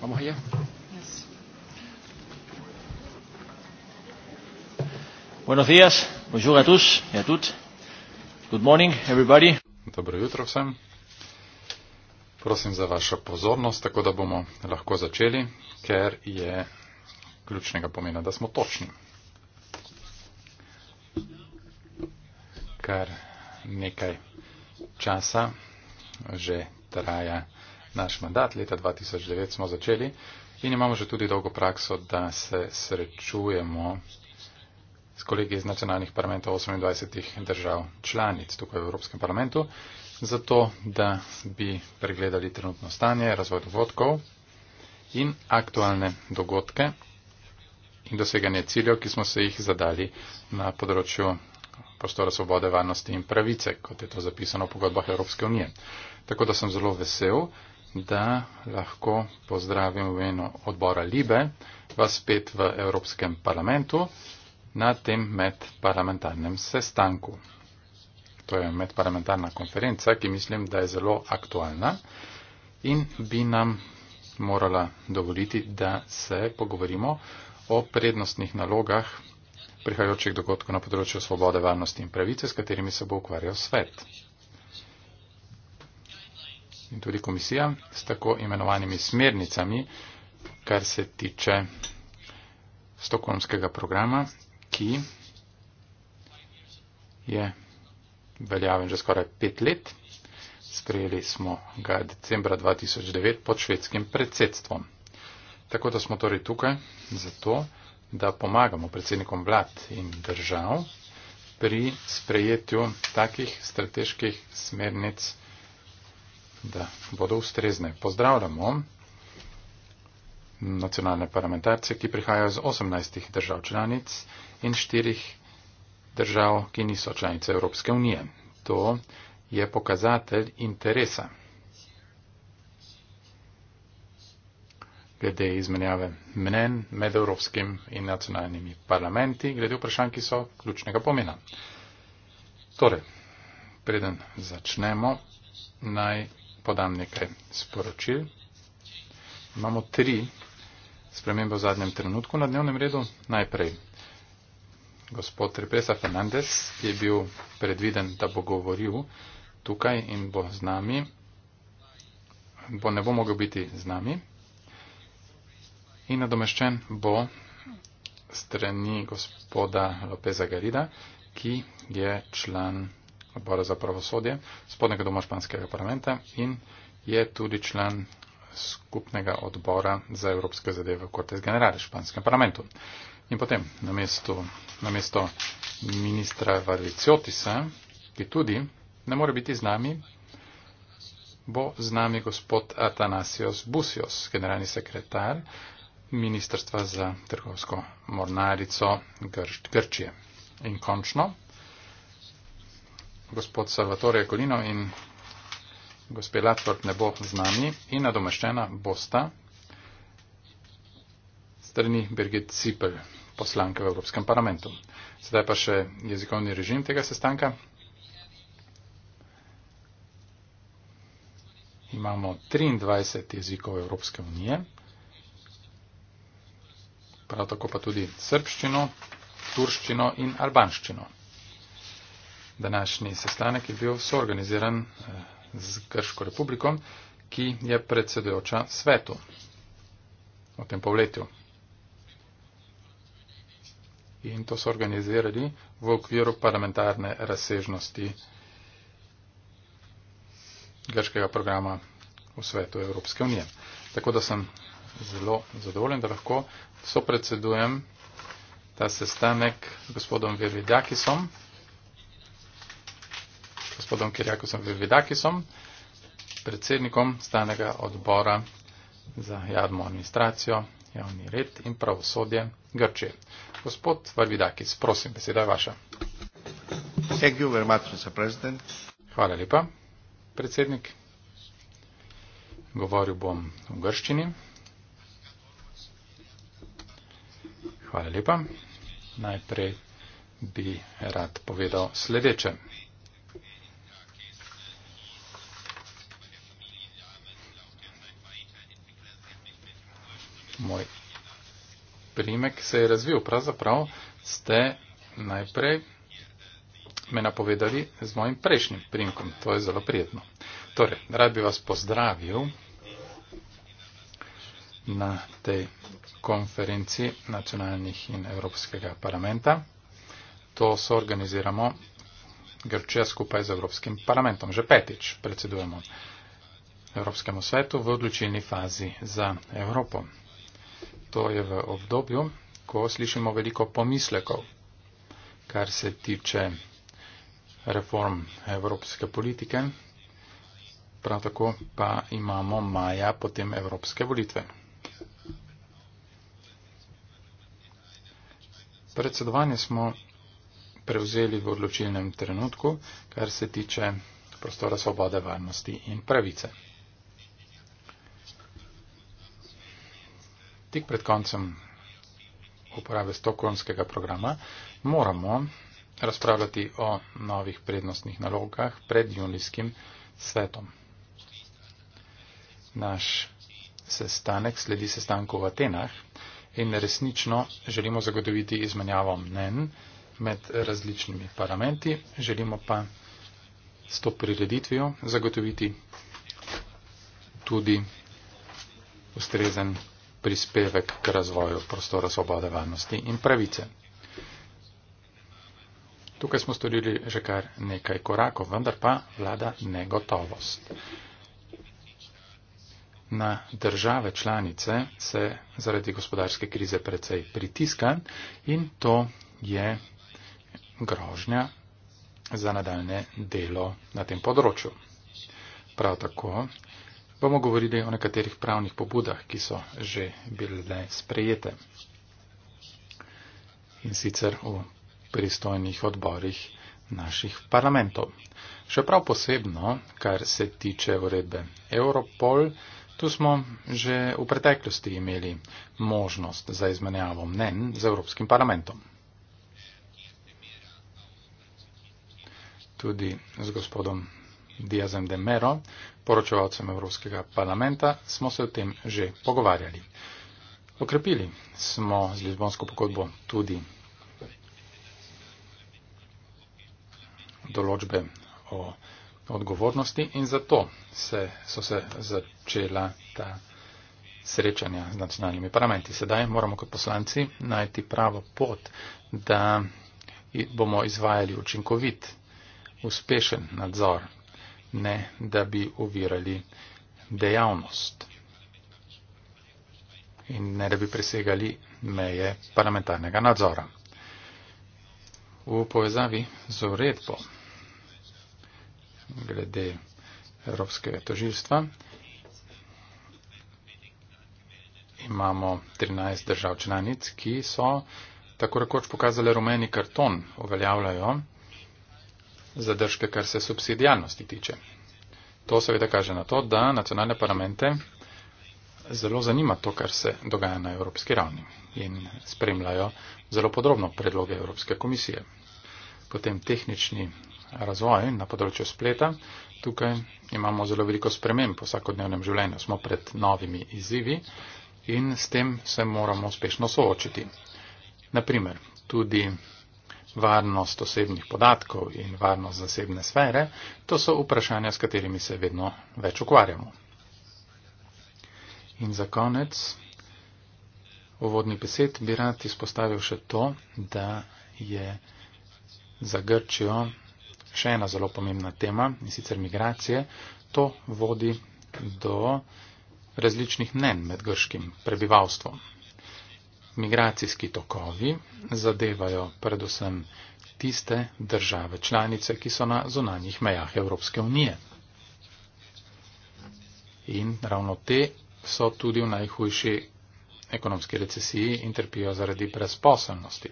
Vamos allá. Buenos días. Bonjour a tous et à toutes. Good morning, everybody. Dobro jutro vsem. Prosim za vašo pozornost, tako da bomo lahko začeli, ker je ključnega pomena, da smo točni. Kar nekaj časa že traja naš mandat. Leta 2009 smo začeli in imamo že tudi dolgo prakso, da se srečujemo s kolegi iz nacionalnih parlamentov 28 držav članic tukaj v Evropskem parlamentu, zato da bi pregledali trenutno stanje, razvoj dogodkov in aktualne dogodke in doseganje ciljev, ki smo se jih zadali na področju prostora svobode, varnosti in pravice, kot je to zapisano v pogodbah Evropske unije. Tako da sem zelo vesel, da lahko pozdravim v eno odbora Libe, vas spet v Evropskem parlamentu na tem medparlamentarnem sestanku. To je medparlamentarna konferenca, ki mislim, da je zelo aktualna in bi nam morala dovoliti, da se pogovorimo o prednostnih nalogah prihajajočih dogodkov na področju svobode, varnosti in pravice, s katerimi se bo ukvarjal svet in tudi komisija s tako imenovanimi smernicami, kar se tiče stokholmskega programa, ki je veljaven že skoraj pet let. Sprejeli smo ga decembra 2009 pod švedskim predsedstvom. Tako da smo torej tukaj zato, da pomagamo predsednikom vlad in držav pri sprejetju takih strateških smernic da bodo ustrezne. Pozdravljamo nacionalne parlamentarce, ki prihajajo z 18 držav članic in 4 držav, ki niso članice Evropske unije. To je pokazatelj interesa glede izmenjave mnen med evropskim in nacionalnimi parlamenti, glede vprašanj, ki so ključnega pomena. Torej, preden začnemo, naj podam nekaj sporočil. Imamo tri spremembe v zadnjem trenutku na dnevnem redu. Najprej gospod Trepesa Fernandez je bil predviden, da bo govoril tukaj in bo z nami, bo ne bo mogel biti z nami. In nadomeščen bo strani gospoda Lopeza Garida, ki je član odbora za pravosodje spodnega doma španskega parlamenta in je tudi član skupnega odbora za evropske zadeve Cortes General v španskem parlamentu. In potem na mesto, na mesto ministra Varviciotisa, ki tudi ne more biti z nami, bo z nami gospod Atanasios Busios, generalni sekretar ministrstva za trgovsko mornarico Grč Grčije. In končno, gospod Salvatore Kolino in gospod Latvort ne bo z nami in nadomeščena bosta strani Birgit Cipel, poslanka v Evropskem parlamentu. Sedaj pa še jezikovni režim tega sestanka. Imamo 23 jezikov Evropske unije, prav tako pa tudi srbščino, turščino in albanščino današnji sestanek je bil soorganiziran eh, z Grško republiko, ki je predsedujoča svetu v tem povletju. In to so organizirali v okviru parlamentarne razsežnosti grškega programa v svetu Evropske unije. Tako da sem zelo zadovoljen, da lahko sopredsedujem ta sestanek gospodom Verjidakisom gospodom Kirjakosom Vividakisom, predsednikom stanega odbora za javno administracijo, javni red in pravosodje Grče. Gospod Vividakis, prosim, beseda je vaša. Thank you very much, Mr. President. Hvala lepa, predsednik. Govoril bom v grščini. Hvala lepa. Najprej bi rad povedal sledeče. moj primek se je razvil. Pravzaprav ste najprej me napovedali z mojim prejšnjim primkom. To je zelo prijetno. Torej, rad bi vas pozdravil na tej konferenci nacionalnih in Evropskega parlamenta. To so organiziramo Grčija skupaj z Evropskim parlamentom. Že petič predsedujemo Evropskemu svetu v odločilni fazi za Evropo to je v obdobju, ko slišimo veliko pomislekov, kar se tiče reform evropske politike, prav tako pa imamo maja potem evropske volitve. Predsedovanje smo prevzeli v odločilnem trenutku, kar se tiče prostora svobode, varnosti in pravice. tik pred koncem uporabe stokonskega programa, moramo razpravljati o novih prednostnih nalogah pred junijskim svetom. Naš sestanek sledi sestanku v Atenah in resnično želimo zagotoviti izmenjavo mnen med različnimi parlamenti, želimo pa s to prireditvijo zagotoviti tudi ustrezen prispevek k razvoju prostora svobode, varnosti in pravice. Tukaj smo storili že kar nekaj korakov, vendar pa vlada negotovost. Na države članice se zaradi gospodarske krize precej pritiska in to je grožnja za nadaljne delo na tem področju. Prav tako bomo govorili o nekaterih pravnih pobudah, ki so že bile sprejete in sicer v pristojnih odborih naših parlamentov. Še prav posebno, kar se tiče uredbe Europol, tu smo že v preteklosti imeli možnost za izmenjavo mnen z Evropskim parlamentom. Tudi z gospodom Diazem de Mero, poročevalcem Evropskega parlamenta, smo se o tem že pogovarjali. Okrepili smo z Lizbonsko pogodbo tudi določbe o odgovornosti in zato se, so se začela ta srečanja z nacionalnimi parlamenti. Sedaj moramo kot poslanci najti pravo pot, da bomo izvajali učinkovit, uspešen nadzor ne da bi ovirali dejavnost in ne da bi presegali meje parlamentarnega nadzora. V povezavi z uredbo glede Evropskega toživstva imamo 13 držav članic, ki so tako rekoč pokazali rumeni karton, uveljavljajo zadržke, kar se subsidijalnosti tiče. To seveda kaže na to, da nacionalne parlamente zelo zanima to, kar se dogaja na evropski ravni in spremljajo zelo podrobno predloge Evropske komisije. Potem tehnični razvoj na področju spleta. Tukaj imamo zelo veliko sprememb v vsakodnevnem življenju. Smo pred novimi izzivi in s tem se moramo uspešno soočiti. Naprimer, tudi varnost osebnih podatkov in varnost zasebne sfere, to so vprašanja, s katerimi se vedno več ukvarjamo. In za konec uvodni besed bi rad izpostavil še to, da je za Grčijo še ena zelo pomembna tema in sicer migracije. To vodi do različnih mnen med grškim prebivalstvom migracijski tokovi zadevajo predvsem tiste države članice, ki so na zonanjih mejah Evropske unije. In ravno te so tudi v najhujši ekonomski recesiji in trpijo zaradi brezposelnosti.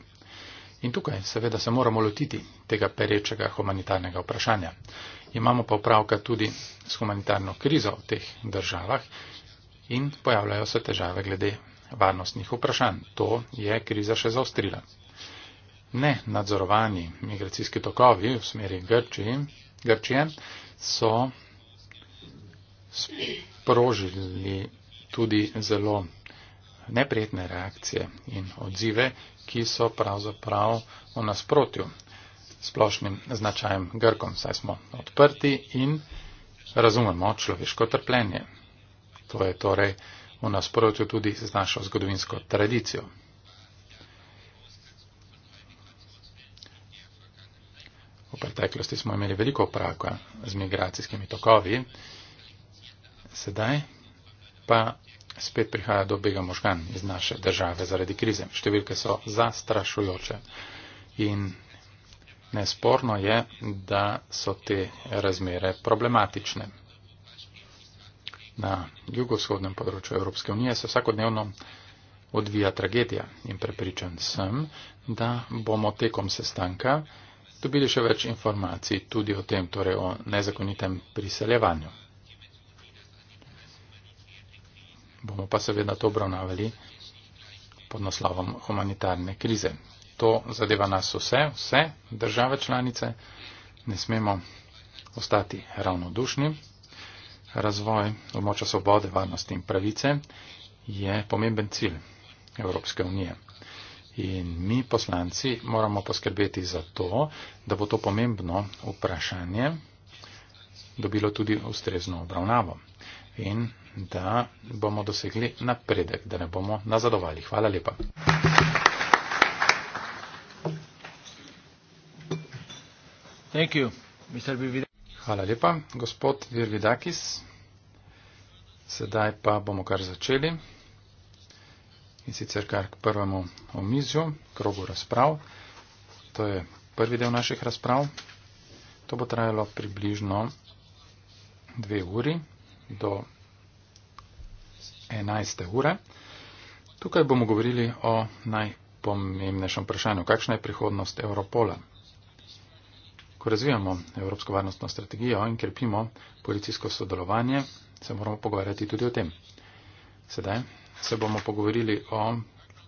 In tukaj seveda se moramo lotiti tega perečega humanitarnega vprašanja. Imamo pa upravka tudi s humanitarno krizo v teh državah in pojavljajo se težave glede varnostnih vprašanj. To je kriza še zaostrila. Ne nadzorovani migracijski tokovi v smeri Grčije, Grčije so sprožili tudi zelo neprijetne reakcije in odzive, ki so pravzaprav v nasprotju splošnim značajem Grkom, saj smo odprti in razumemo človeško trpljenje. To je torej v nasprotju tudi z našo zgodovinsko tradicijo. V preteklosti smo imeli veliko opravka z migracijskimi tokovi, sedaj pa spet prihaja do bega možgan iz naše države zaradi krize. Številke so zastrašujoče in nesporno je, da so te razmere problematične. Na jugovzhodnem področju Evropske unije se vsakodnevno odvija tragedija in prepričan sem, da bomo tekom sestanka dobili še več informacij tudi o tem, torej o nezakonitem priseljevanju. Bomo pa seveda to obravnavali pod naslovom humanitarne krize. To zadeva nas vse, vse države članice. Ne smemo ostati ravnodušni razvoj območja svobode, varnosti in pravice je pomemben cilj Evropske unije. In mi poslanci moramo poskrbeti za to, da bo to pomembno vprašanje dobilo tudi ustrezno obravnavo in da bomo dosegli napredek, da ne bomo nazadovali. Hvala lepa. Thank you, Mr. Bivide. Hvala lepa, gospod Virgidakis. Sedaj pa bomo kar začeli in sicer kar k prvemu omizju, krogu razprav. To je prvi del naših razprav. To bo trajalo približno dve uri do 11. ure. Tukaj bomo govorili o najpomembnejšem vprašanju, kakšna je prihodnost Evropola. Ko razvijamo evropsko varnostno strategijo in krepimo policijsko sodelovanje, se moramo pogovarjati tudi o tem. Sedaj se bomo pogovorili o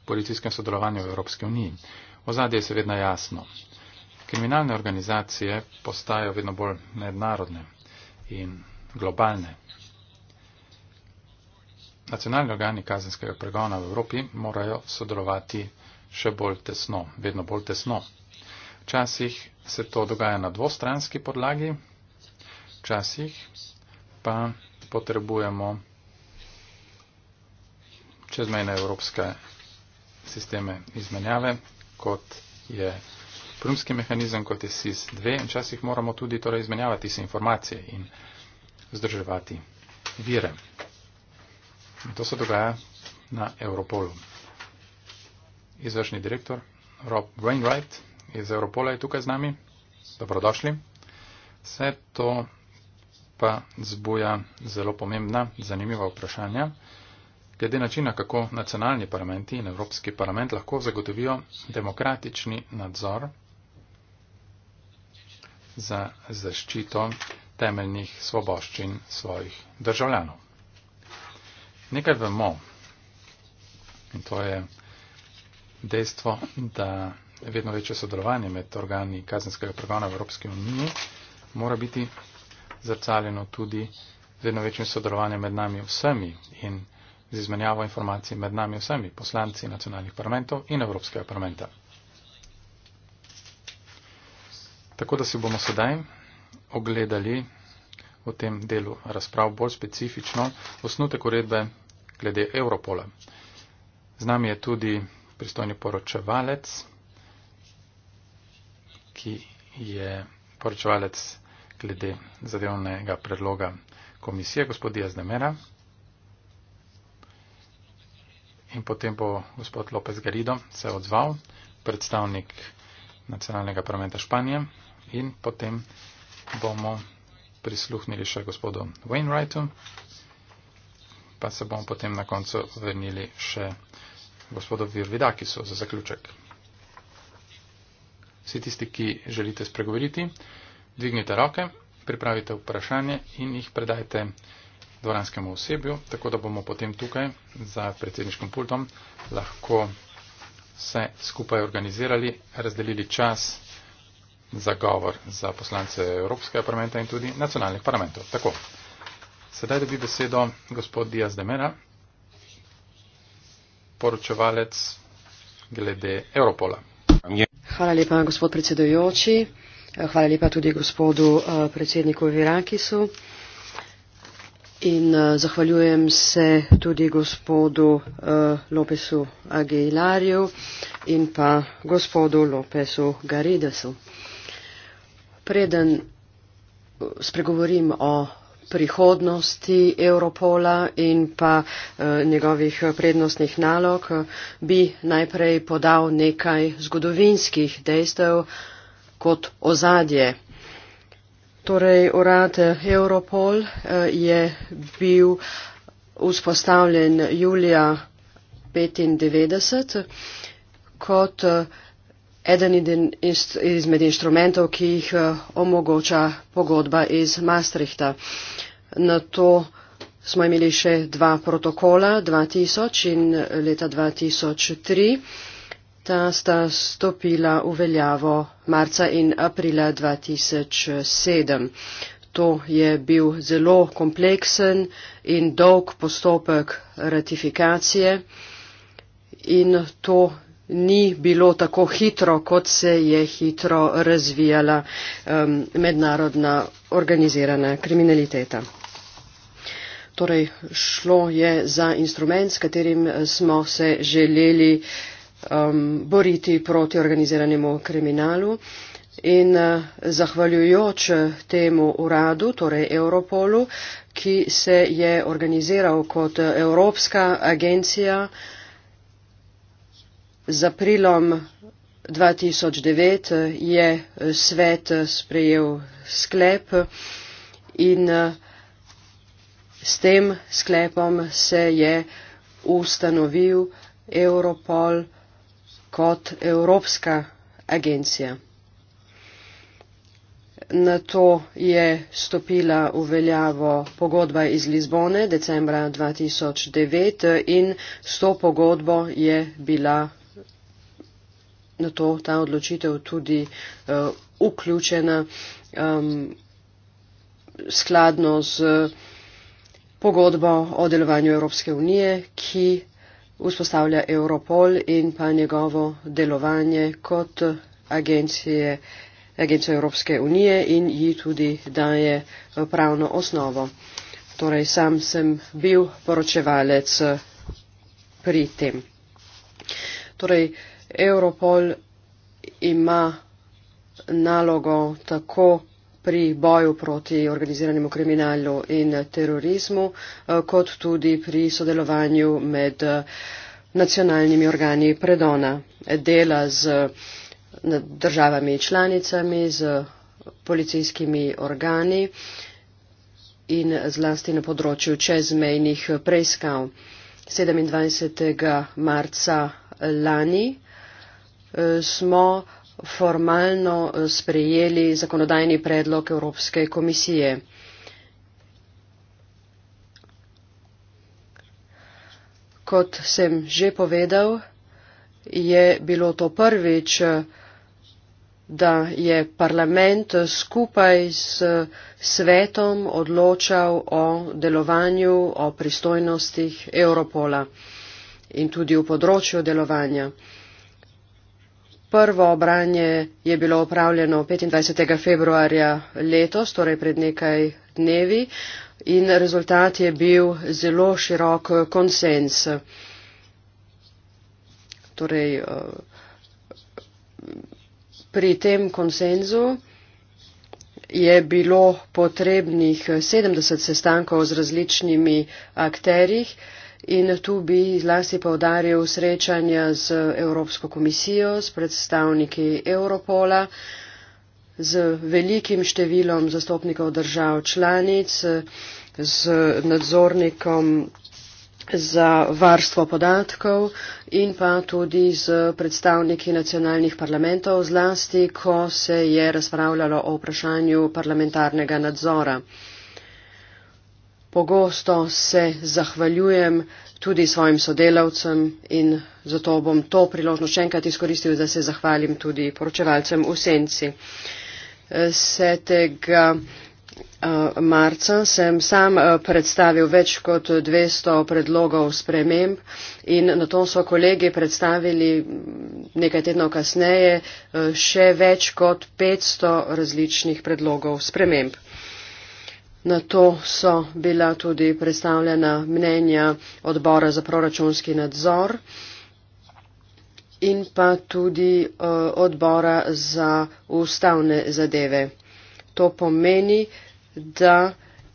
policijskem sodelovanju v Evropski uniji. Ozadje je seveda jasno. Kriminalne organizacije postajajo vedno bolj mednarodne in globalne. Nacionalni organi kazenskega pregona v Evropi morajo sodelovati še bolj tesno, vedno bolj tesno. Včasih se to dogaja na dvostranski podlagi, včasih pa potrebujemo čezmejne evropske sisteme izmenjave, kot je prumski mehanizem, kot je SIS-2. Včasih moramo tudi torej izmenjavati se informacije in zdrževati vire. In to se dogaja na Europolu. Izvršni direktor Rob Wainwright iz Europola je tukaj z nami. Dobrodošli. Vse to pa zbuja zelo pomembna, zanimiva vprašanja. Glede načina, kako nacionalni parlamenti in Evropski parlament lahko zagotovijo demokratični nadzor za zaščito temeljnih svoboščin svojih državljanov. Nekaj vemo, in to je dejstvo, da vedno večje sodelovanje med organi kazenskega pregona v Evropski uniji, mora biti zrcaljeno tudi vedno večjem sodelovanju med nami vsemi in z izmenjavo informacij med nami vsemi, poslanci nacionalnih parlamentov in Evropskega parlamenta. Tako da si bomo sedaj ogledali v tem delu razprav bolj specifično osnutek uredbe glede Europola. Z nami je tudi pristojni poročevalec ki je poročevalec glede zadevnega predloga komisije, gospod Diaz Nemera. In potem bo gospod López Garido se odzval, predstavnik nacionalnega parlamenta Španije. In potem bomo prisluhnili še gospodu Wainwrightu, pa se bomo potem na koncu vrnili še gospodu Virvidakisu za zaključek. Vsi tisti, ki želite spregovoriti, dvignite roke, pripravite vprašanje in jih predajte dvoranskemu osebju, tako da bomo potem tukaj za predsedniškim pultom lahko se skupaj organizirali, razdelili čas za govor za poslance Evropskega parlamenta in tudi nacionalnih parlamentov. Tako, sedaj dobi besedo gospod Diaz de Mera, poročevalec glede Europola. Yeah. Hvala lepa, gospod predsedujoči. Hvala lepa tudi gospodu eh, predsedniku Virakisu. In eh, zahvaljujem se tudi gospodu eh, Lopesu Aguilarju in pa gospodu Lopesu Garidesu. Preden spregovorim o prihodnosti Europola in pa eh, njegovih eh, prednostnih nalog, eh, bi najprej podal nekaj zgodovinskih dejstev kot ozadje. Torej, urad Europol je bil vzpostavljen julija 1995 kot eden izmed inštrumentov, ki jih eh, omogoča pogodba iz Maastrichta. Na to smo imeli še dva protokola, 2000 in leta 2003. Ta sta stopila v veljavo marca in aprila 2007. To je bil zelo kompleksen in dolg postopek ratifikacije in to ni bilo tako hitro, kot se je hitro razvijala um, mednarodna organizirana kriminaliteta. Torej, šlo je za instrument, s katerim smo se želeli um, boriti proti organiziranemu kriminalu. In uh, zahvaljujoč temu uradu, torej Europolu, ki se je organiziral kot Evropska agencija, z aprilom 2009 je eh, svet eh, sprejel sklep in eh, s tem sklepom se je ustanovil Europol kot Evropska agencija. Na to je stopila v veljavo pogodba iz Lizbone decembra 2009 in s to pogodbo je bila na to ta odločitev tudi uh, vključena um, skladno z pogodbo o delovanju Evropske unije, ki vzpostavlja Europol in pa njegovo delovanje kot agencije, agencije Evropske unije in ji tudi daje eh, pravno osnovo. Torej, sam sem bil poročevalec pri tem. Torej, uh, Europol ima nalogo tako pri boju proti organiziranemu kriminalu in terorizmu, eh, kot tudi pri sodelovanju med eh, nacionalnimi organi predona. Dela z eh, državami članicami, z policijskimi organi in zlasti na področju čezmejnih preiskav. 27. marca lani Eh, smo formalno eh, sprejeli zakonodajni predlog Evropske komisije. Kot sem že povedal, je bilo to prvič, da je parlament skupaj s svetom odločal o delovanju, o pristojnostih Europola in tudi v področju delovanja. Prvo branje je bilo opravljeno 25. februarja letos, torej pred nekaj dnevi, in rezultat je bil zelo širok konsens. Torej, eh, pri tem konsenzu je bilo potrebnih 70 sestankov z različnimi akterjih, In tu bi zlasti povdaril srečanja z Evropsko komisijo, s predstavniki Europola, z velikim številom zastopnikov držav članic, z nadzornikom za varstvo podatkov in pa tudi z predstavniki nacionalnih parlamentov, zlasti ko se je razpravljalo o vprašanju parlamentarnega nadzora. Pogosto se zahvaljujem tudi svojim sodelavcem in zato bom to priložnost še enkrat izkoristil, da se zahvalim tudi poročevalcem v senci. 10. Eh, marca sem sam eh, predstavil več kot 200 predlogov sprememb in na to so kolegi predstavili mm, nekaj tednov kasneje eh, še več kot 500 različnih predlogov sprememb. Na to so bila tudi predstavljena mnenja odbora za proračunski nadzor in pa tudi eh, odbora za ustavne zadeve. To pomeni, da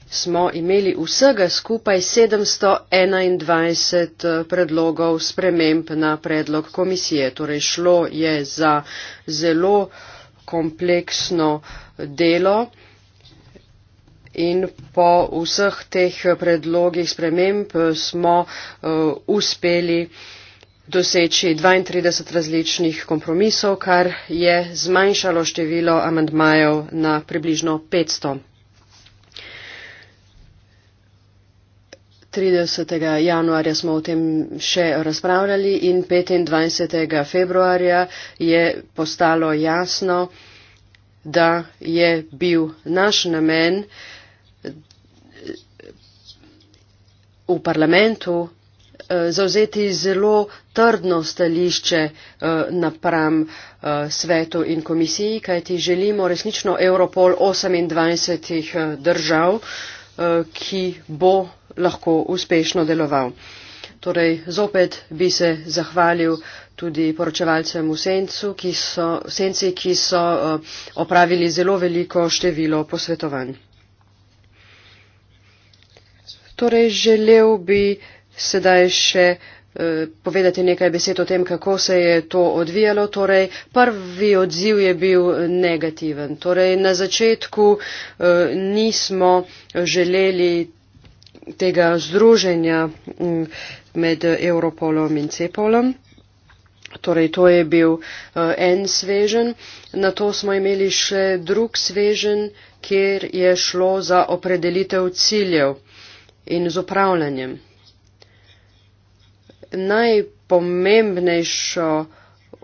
smo imeli vsega skupaj 721 eh, predlogov sprememb na predlog komisije. Torej šlo je za zelo kompleksno delo in po vseh teh predlogih sprememb smo uh, uspeli doseči 32 različnih kompromisov, kar je zmanjšalo število amendmajev na približno 500. 30. januarja smo o tem še razpravljali in 25. februarja je postalo jasno, da je bil naš namen uh, v parlamentu eh, zauzeti zelo trdno stališče eh, napram eh, svetu in komisiji, kajti želimo resnično Europol 28 držav, ki bo lahko uspešno deloval. Torej, zopet bi se zahvalil tudi poročevalcem v sencu, ki so, senci, ki so opravili zelo veliko število posvetovanj. Torej, želel bi sedaj še eh, povedati nekaj besed o tem, kako se je to odvijalo. Torej, prvi odziv je bil negativen. Torej, na začetku eh, nismo želeli tega združenja mm, med Europolom in Cepolom. Torej, to je bil eh, en svežen. Na to smo imeli še drug svežen, kjer je šlo za opredelitev ciljev in z upravljanjem. Najpomembnejšo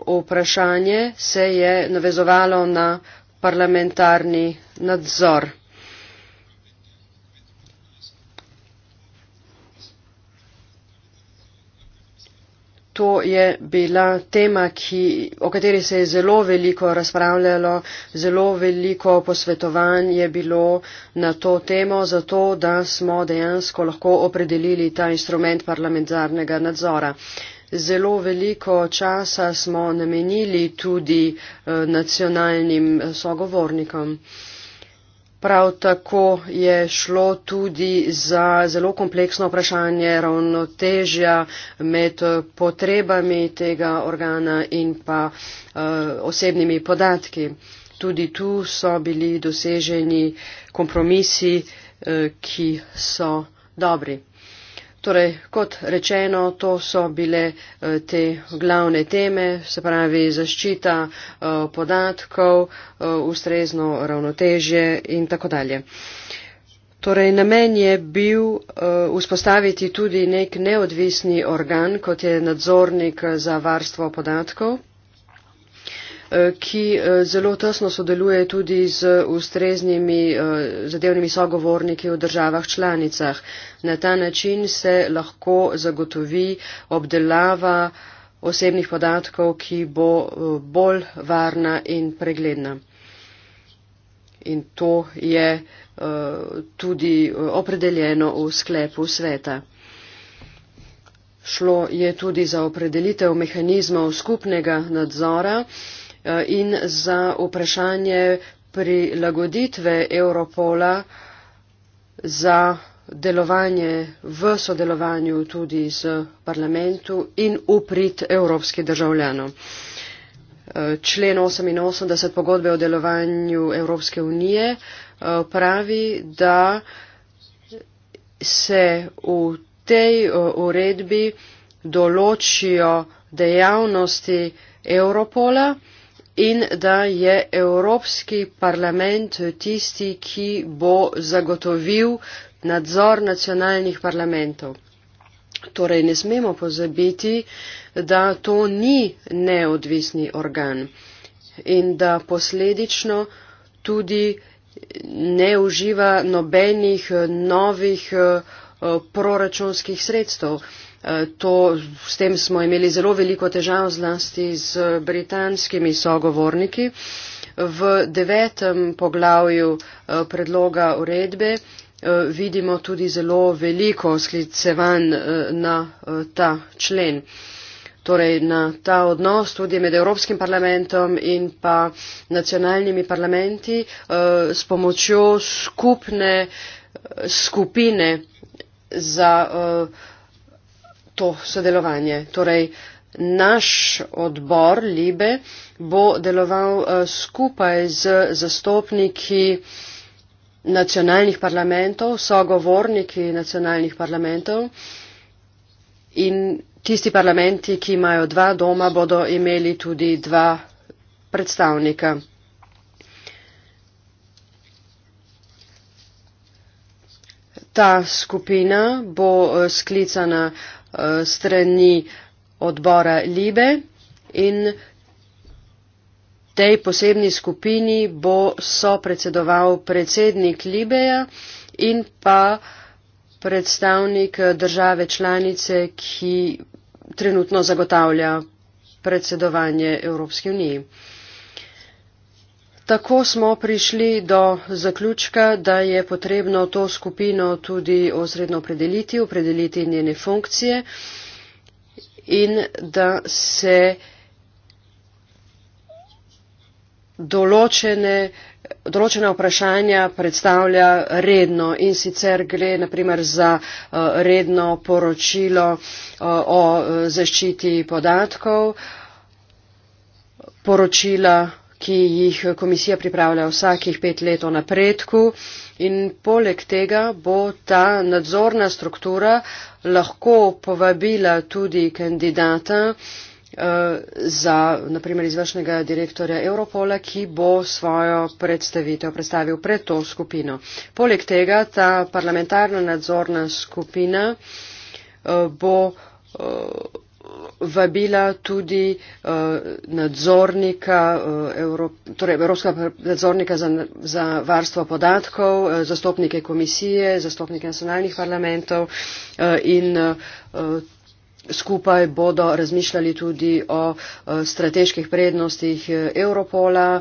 vprašanje se je navezovalo na parlamentarni nadzor. To je bila tema, ki, o kateri se je zelo veliko razpravljalo, zelo veliko posvetovanj je bilo na to temo, zato da smo dejansko lahko opredelili ta instrument parlamentarnega nadzora. Zelo veliko časa smo namenili tudi eh, nacionalnim eh, sogovornikom. Prav tako je šlo tudi za zelo kompleksno vprašanje ravnotežja med potrebami tega organa in pa eh, osebnimi podatki. Tudi tu so bili doseženi kompromisi, eh, ki so dobri. Torej, kot rečeno, to so bile eh, te glavne teme, se pravi zaščita eh, podatkov, eh, ustrezno ravnotežje in tako dalje. Torej, namen je bil vzpostaviti tudi nek neodvisni organ, kot je nadzornik za varstvo podatkov ki eh, zelo tesno sodeluje tudi z ustreznimi eh, zadevnimi sogovorniki v državah članicah. Na ta način se lahko zagotovi obdelava osebnih podatkov, ki bo eh, bolj varna in pregledna. In to je tudi opredeljeno v sklepu sveta. Šlo je tudi za opredelitev mehanizmov skupnega nadzora. Eh, in za vprašanje prilagoditve Europola za delovanje v sodelovanju tudi z parlamentu in uprit evropski državljanom. Eh, člen 88 pogodbe o delovanju Evropske unije eh, pravi, da se v tej uredbi določijo dejavnosti Europola, in da je Evropski parlament tisti, ki bo zagotovil nadzor nacionalnih parlamentov. Torej, ne smemo pozabiti, da to ni neodvisni organ in da posledično tudi ne uživa nobenih novih eh, proračunskih sredstev. Eh, to, s tem smo imeli zelo veliko težav, zlasti z britanskimi sogovorniki. V devetem poglavju eh, predloga uredbe eh, vidimo tudi zelo veliko sklicevanj na ta člen. Torej na ta odnos tudi med Evropskim parlamentom in pa nacionalnimi parlamenti s pomočjo skupne skupine za uh, to sodelovanje. Torej, naš odbor Libe bo deloval eh, skupaj z zastopniki nacionalnih parlamentov, sogovorniki nacionalnih parlamentov in tisti parlamenti, ki imajo dva doma, bodo imeli tudi dva predstavnika. Ta skupina bo eh, sklicana Eh, strani odbora Libe in tej posebni skupini bo sopredsedoval predsednik Libeja in pa predstavnik eh, države članice, ki trenutno zagotavlja predsedovanje Evropske unije. Tako smo prišli do zaključka, da je potrebno to skupino tudi osredno opredeliti, opredeliti njene funkcije in da se določene, določena vprašanja predstavlja redno in sicer gre naprimer za eh, redno poročilo eh, o eh, zaščiti podatkov, poročila ki jih komisija pripravlja vsakih pet let o napredku in poleg tega bo ta nadzorna struktura lahko povabila tudi kandidata eh, za naprimer izvršnega direktorja Europola, ki bo svojo predstavitev predstavil pred to skupino. Poleg tega ta parlamentarna nadzorna skupina eh, bo eh, vabila tudi uh, nadzornika, uh, Evrop, torej Evropska nadzornika za, za varstvo podatkov, uh, zastopnike komisije, zastopnike nacionalnih parlamentov uh, in uh, skupaj bodo razmišljali tudi o uh, strateških prednostih Europola,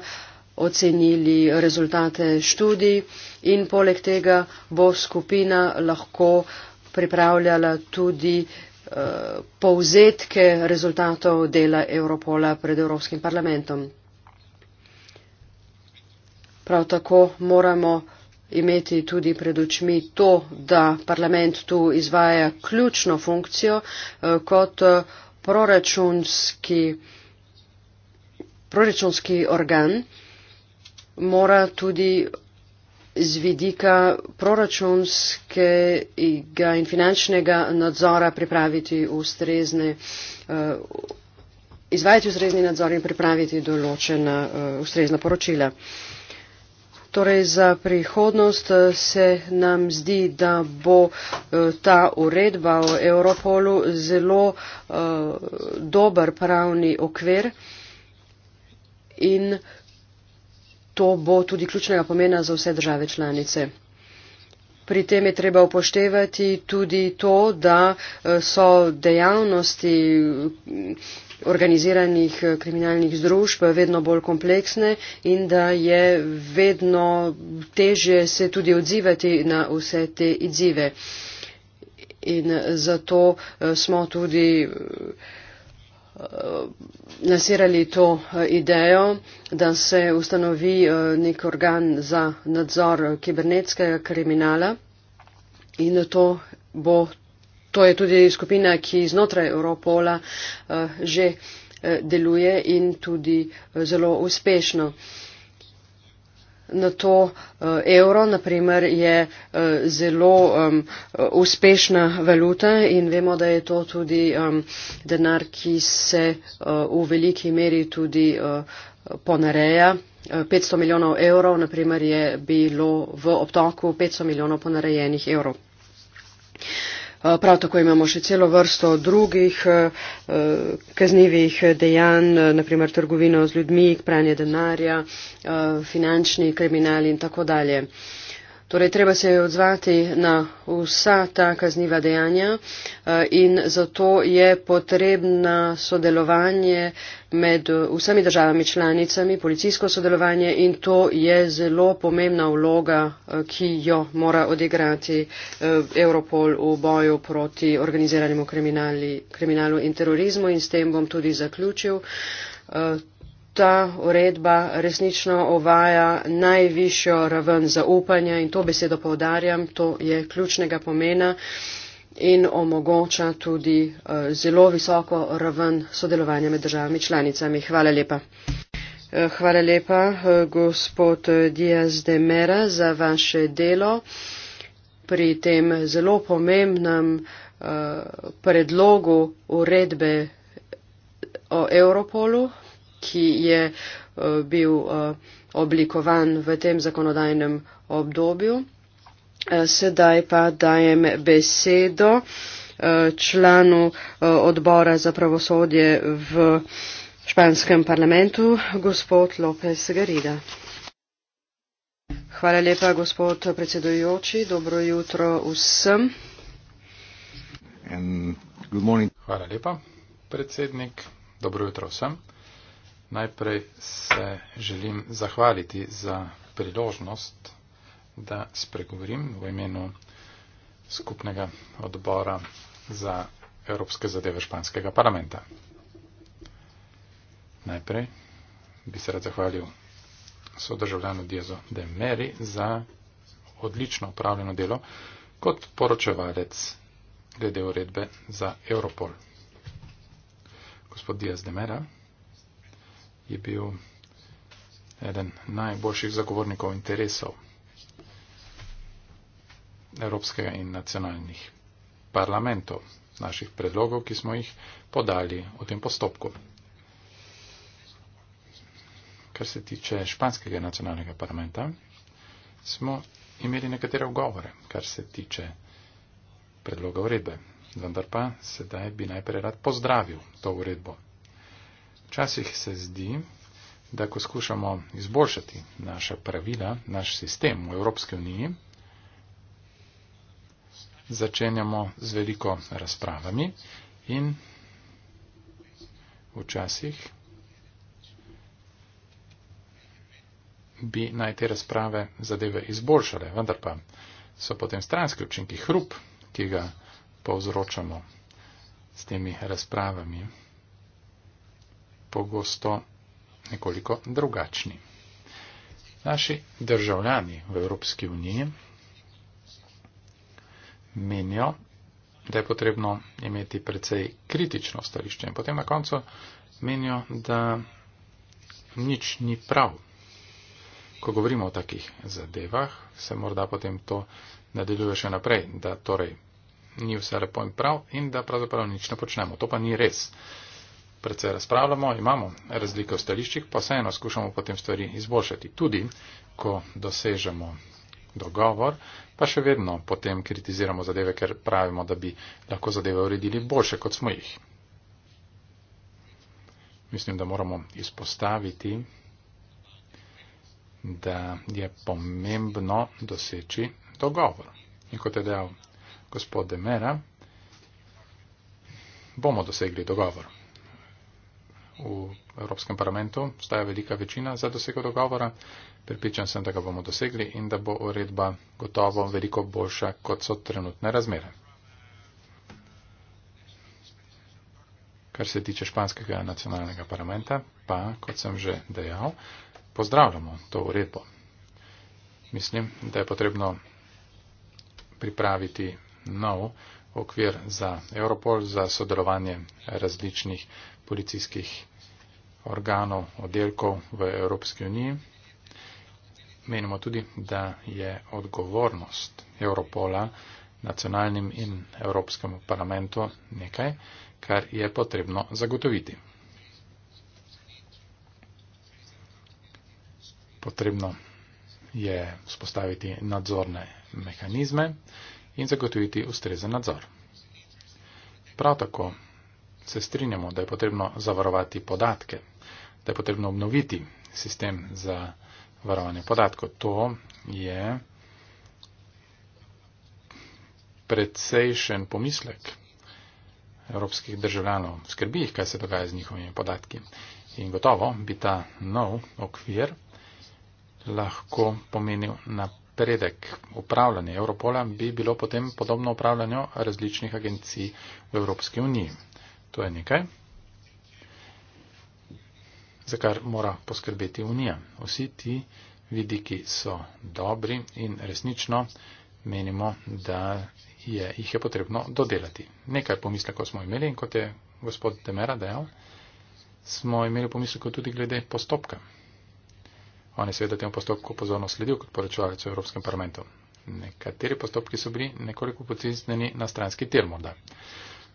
ocenili rezultate študij in poleg tega bo skupina lahko pripravljala tudi uh, povzetke rezultatov dela Europola pred Evropskim parlamentom. Prav tako moramo imeti tudi pred očmi to, da parlament tu izvaja ključno funkcijo eh, kot eh, proračunski, proračunski organ, mora tudi z vidika proračunskega in finančnega nadzora pripraviti ustrezne, uh, izvajati ustrezni nadzor in pripraviti določena uh, ustrezna poročila. Torej za prihodnost eh, se nam zdi, da bo ta uredba o Europolu zelo uh, dober pravni okvir in uh, to bo tudi ključnega pomena za vse države članice. Pri tem je treba upoštevati tudi to, da eh, so dejavnosti mm, organiziranih eh, kriminalnih združb vedno bolj kompleksne in da je vedno teže se tudi odzivati na vse te izzive. In eh, zato smo tudi Eh, lansirali to eh, idejo, da se ustanovi eh, nek organ za nadzor kibernetskega kriminala in to, bo, to je tudi skupina, ki znotraj Europola že deluje in tudi zelo uspešno na to eh, evro, naprimer, je eh, zelo um, uspešna valuta in vemo, da je to tudi um, denar, ki se uh, v veliki meri tudi uh, ponareja. 500 milijonov evrov, naprimer, je bilo v obtoku 500 milijonov ponarejenih evrov. Eh, prav tako imamo še celo vrsto drugih eh, eh, kaznjivih dejanj, naprimer trgovino z ljudmi, pranje denarja, finančni kriminal in tako dalje. Torej, treba se je odzvati na vsa ta kazniva dejanja eh, in zato je potrebna sodelovanje med vsemi državami članicami, policijsko sodelovanje in to je zelo pomembna vloga, eh, ki jo mora odigrati eh, Europol v boju proti organiziranemu kriminali, kriminalu in terorizmu in s tem bom tudi zaključil ta uredba resnično ovaja najvišjo raven zaupanja in to besedo povdarjam, to je ključnega pomena in omogoča tudi eh, zelo visoko raven sodelovanja med državami članicami. Hvala lepa. Eh, hvala lepa, eh, gospod Diaz de Mera, za vaše delo pri tem zelo pomembnem predlogu uredbe o Europolu ki je eh, bil eh, oblikovan v tem zakonodajnem obdobju. Eh, sedaj pa dajem besedo članu odbora za pravosodje v španskem parlamentu, gospod López Garida. Hvala lepa, gospod predsedujoči. Dobro jutro vsem. Hvala lepa, predsednik. Dobro jutro vsem. Najprej se želim zahvaliti za priložnost, da spregovorim v imenu skupnega odbora za Evropske zadeve Španskega parlamenta. Najprej bi se rad zahvalil sodržavljanu Diezo de Meri za odlično upravljeno delo kot poročevalec glede uredbe za Europol. Gospod Diaz de Mera je bil eden najboljših zagovornikov interesov evropskega in nacionalnih parlamentov, naših predlogov, ki smo jih podali v tem postopku. Kar se tiče španskega nacionalnega parlamenta, smo imeli nekatere ugovore, kar se tiče predloga uredbe. Vendar pa sedaj bi najprej rad pozdravil to uredbo. Včasih se zdi, da ko skušamo izboljšati naša pravila, naš sistem v Evropski uniji, začenjamo z veliko razpravami in včasih bi naj te razprave zadeve izboljšale, vendar pa so potem stranski učinki hrup, ki ga povzročamo s temi razpravami pogosto nekoliko drugačni. Naši državljani v Evropski uniji menijo, da je potrebno imeti precej kritično stališče in potem na koncu menijo, da nič ni prav. Ko govorimo o takih zadevah, se morda potem to nadaljuje še naprej, da torej ni vse lepo in prav in da pravzaprav nič ne počnemo. To pa ni res precej razpravljamo, imamo razlike v stališčih, pa vseeno skušamo potem stvari izboljšati. Tudi, ko dosežemo dogovor, pa še vedno potem kritiziramo zadeve, ker pravimo, da bi lahko zadeve uredili boljše, kot smo jih. Mislim, da moramo izpostaviti, da je pomembno doseči dogovor. In kot je dejal gospod Demera, bomo dosegli dogovor v Evropskem parlamentu, staja velika večina za dosego dogovora. Pripričan sem, da ga bomo dosegli in da bo uredba gotovo veliko boljša, kot so trenutne razmere. Kar se tiče španskega nacionalnega parlamenta, pa, kot sem že dejal, pozdravljamo to uredbo. Mislim, da je potrebno pripraviti nov okvir za Europol, za sodelovanje različnih policijskih organizacij organov, oddelkov v Evropski uniji. Menimo tudi, da je odgovornost Europola nacionalnim in Evropskemu parlamentu nekaj, kar je potrebno zagotoviti. Potrebno je spostaviti nadzorne mehanizme in zagotoviti ustrezen nadzor. Prav tako se strinjamo, da je potrebno zavarovati podatke da je potrebno obnoviti sistem za varovanje podatkov. To je predsejšen pomislek evropskih državljanov. Skrbi jih, kaj se dogaja z njihovimi podatki. In gotovo bi ta nov okvir lahko pomenil napredek. Upravljanje Europola bi bilo potem podobno upravljanju različnih agencij v Evropski uniji. To je nekaj za kar mora poskrbeti Unija. Vsi ti vidiki so dobri in resnično menimo, da je, jih je potrebno dodelati. Nekaj pomislekov smo imeli in kot je gospod Demera dejal, smo imeli pomislekov tudi glede postopka. On je seveda temu postopku pozorno sledil kot poročevalec v Evropskem parlamentu. Nekateri postopki so bili nekoliko potisnjeni na stranski tir morda.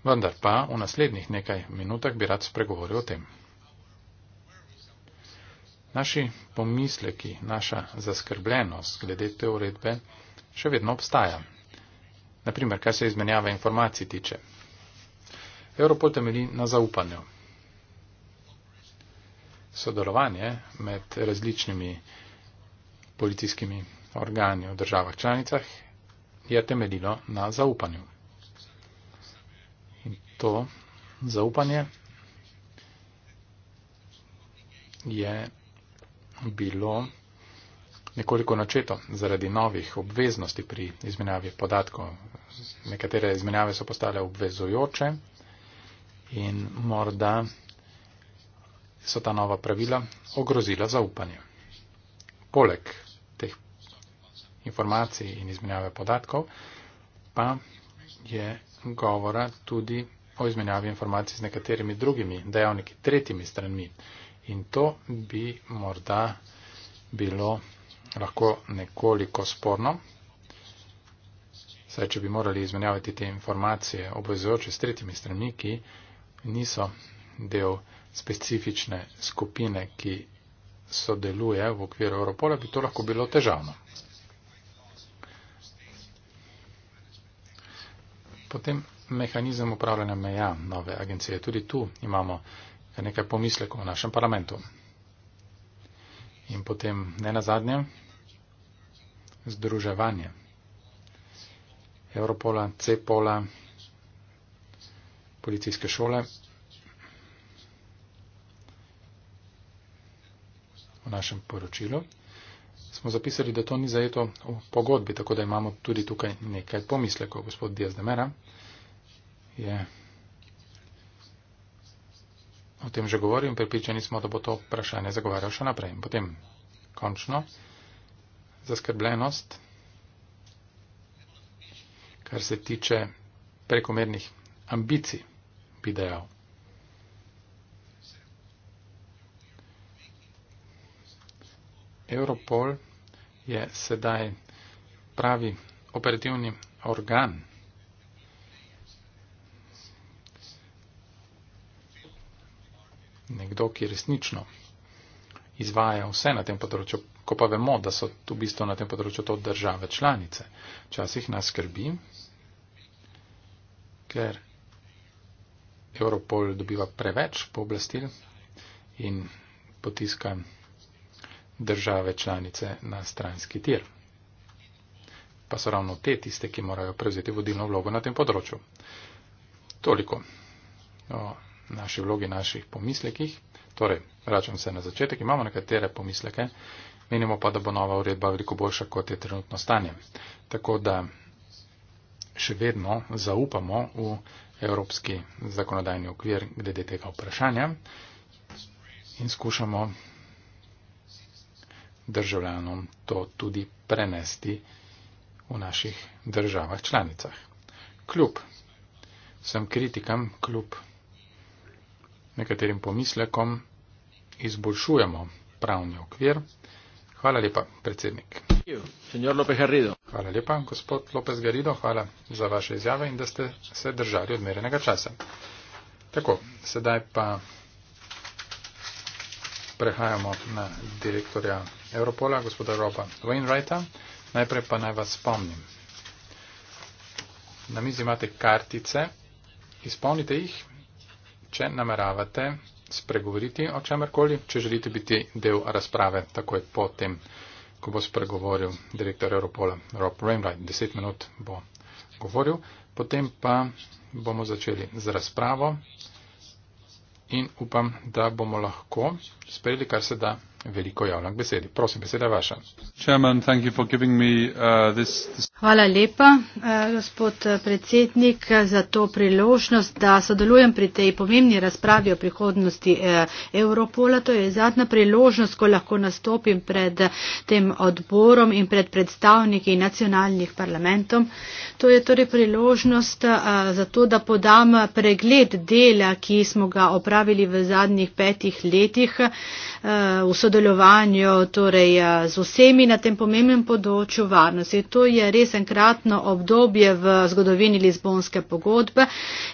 Vendar pa v naslednjih nekaj minutah bi rad spregovoril o tem. Naši pomisleki, naša zaskrbljenost glede te uredbe še vedno obstaja. Naprimer, kaj se izmenjava informacij tiče. Evropo temelji na zaupanju. Sodelovanje med različnimi policijskimi organi v državah članicah je temeljilo na zaupanju. In to zaupanje je bilo nekoliko načeto zaradi novih obveznosti pri izmenjavi podatkov. Nekatere izmenjave so postale obvezujoče in morda so ta nova pravila ogrozila zaupanje. Poleg teh informacij in izmenjave podatkov pa je govora tudi o izmenjavi informacij z nekaterimi drugimi dejavniki, tretjimi stranmi. In to bi morda bilo lahko nekoliko sporno. Saj, če bi morali izmenjavati te informacije obvezujoče s tretjimi stranmi, ki niso del specifične skupine, ki sodeluje v okviru Europola, bi to lahko bilo težavno. Potem mehanizem upravljanja meja nove agencije. Tudi tu imamo kar nekaj pomislekov v našem parlamentu. In potem ne na zadnje, združevanje. Evropola, CEPOLA, policijske šole. V našem poročilu smo zapisali, da to ni zajeto v pogodbi, tako da imamo tudi tukaj nekaj pomislekov. Gospod Diaz de Mera je o tem že govoril in pripričani smo, da bo to vprašanje zagovarjal še naprej. In potem končno zaskrbljenost, kar se tiče prekomernih ambicij, bi dejal. Europol je sedaj pravi operativni organ nekdo, ki resnično izvaja vse na tem področju, ko pa vemo, da so tu v bistvu na tem področju to države članice, včasih nas skrbi, ker Europol dobiva preveč pooblastil in potiska države članice na stranski tir. Pa so ravno te tiste, ki morajo prevzeti vodilno vlogo na tem področju. Toliko. No naši vlogi, naših pomislekih. Torej, vračam se na začetek, imamo nekatere pomisleke, menimo pa, da bo nova uredba veliko boljša, kot je trenutno stanje. Tako da še vedno zaupamo v evropski zakonodajni okvir glede tega vprašanja in skušamo državljanom to tudi prenesti v naših državah članicah. Kljub sem kritikam, kljub nekaterim pomislekom izboljšujemo pravni okvir. Hvala lepa, predsednik. Hvala lepa, gospod Lopez Garido, hvala za vaše izjave in da ste se držali odmerenega časa. Tako, sedaj pa prehajamo na direktorja Europola, gospoda Roba Wainwrighta. Najprej pa naj vas spomnim. Na mizi imate kartice, izpolnite jih, če nameravate spregovoriti o čemerkoli, če želite biti del razprave takoj po tem, ko bo spregovoril direktor Europola Rob Rainwright. Deset minut bo govoril, potem pa bomo začeli z razpravo in upam, da bomo lahko sprejeli kar se da veliko javno k besedi. Prosim, beseda je vaša. Uh, Hvala lepa, uh, gospod uh, predsednik, za to priložnost, da sodelujem pri tej pomembni razpravi o prihodnosti Evropola. To je zadnja priložnost, ko lahko nastopim pred tem odborom in pred predstavniki nacionalnih parlamentov. To je torej priložnost za to, da podam pregled dela, ki smo ga opravili v zadnjih petih letih v sodelovanju sodelovanju torej, eh, z vsemi na tem pomembnem področju varnosti. To je res enkratno obdobje v zgodovini Lizbonske pogodbe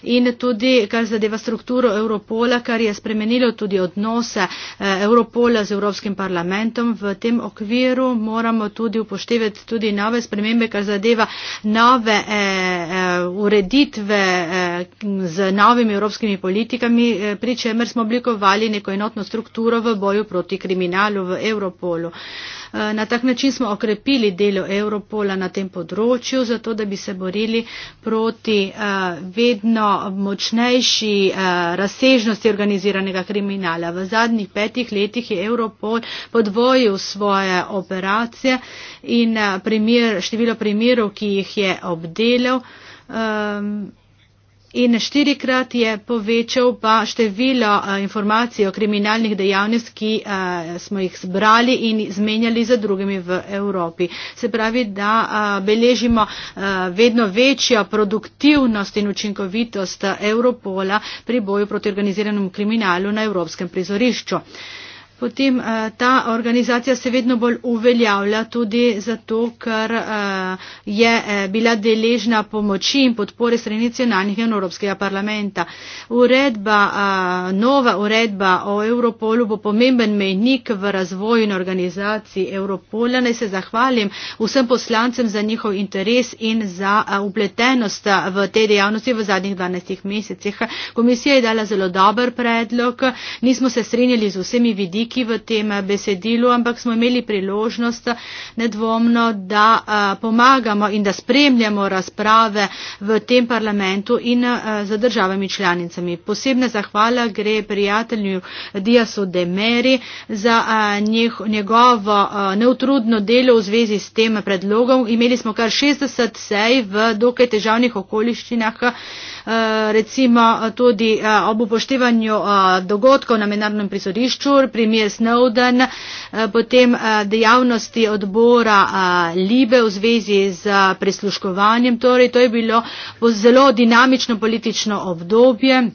in tudi, kar zadeva strukturo Europola, kar je spremenilo tudi odnose eh, Europola z Evropskim parlamentom. V tem okviru moramo tudi upoštevati tudi nove spremembe, kar zadeva nove e, e, ureditve e, z novimi evropskimi politikami, pri čemer smo oblikovali neko enotno strukturo v boju proti kriminalitetu kriminalu v Europolu. Eh, na tak način smo okrepili delo Europola na tem področju, zato da bi se borili proti eh, vedno močnejši eh, razsežnosti organiziranega kriminala. V zadnjih petih letih je Europol podvojil svoje operacije in primer, število primerov, ki jih je obdelal. Ehm, In štirikrat je povečal pa število eh, informacij o kriminalnih dejavnost, ki eh, smo jih zbrali in zmenjali za drugimi v Evropi. Se pravi, da eh, beležimo vedno večjo produktivnost in učinkovitost Europola pri boju proti organiziranemu kriminalu na evropskem prizorišču potem uh, ta organizacija se vedno bolj uveljavlja tudi zato, ker uh, je uh, bila deležna pomoči in podpore strani nacionalnih in Evropskega parlamenta. Uredba, uh, nova uredba o Europolu bo pomemben mejnik v razvoju in organizaciji Europola. Naj se zahvalim vsem poslancem za njihov interes in za uh, upletenost v te dejavnosti v zadnjih 12 mesecih. Komisija je dala zelo dober predlog, nismo se strinjali z vsemi vidiki, veliki v tem eh, besedilu, ampak smo imeli priložnost eh, nedvomno, da eh, pomagamo in da spremljamo razprave v tem parlamentu in za državami članicami. Posebna zahvala gre prijatelju Diasu Demeri za njegovo neutrudno delo v zvezi s tem predlogom. Imeli smo kar 60 sej v dokaj težavnih okoliščinah. Eh, recimo eh, tudi eh, ob upoštevanju dogodkov na mednarodnem prizorišču, primer Snowden, potem dejavnosti odbora Libe v zvezi z prisluškovanjem, torej to je bilo zelo dinamično politično obdobje.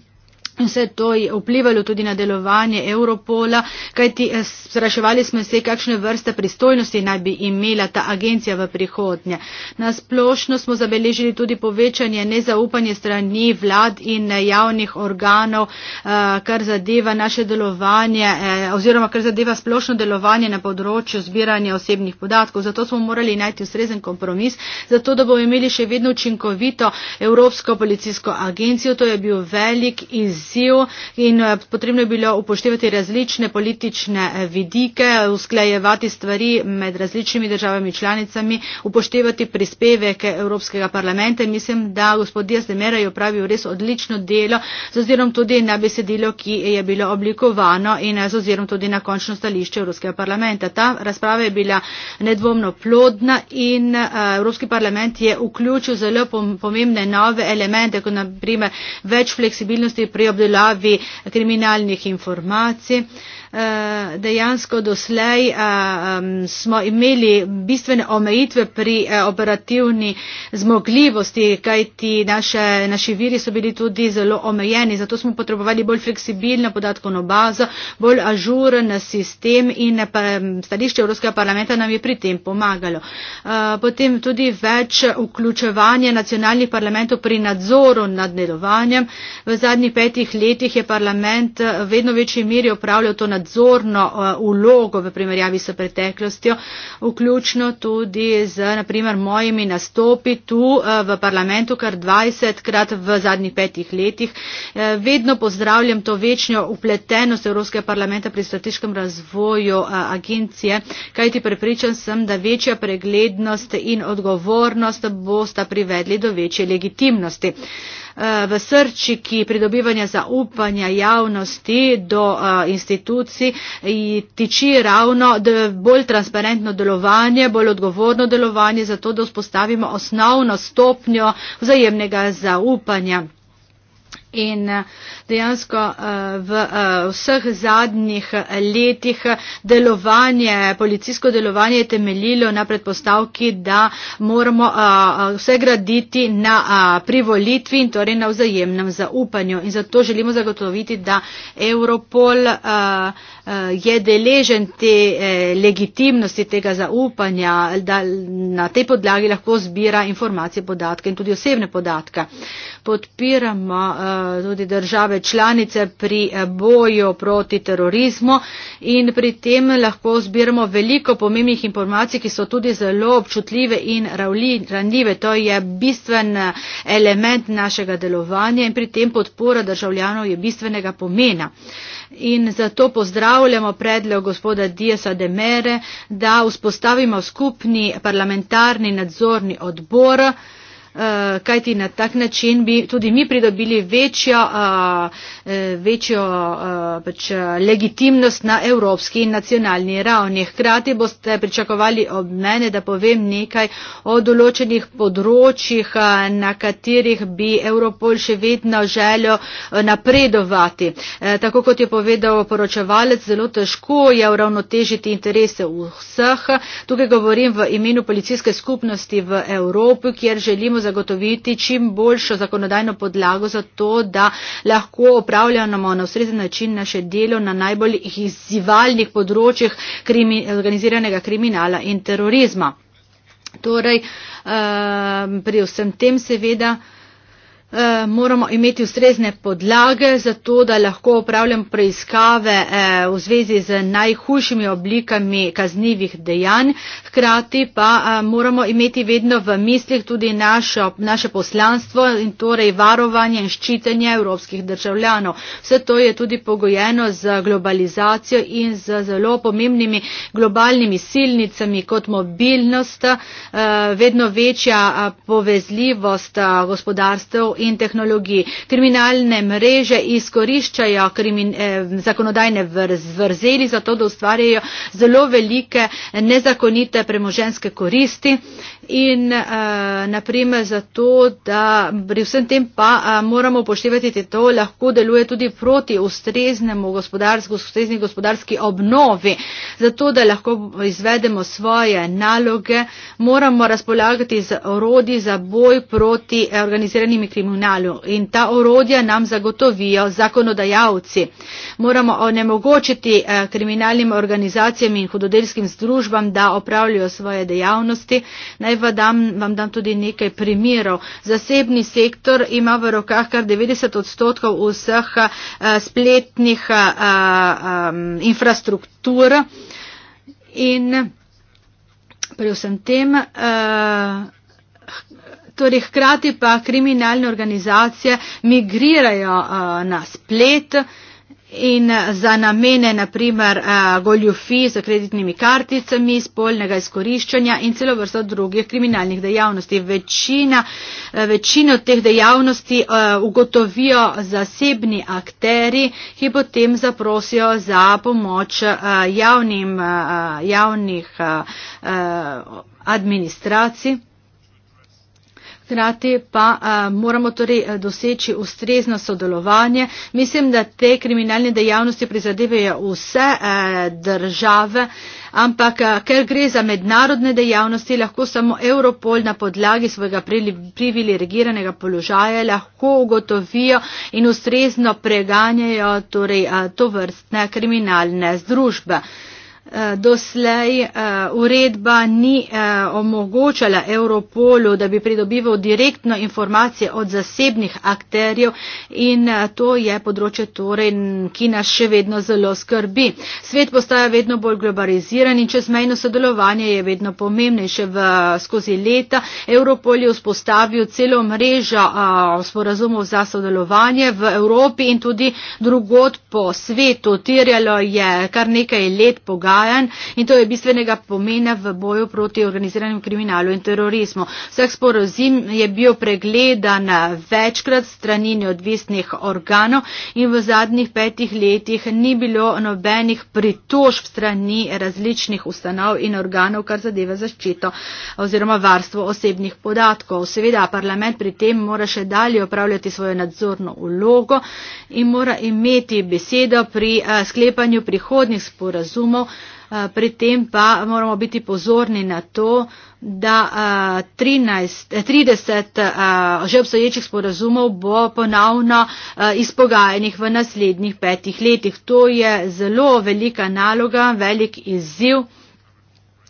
Vse to je vplivalo tudi na delovanje Europola, kajti eh, spraševali smo se, kakšne vrste pristojnosti naj bi imela ta agencija v prihodnje. Na splošno smo zabeležili tudi povečanje nezaupanja strani vlad in eh, javnih organov, eh, kar zadeva naše delovanje oziroma kar zadeva splošno delovanje na področju zbiranja osebnih podatkov. Zato smo morali najti ustrezen kompromis, zato da bomo imeli še vedno učinkovito Evropsko policijsko agencijo. To je bil velik izziv komisijo in eh, potrebno je bilo upoštevati različne politične eh, vidike, usklajevati stvari med različnimi državami članicami, upoštevati prispevek Evropskega parlamenta in mislim, da gospod Jaz Demera je upravil res odlično delo z ozirom tudi na besedilo, ki je bilo oblikovano in eh, z ozirom tudi na končno stališče Evropskega parlamenta. Ta razprava je bila nedvomno plodna in Evropski parlament je vključil zelo pomembne nove elemente, kot naprimer več fleksibilnosti pri obdobju objavljali kriminalnih informacij. Eh, dejansko doslej eh, smo imeli bistvene omejitve pri eh, operativni zmogljivosti, kajti naše, naši viri so bili tudi zelo omejeni, zato smo potrebovali bolj fleksibilno podatkovno bazo, bolj ažuren sistem in stališče Evropskega parlamenta nam je pri tem pomagalo. Potem tudi več vključevanja nacionalnih parlamentov pri nadzoru nad delovanjem. V zadnjih petih letih je parlament vedno večji miri opravljal to nadzor nadzorno ulogo eh, v primerjavi s preteklostjo, vključno tudi z, naprimer, mojimi nastopi tu eh, v parlamentu kar 20 krat v zadnjih petih letih. Eh, vedno pozdravljam to večnjo upletenost Evropskega parlamenta pri strateškem razvoju agencije, kajti prepričan sem, da večja preglednost in odgovornost bosta privedli do večje legitimnosti v srčiki pridobivanja zaupanja javnosti do institucij tiči ravno bolj transparentno delovanje, bolj odgovorno delovanje, zato da vzpostavimo osnovno stopnjo vzajemnega zaupanja in eh, dejansko eh, v eh, vseh zadnjih letih delovanje, policijsko delovanje je temeljilo na predpostavki, da moramo vse graditi na privolitvi in torej na vzajemnem zaupanju. In zato želimo zagotoviti, da Europol Eh, je deležen te eh, legitimnosti, tega zaupanja, da na tej podlagi lahko zbira informacije, podatke in tudi osebne podatke. Podpiramo eh, tudi države članice pri boju proti terorizmu in pri tem lahko zbiramo veliko pomembnih informacij, ki so tudi zelo občutljive in ranljive. To je bistven element našega delovanja in pri tem podpora državljanov je bistvenega pomena in zato pozdravljamo predlog gospoda Diasa de Mere, da vzpostavimo skupni parlamentarni nadzorni odbor, eh, kajti na tak način bi tudi mi pridobili večjo uh, Eh, večjo eh, pač, eh, legitimnost na evropski in nacionalni ravni. Hkrati boste pričakovali od mene, da povem nekaj o določenih področjih, na katerih bi Evropol še vedno željo napredovati. Tako kot je povedal poročevalec, zelo težko je uravnotežiti interese vseh. Tukaj govorim v imenu policijske skupnosti v Evropi, kjer želimo zagotoviti čim boljšo zakonodajno podlago za to, da lahko opravljamo pripravljamo na ustrezen način naše delo na najbolj izzivalnih področjih krimi, organiziranega kriminala in terorizma. Torej, eh, pri vsem tem seveda. Eh, moramo imeti ustrezne podlage za to, da lahko upravljam preiskave eh, v zvezi z najhujšimi oblikami kaznivih dejanj. Hkrati pa eh, moramo imeti vedno v mislih tudi naše, naše poslanstvo in torej varovanje in ščitenje evropskih državljanov. Vse to je tudi pogojeno z globalizacijo in z zelo pomembnimi globalnimi silnicami kot mobilnost, vedno večja povezljivost gospodarstv in tehnologij. Kriminalne mreže izkoriščajo krimin, eh, zakonodajne vrzeli za to, da ustvarjajo zelo velike nezakonite premoženske koristi in eh, naprimer zato, da pri vsem tem pa eh, moramo upoštevati, da to lahko deluje tudi proti ustreznemu gospodarsku, ustrezni gospodarski obnovi, zato da lahko izvedemo svoje naloge, moramo razpolagati z orodi za boj proti organiziranimi kriminalnimi kriminalu in ta orodja nam zagotovijo zakonodajalci. Moramo onemogočiti eh, kriminalnim organizacijam in hudodelskim združbam, da opravljajo svoje dejavnosti. Naj vam, vam dam tudi nekaj primerov. Zasebni sektor ima v rokah kar 90 odstotkov vseh eh, spletnih eh, infrastruktur in pri vsem tem. Uh, torej hkrati pa kriminalne organizacije migrirajo eh, na splet in eh, za namene, naprimer, eh, goljufi z kreditnimi karticami, spolnega izkoriščanja in celo vrsto drugih kriminalnih dejavnosti. Večina, večino teh dejavnosti ugotovijo zasebni akteri, ki potem zaprosijo za pomoč javnim, javnih administracij. Hkrati pa a, eh, moramo torej eh, doseči ustrezno sodelovanje. Mislim, da te kriminalne dejavnosti prizadevajo vse a, eh, države, ampak a, ker gre za mednarodne dejavnosti, lahko samo Europol na podlagi svojega privilegiranega položaja lahko ugotovijo in ustrezno preganjajo torej, a, to vrstne kriminalne združbe. Eh, doslej eh, uredba ni eh, omogočala Europolu, da bi pridobival direktno informacije od zasebnih akterjev in to je področje, torej, ki nas še vedno zelo skrbi. Svet postaja vedno bolj globaliziran in čezmejno sodelovanje je vedno pomembnejše v, skozi leta. Europol je vzpostavil celo mrežo sporazumov za sodelovanje v Evropi in tudi drugod po svetu. Tirjalo je kar nekaj let pogajanja dogajanj in to je bistvenega pomena v boju proti organiziranim kriminalu in terorizmu. Vseh sporozim je bil pregledan večkrat strani neodvisnih organov in v zadnjih petih letih ni bilo nobenih pritožb strani različnih ustanov in organov, kar zadeva zaščito oziroma varstvo osebnih podatkov. Seveda parlament pri tem mora še dalje opravljati svojo nadzorno ulogo in mora imeti besedo pri eh, sklepanju prihodnjih sporazumov, Eh, pri tem pa moramo biti pozorni na to, da 13, eh, 30 eh, že obstoječih sporazumov bo ponovno izpogajanih v naslednjih petih letih. To je zelo velika naloga, velik izziv.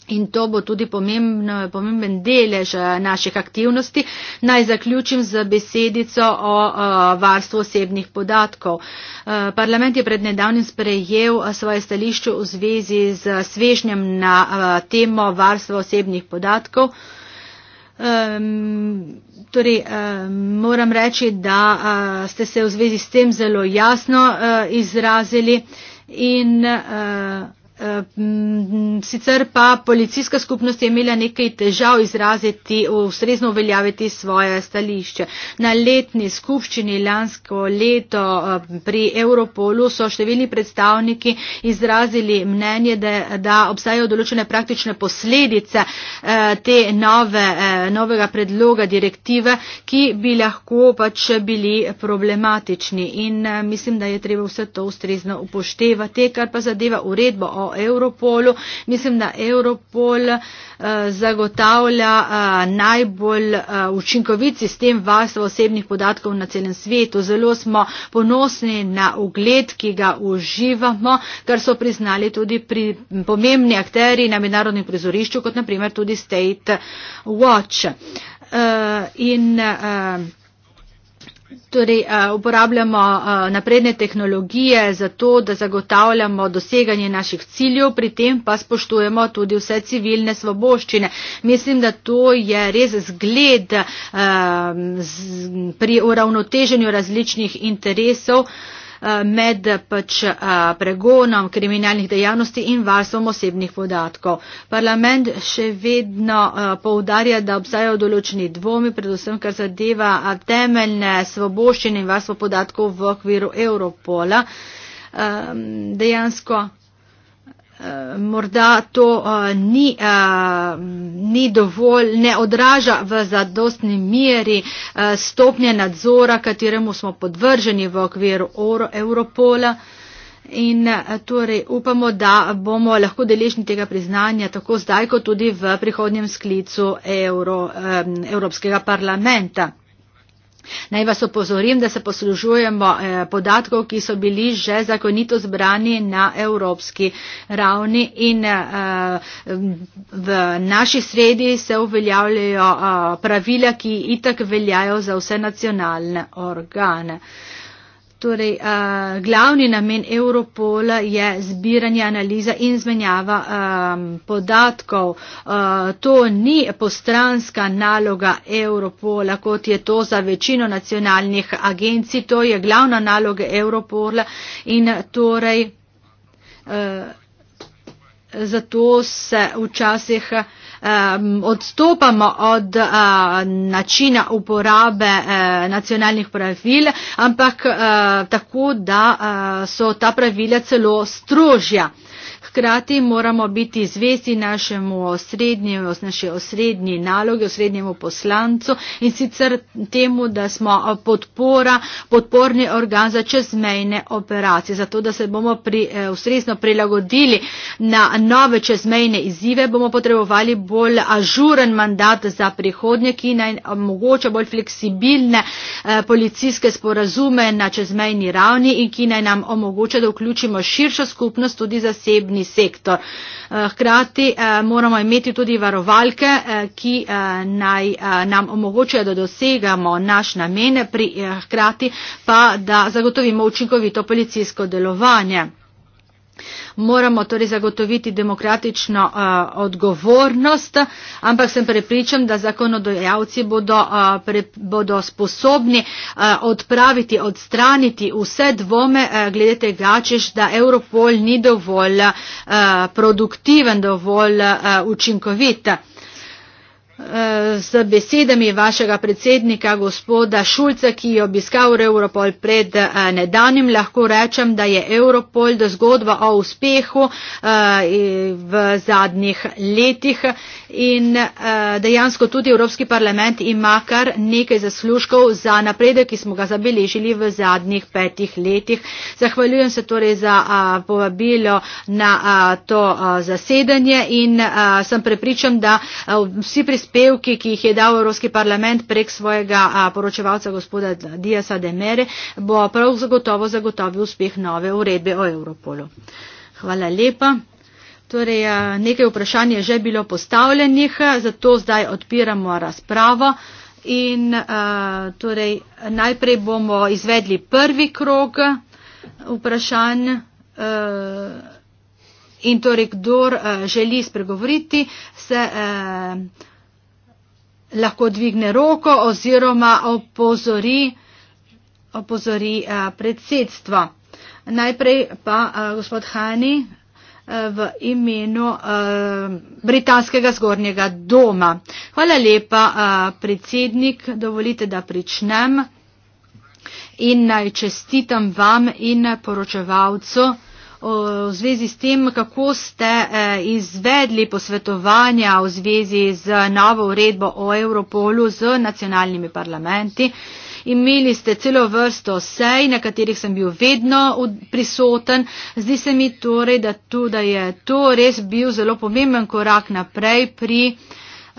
In to bo tudi pomembno, pomemben delež eh, naših aktivnosti. Naj zaključim z besedico o, o eh, varstvu osebnih podatkov. E, parlament je pred nedavnim sprejel svoje stališče v zvezi z svežnjem na a, temo varstva osebnih podatkov. Um, torej, um, moram reči, da uh, ste se v zvezi s tem zelo jasno uh, izrazili in uh, Sicer pa policijska skupnost je imela nekaj težav izraziti, ustrezno uveljaviti svoje stališče. Na letni skupščini lansko leto pri Europolu so številni predstavniki izrazili mnenje, da, da obstajajo določene praktične posledice eh, te nove, eh, novega predloga direktive, ki bi lahko pač bili problematični. In eh, mislim, da je treba vse to ustrezno upoštevati, kar pa zadeva uredbo o Europolu. Mislim, da Europol eh, zagotavlja eh, najbolj eh, učinkovit sistem varstva osebnih podatkov na celem svetu. Zelo smo ponosni na ugled, ki ga uživamo, kar so priznali tudi pri pomembni akteri na mednarodnem prizorišču, kot naprimer tudi State Watch. Uh, in uh, Torej, eh, uporabljamo eh, napredne tehnologije za to, da zagotavljamo doseganje naših ciljev, pri tem pa spoštujemo tudi vse civilne svoboščine. Mislim, da to je res zgled eh, pri uravnoteženju različnih interesov. Eh, med pač eh, pregonom kriminalnih dejavnosti in varstvom osebnih podatkov. Parlament še vedno eh, poudarja, da obstajajo določeni dvomi, predvsem kar zadeva temeljne svoboščine in varstvo podatkov v okviru Europola. Ehm, dejansko Eh, morda to uh, ni, uh, ni dovolj, ne odraža v zadostni meri uh, stopnje nadzora, kateremu smo podvrženi v okviru Euro, Europola. In torej upamo, da bomo lahko deležni tega priznanja tako zdaj, kot tudi v prihodnjem sklicu Euro, Evropskega parlamenta. Naj vas opozorim, da se poslužujemo eh, podatkov, ki so bili že zakonito zbrani na evropski ravni in eh, v naši sredi se uveljavljajo eh, pravila, ki itak veljajo za vse nacionalne organe. Torej, uh, glavni namen Europola je zbiranje analiza in zmenjava um, podatkov. Uh, to ni postranska naloga Europola, kot je to za večino nacionalnih agencij. To je glavna naloga Europola in torej uh, zato se včasih. Uh, odstopamo od načina uporabe e, nacionalnih pravil, ampak e, tako, da e, so ta pravila celo strožja. Hkrati moramo biti zvesti našemu osrednjemu, naše osrednji nalogi, osrednjemu poslancu in sicer temu, da smo podpora, podporni organ za čezmejne operacije. Zato, da se bomo pri, eh, ustrezno prilagodili na nove čezmejne izzive, bomo potrebovali bolj ažuren mandat za prihodnje, ki naj omogoča bolj fleksibilne eh, policijske sporazume na čezmejni ravni in ki naj nam omogoča, da vključimo širšo skupnost tudi zasebni sektor. Eh, hkrati eh, moramo imeti tudi varovalke, eh, ki naj, nam omogočajo, da dosegamo naš namene, pri, hkrati pa da zagotovimo učinkovito policijsko delovanje moramo torej zagotoviti demokratično uh, odgovornost, ampak sem prepričan, da zakonodajalci bodo, uh, pre, bodo sposobni uh, odpraviti, odstraniti vse dvome uh, glede tega, češ, da Europol ni dovolj uh, produktiven, dovolj uh, učinkovit. Uh, Eh, z besedami vašega predsednika gospoda Šulca, ki je obiskal Europol pred eh, nedanjem, lahko rečem, da je Europol do zgodba o uspehu eh, v zadnjih letih in dejansko tudi Evropski parlament ima kar nekaj zaslužkov za napredek, ki smo ga zabeležili v zadnjih petih letih. Zahvaljujem se torej za povabilo na to zasedanje in sem prepričan, da vsi prispevajo prispevki, ki jih je dal Evropski parlament prek svojega poročevalca gospoda Diasa de Mere, bo prav zagotovo zagotovil uspeh nove uredbe o Europolu. Hvala lepa. Torej, nekaj vprašanj je že bilo postavljenih, zato zdaj odpiramo razpravo. In, torej, najprej bomo izvedli prvi krog vprašanj. In torej, kdor želi spregovoriti, se. Eh, lahko dvigne roko oziroma opozori, opozori eh, predsedstvo. Najprej pa eh, gospod Hani eh, v imenu britanskega zgornjega doma. Hvala lepa, predsednik, dovolite, da pričnem in naj čestitam vam in poročevalcu v zvezi s tem, kako ste e, izvedli posvetovanja v zvezi z novo uredbo o Europolu z nacionalnimi parlamenti. Imeli ste celo vrsto sej, na katerih sem bil vedno prisoten. Zdi se mi torej, da, to, da je to res bil zelo pomemben korak naprej pri.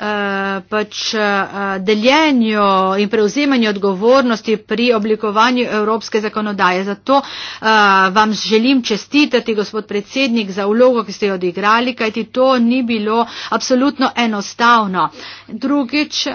Eh, pač eh, deljenju in prevzemanju odgovornosti pri oblikovanju evropske zakonodaje. Zato eh, vam želim čestitati, gospod predsednik, za vlogo, ki ste jo odigrali, kajti to ni bilo absolutno enostavno. Drugič,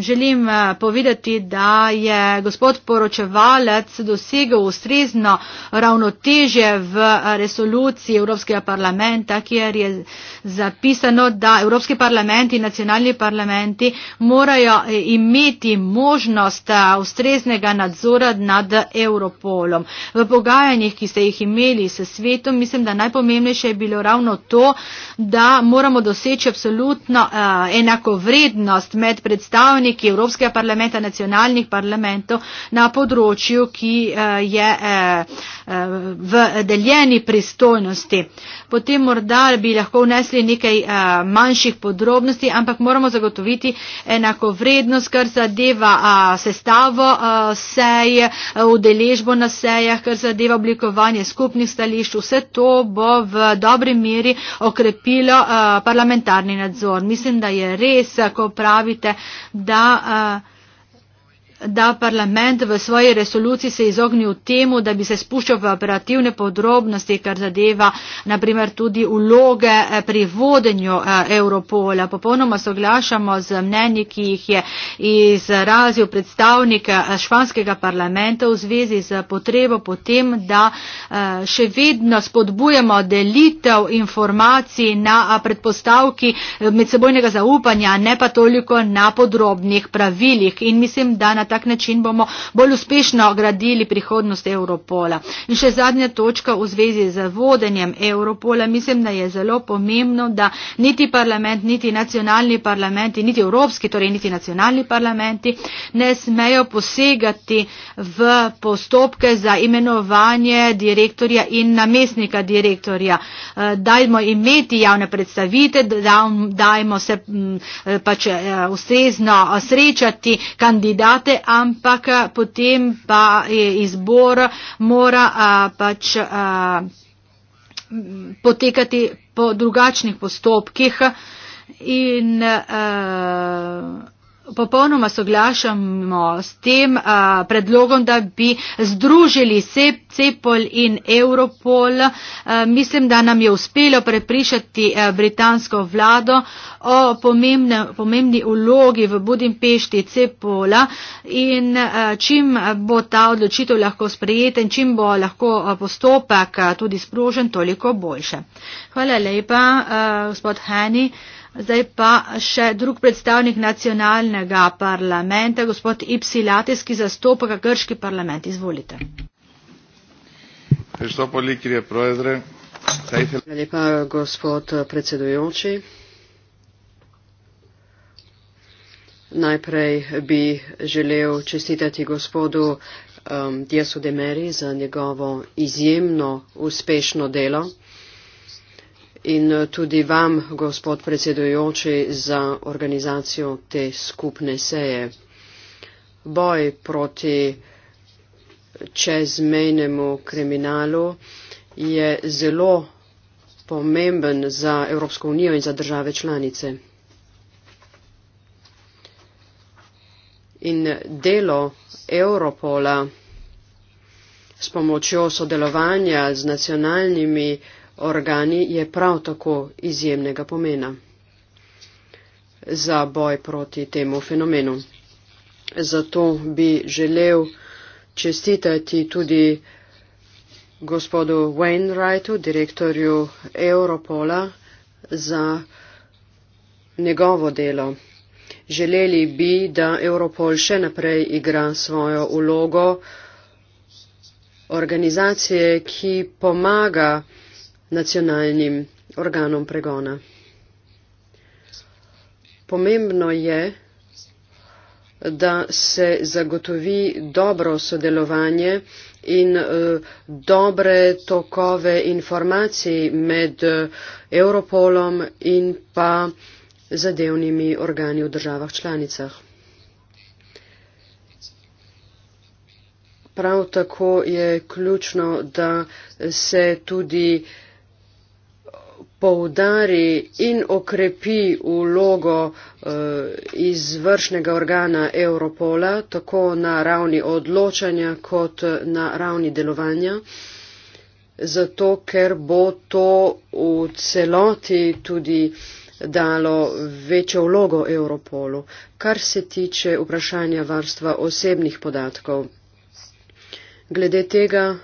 želim povedati, da je gospod poročevalec dosegel ustrezno ravnoteže v resoluciji Evropskega parlamenta, kjer je zapisano, da Evropski parlamenti, nacionalni parlamenti morajo eh, imeti možnost eh, ustreznega nadzora nad Europolom. V pogajanjih, ki ste jih imeli s svetom, mislim, da najpomembnejše je bilo ravno to, da moramo doseči absolutno eh, enakovrednost med predstavniki Evropskega parlamenta, nacionalnih parlamentov na področju, ki je v deljeni pristojnosti potem morda bi lahko vnesli nekaj a, eh, manjših podrobnosti, ampak moramo zagotoviti enako vrednost, kar zadeva a, eh, sestavo a, eh, sej, a, udeležbo na sejah, kar zadeva oblikovanje skupnih stališč. Vse to bo v dobri meri okrepilo a, parlamentarni nadzor. Mislim, da je res, ko pravite, da. A, da parlament v svoji resoluciji se izognil temu, da bi se spuščal v operativne podrobnosti, kar zadeva naprimer tudi vloge eh, pri vodenju eh, Europola. Popolnoma soglašamo z mnenji, ki jih je izrazil predstavnik eh, španskega parlamenta v zvezi z potrebo potem, da še vedno spodbujamo delitev informacij na predpostavki medsebojnega zaupanja, ne pa toliko na podrobnih pravilih. In mislim, da na tak način bomo bolj uspešno gradili prihodnost Evropola. In še zadnja točka v zvezi z vodenjem Evropola. Mislim, da je zelo pomembno, da niti parlament, niti nacionalni parlamenti, niti evropski, torej niti nacionalni parlamenti ne smejo posegati v postopke za imenovanje direktorja in namestnika direktorja. Eh, dajmo imeti javne predstavite, dajmo se mm, eh, pač eh, ustrezno srečati kandidate, ampak eh, potem pa je eh, izbor mora a, eh, pač a, potekati po drugačnih postopkih in a, Popolnoma soglašamo s tem a, predlogom, da bi združili Cepol in Europol. A, mislim, da nam je uspelo prepričati a, britansko vlado o pomembne, pomembni ulogi v Budimpešti Cepola in a, čim bo ta odločitev lahko sprejeta in čim bo lahko postopek a, tudi sprožen, toliko boljše. Hvala lepa, gospod Hani. A, Zdaj pa še drug predstavnik nacionalnega parlamenta, gospod Ipsi Lates, ki zastopa ga grški parlament. Izvolite. Hvala lepa, gospod predsedujoči. Najprej bi želel čestitati gospodu um, Diasu Demeri za njegovo izjemno uspešno delo in eh, tudi vam, gospod predsedujoči, za organizacijo te skupne seje. Boj proti čezmejnemu kriminalu je zelo pomemben za Evropsko unijo in za države članice. In delo Europola s pomočjo sodelovanja z nacionalnimi uh, organi je prav tako izjemnega pomena za boj proti temu fenomenu. Zato bi želel čestitati tudi gospodu Wainwrightu, direktorju Europola, za njegovo delo. Želeli bi, da Europol še naprej igra svojo vlogo organizacije, ki pomaga nacionalnim organom pregona. Pomembno je, da se zagotovi dobro sodelovanje in eh, dobre tokove informacij med eh, Europolom in pa zadevnimi organi v državah članicah. Prav tako je ključno, da se tudi eh, poudari in okrepi vlogo eh, izvršnega organa Europola, tako na ravni odločanja kot eh, na ravni delovanja, zato ker bo to v celoti tudi dalo večjo vlogo Europolu. Kar se tiče vprašanja varstva osebnih podatkov, glede tega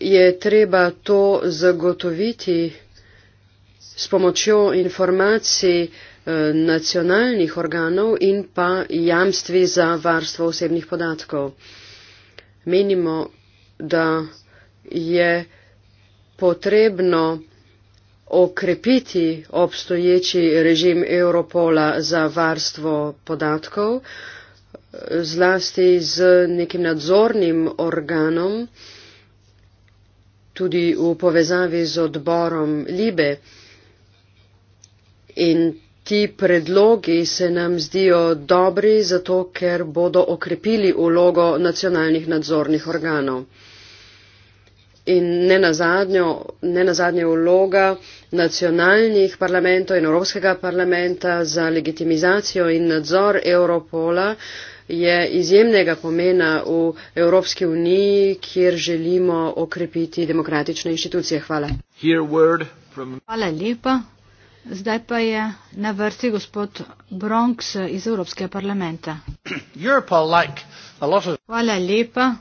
je treba to zagotoviti s pomočjo informacij eh, nacionalnih organov in pa jamstvi za varstvo osebnih podatkov. Menimo, da je potrebno okrepiti obstoječi režim Europola za varstvo podatkov, eh, zlasti z nekim nadzornim organom, tudi v povezavi z odborom Libe. In ti predlogi se nam zdijo dobri, zato ker bodo okrepili ulogo nacionalnih nadzornih organov. In ne nazadnje uloga nacionalnih parlamentov in Evropskega parlamenta za legitimizacijo in nadzor Europola uh, je izjemnega pomena v Evropski uniji, kjer želimo okrepiti demokratične inštitucije. Hvala. Hvala lepa. Zdaj pa je na vrsti gospod Bronx iz Evropskega parlamenta. Hvala lepa.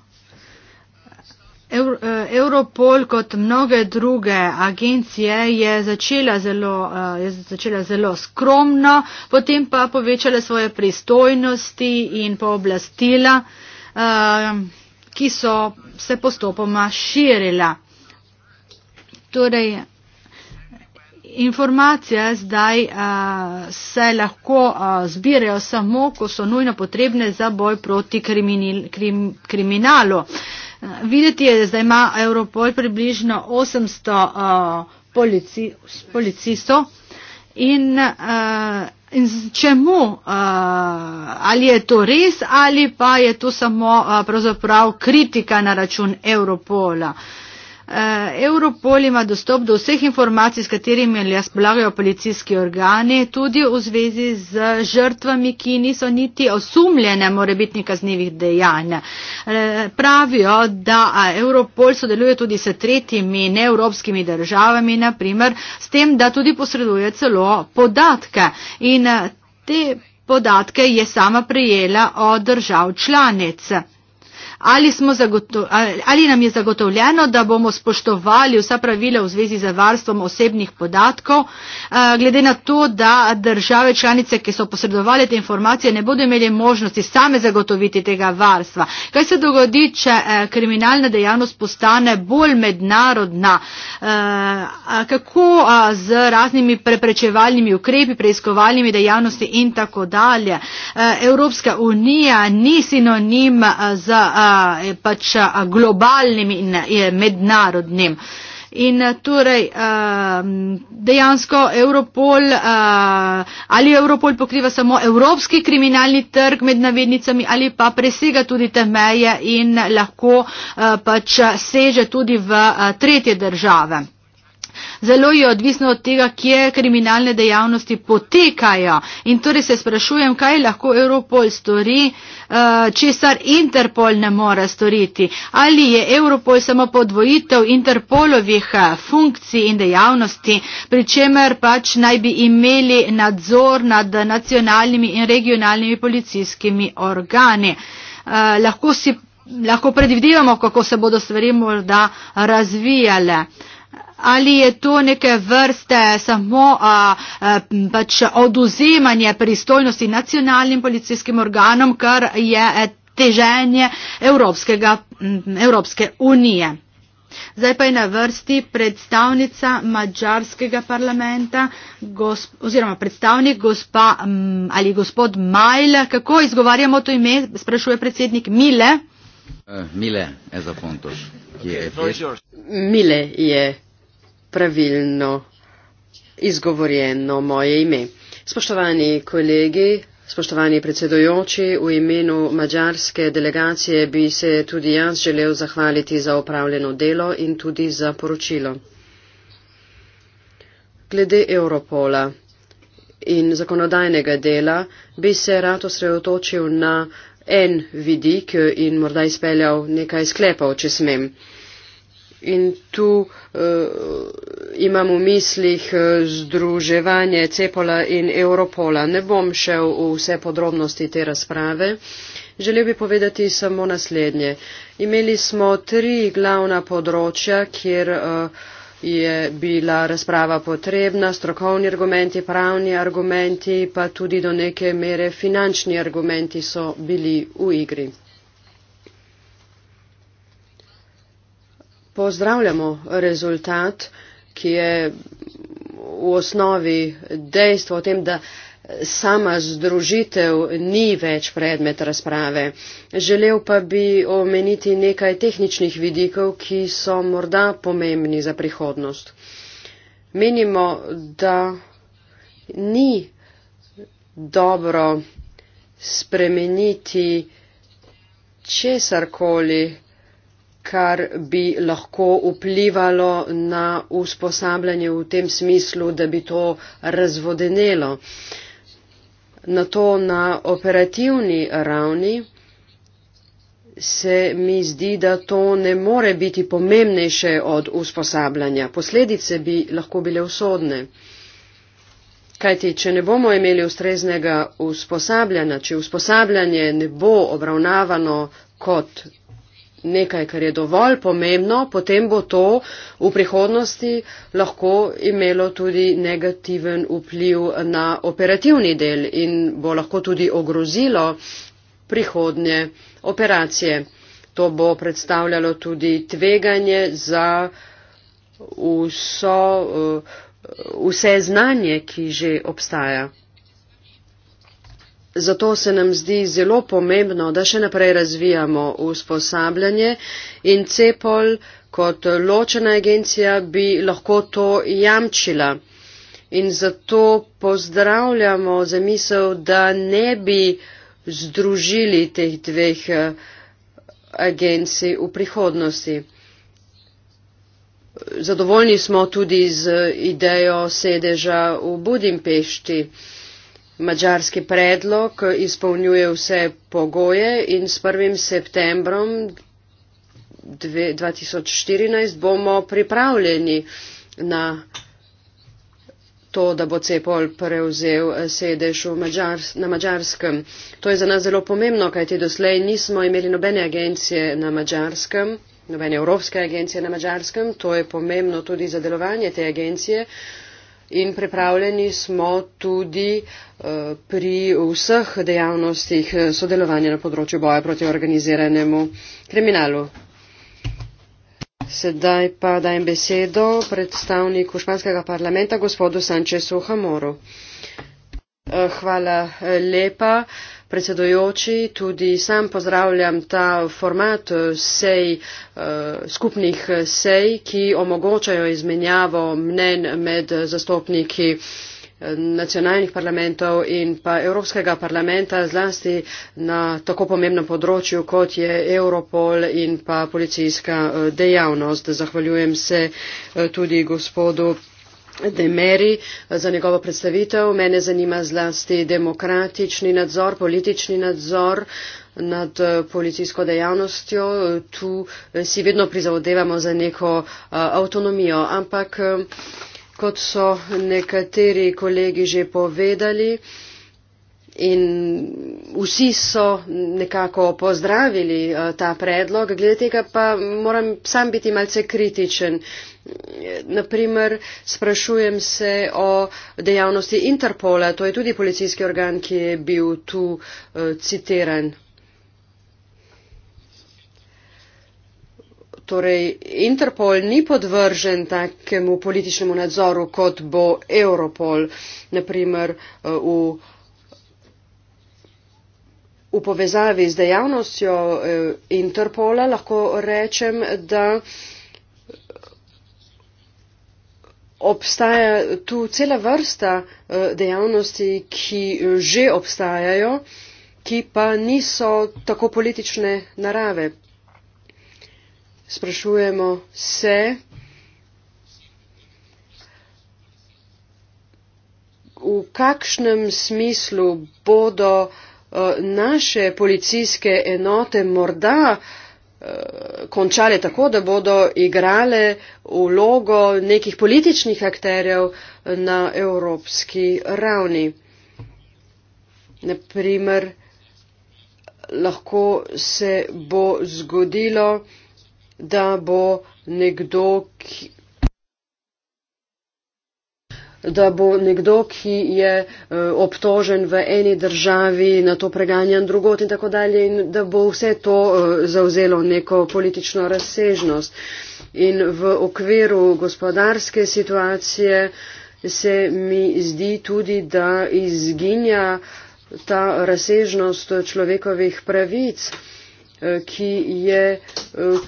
Eh, Europol kot mnoge druge agencije je začela, zelo, eh, je začela zelo skromno, potem pa povečala svoje pristojnosti in pooblastila, eh, ki so se postopoma širila. Torej, informacije zdaj se lahko zbirajo samo, ko so nujno potrebne za boj proti kriminalu. Videti je, da ima Europol približno 800 uh, eh, polici, policistov in, uh, in čemu, uh, ali je to res ali pa je to samo uh, pravzaprav kritika na račun Europola. Uh, Eh, Europol ima dostop do vseh informacij, s katerimi razpolagajo policijski organi, tudi v zvezi z žrtvami, ki niso niti osumljene morebitnih kaznjivih dejanj. Eh, pravijo, da Europol sodeluje tudi s tretjimi neevropskimi državami, naprimer s tem, da tudi posreduje celo podatke. In eh, te podatke je sama prejela od držav članic ali, ali nam je zagotovljeno, da bomo spoštovali vsa pravila v zvezi z varstvom osebnih podatkov, eh, glede na to, da države članice, ki so posredovali te informacije, ne bodo imeli možnosti same zagotoviti tega varstva. Kaj se dogodi, če eh, kriminalna dejavnost postane bolj mednarodna? Eh, kako z raznimi preprečevalnimi ukrepi, preiskovalnimi dejavnosti in tako dalje? Evropska unija ni sinonim za pač globalnim in mednarodnim. In torej dejansko Europol ali Europol pokriva samo evropski kriminalni trg med navednicami ali pa presega tudi te meje in lahko pač seže tudi v tretje države zelo je odvisno od tega, kje kriminalne dejavnosti potekajo. In torej se sprašujem, kaj lahko Europol stori, eh, česar Interpol ne more storiti. Ali je Europol samo podvojitev Interpolovih eh, funkcij in dejavnosti, pri čemer pač naj bi imeli nadzor nad nacionalnimi in regionalnimi policijskimi organi. Eh, lahko, si, lahko predvidevamo, kako se bodo stvari morda razvijale. Uh, ali je to neke vrste samo a, a, pač oduzemanje pristojnosti nacionalnim policijskim organom, kar je e, teženje Evropskega, Evropske unije. Zdaj pa je na vrsti predstavnica mađarskega parlamenta gosp, oziroma predstavnik gospa ali gospod Majl. Kako izgovarjamo to ime, sprašuje predsednik Mile. Eh, Mile je za Pontoš. Mile je pravilno izgovorjeno moje ime. Spoštovani kolegi, spoštovani predsedojoči, v imenu mađarske delegacije bi se tudi jaz želel zahvaliti za opravljeno delo in tudi za poročilo. Glede Europola in zakonodajnega dela bi se rad osredotočil na en vidik in morda izpeljal nekaj sklepov, če smem. In tu uh, imam v mislih eh, združevanje Cepola in Europola. Ne bom šel v vse podrobnosti te razprave. Želel bi povedati samo naslednje. Imeli smo tri glavna področja, kjer uh, je bila razprava potrebna, strokovni argumenti, pravni argumenti, pa tudi do neke mere finančni argumenti so bili v igri. pozdravljamo rezultat, ki je v osnovi dejstvo o tem, da sama združitev ni več predmet razprave. Želel pa bi omeniti nekaj tehničnih vidikov, ki so morda pomembni za prihodnost. Menimo, da ni dobro spremeniti česarkoli, kar bi lahko vplivalo na usposabljanje v tem smislu, da bi to razvodenelo. Na to na operativni ravni se mi zdi, da to ne more biti pomembnejše od usposabljanja. Posledice bi lahko bile usodne. Kajti, če ne bomo imeli ustreznega usposabljanja, če usposabljanje ne bo obravnavano kot nekaj, kar je dovolj pomembno, potem bo to v prihodnosti lahko imelo tudi negativen vpliv na operativni del in bo lahko tudi ogrozilo prihodnje operacije. To bo predstavljalo tudi tveganje za vso, eh, vse znanje, ki že obstaja. Zato se nam zdi zelo pomembno, da še naprej razvijamo usposabljanje in CEPOL kot ločena agencija bi lahko to jamčila. In zato pozdravljamo zamisel, da ne bi združili teh dveh eh, agencij v prihodnosti. Zadovoljni smo tudi z idejo sedeža v Budimpešti. Mačarski predlog izpolnjuje vse pogoje in s 1. septembrom 2014 bomo pripravljeni na to, da bo Cepol prevzel eh, sedež Mađar, na Mačarskem. To je za nas zelo pomembno, kajti doslej nismo imeli nobene agencije na Mačarskem, nobene evropske agencije na Mačarskem. To je pomembno tudi za delovanje te agencije. Uh, in pripravljeni smo tudi eh, pri vseh dejavnostih eh, sodelovanja na področju boja proti organiziranemu kriminalu. Sedaj pa dajem besedo predstavniku španskega parlamenta, gospodu Sančesu Hamoru. Eh, hvala lepa predsedujoči, tudi sam pozdravljam ta format eh, sej, eh, skupnih eh, sej, ki omogočajo izmenjavo mnen med zastopniki nacionalnih parlamentov in pa Evropskega parlamenta zlasti na tako pomembnem področju, kot je Europol in pa policijska dejavnost. Zahvaljujem se tudi gospodu Demeri eh, za njegovo predstavitev. Mene zanima zlasti demokratični nadzor, politični nadzor nad eh, policijsko dejavnostjo. Tu eh, si vedno prizavodevamo za neko avtonomijo. Ampak, kot so nekateri kolegi že povedali, in vsi so nekako pozdravili eh, ta predlog. Glede tega pa moram sam biti malce kritičen. Naprimer, sprašujem se o dejavnosti Interpola, to je tudi policijski organ, ki je bil tu eh, citiran. Torej, Interpol ni podvržen takemu političnemu nadzoru, kot bo Europol, naprimer eh, v v povezavi z dejavnostjo eh, Interpola lahko rečem, da obstaja tu cela vrsta eh, dejavnosti, ki že obstajajo, ki pa niso tako politične narave. Sprašujemo se, v kakšnem smislu bodo Eh, naše policijske enote morda eh, končale tako, da bodo igrale vlogo nekih političnih akterjev na evropski ravni. Naprimer, lahko se bo zgodilo, da bo nekdo, da bo nekdo, ki je eh, obtožen v eni državi, na to preganjan drugot in tako dalje in da bo vse to eh, zauzelo neko politično razsežnost. In v okviru gospodarske situacije se mi zdi tudi, da izginja ta razsežnost človekovih pravic. Eh, ki je eh,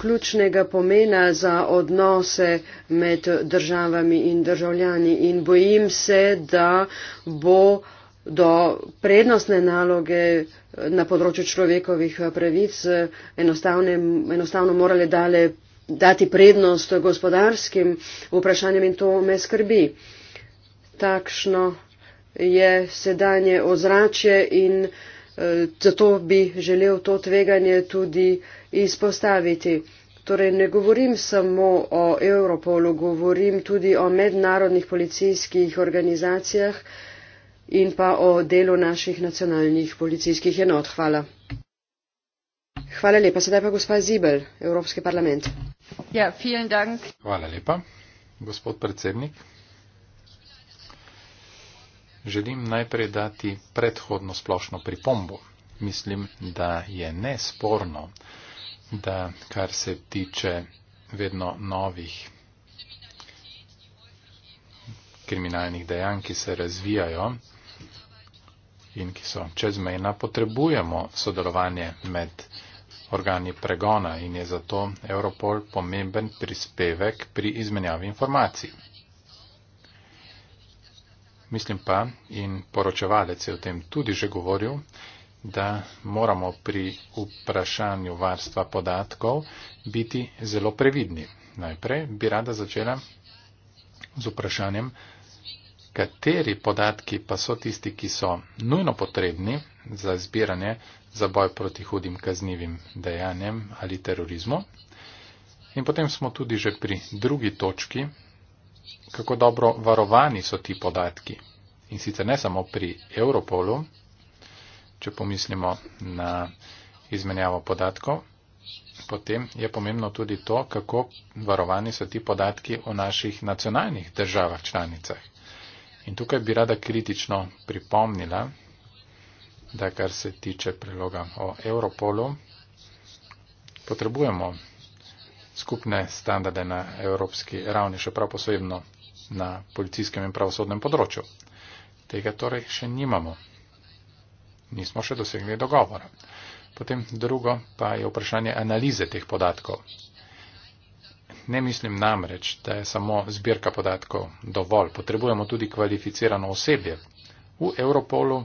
ključnega pomena za odnose med državami in državljani. In bojim se, da bo do prednostne naloge eh, na področju človekovih pravic enostavne, enostavno morale dale, dati prednost gospodarskim vprašanjem in to me skrbi. Takšno je sedanje ozračje in uh, zato bi želel to tveganje tudi izpostaviti. Torej, ne govorim samo o Europolu, govorim tudi o mednarodnih policijskih organizacijah in pa o delu naših nacionalnih policijskih enot. Hvala. Hvala lepa. Sedaj pa gospa Zibel, Evropski parlament. Ja, vielen dank. Hvala lepa, gospod predsednik želim najprej dati predhodno splošno pripombo. Mislim, da je nesporno, da kar se tiče vedno novih kriminalnih dejanj, ki se razvijajo in ki so čezmejna, potrebujemo sodelovanje med organi pregona in je zato Europol pomemben prispevek pri izmenjavi informacij. Mislim pa, in poročevalec je o tem tudi že govoril, da moramo pri vprašanju varstva podatkov biti zelo previdni. Najprej bi rada začela z vprašanjem, kateri podatki pa so tisti, ki so nujno potrebni za zbiranje za boj proti hudim kaznivim dejanjem ali terorizmu. In potem smo tudi že pri drugi točki, kako dobro varovani so ti podatki. In sicer ne samo pri Europolu, če pomislimo na izmenjavo podatkov, potem je pomembno tudi to, kako varovani so ti podatki v naših nacionalnih državah članicah. In tukaj bi rada kritično pripomnila, da kar se tiče priloga o Europolu, potrebujemo skupne standarde na evropski ravni, še prav posebno na policijskem in pravosodnem področju. Tega torej še nimamo. Nismo še dosegli dogovora. Potem drugo pa je vprašanje analize teh podatkov. Ne mislim namreč, da je samo zbirka podatkov dovolj. Potrebujemo tudi kvalificirano osebje v Europolu,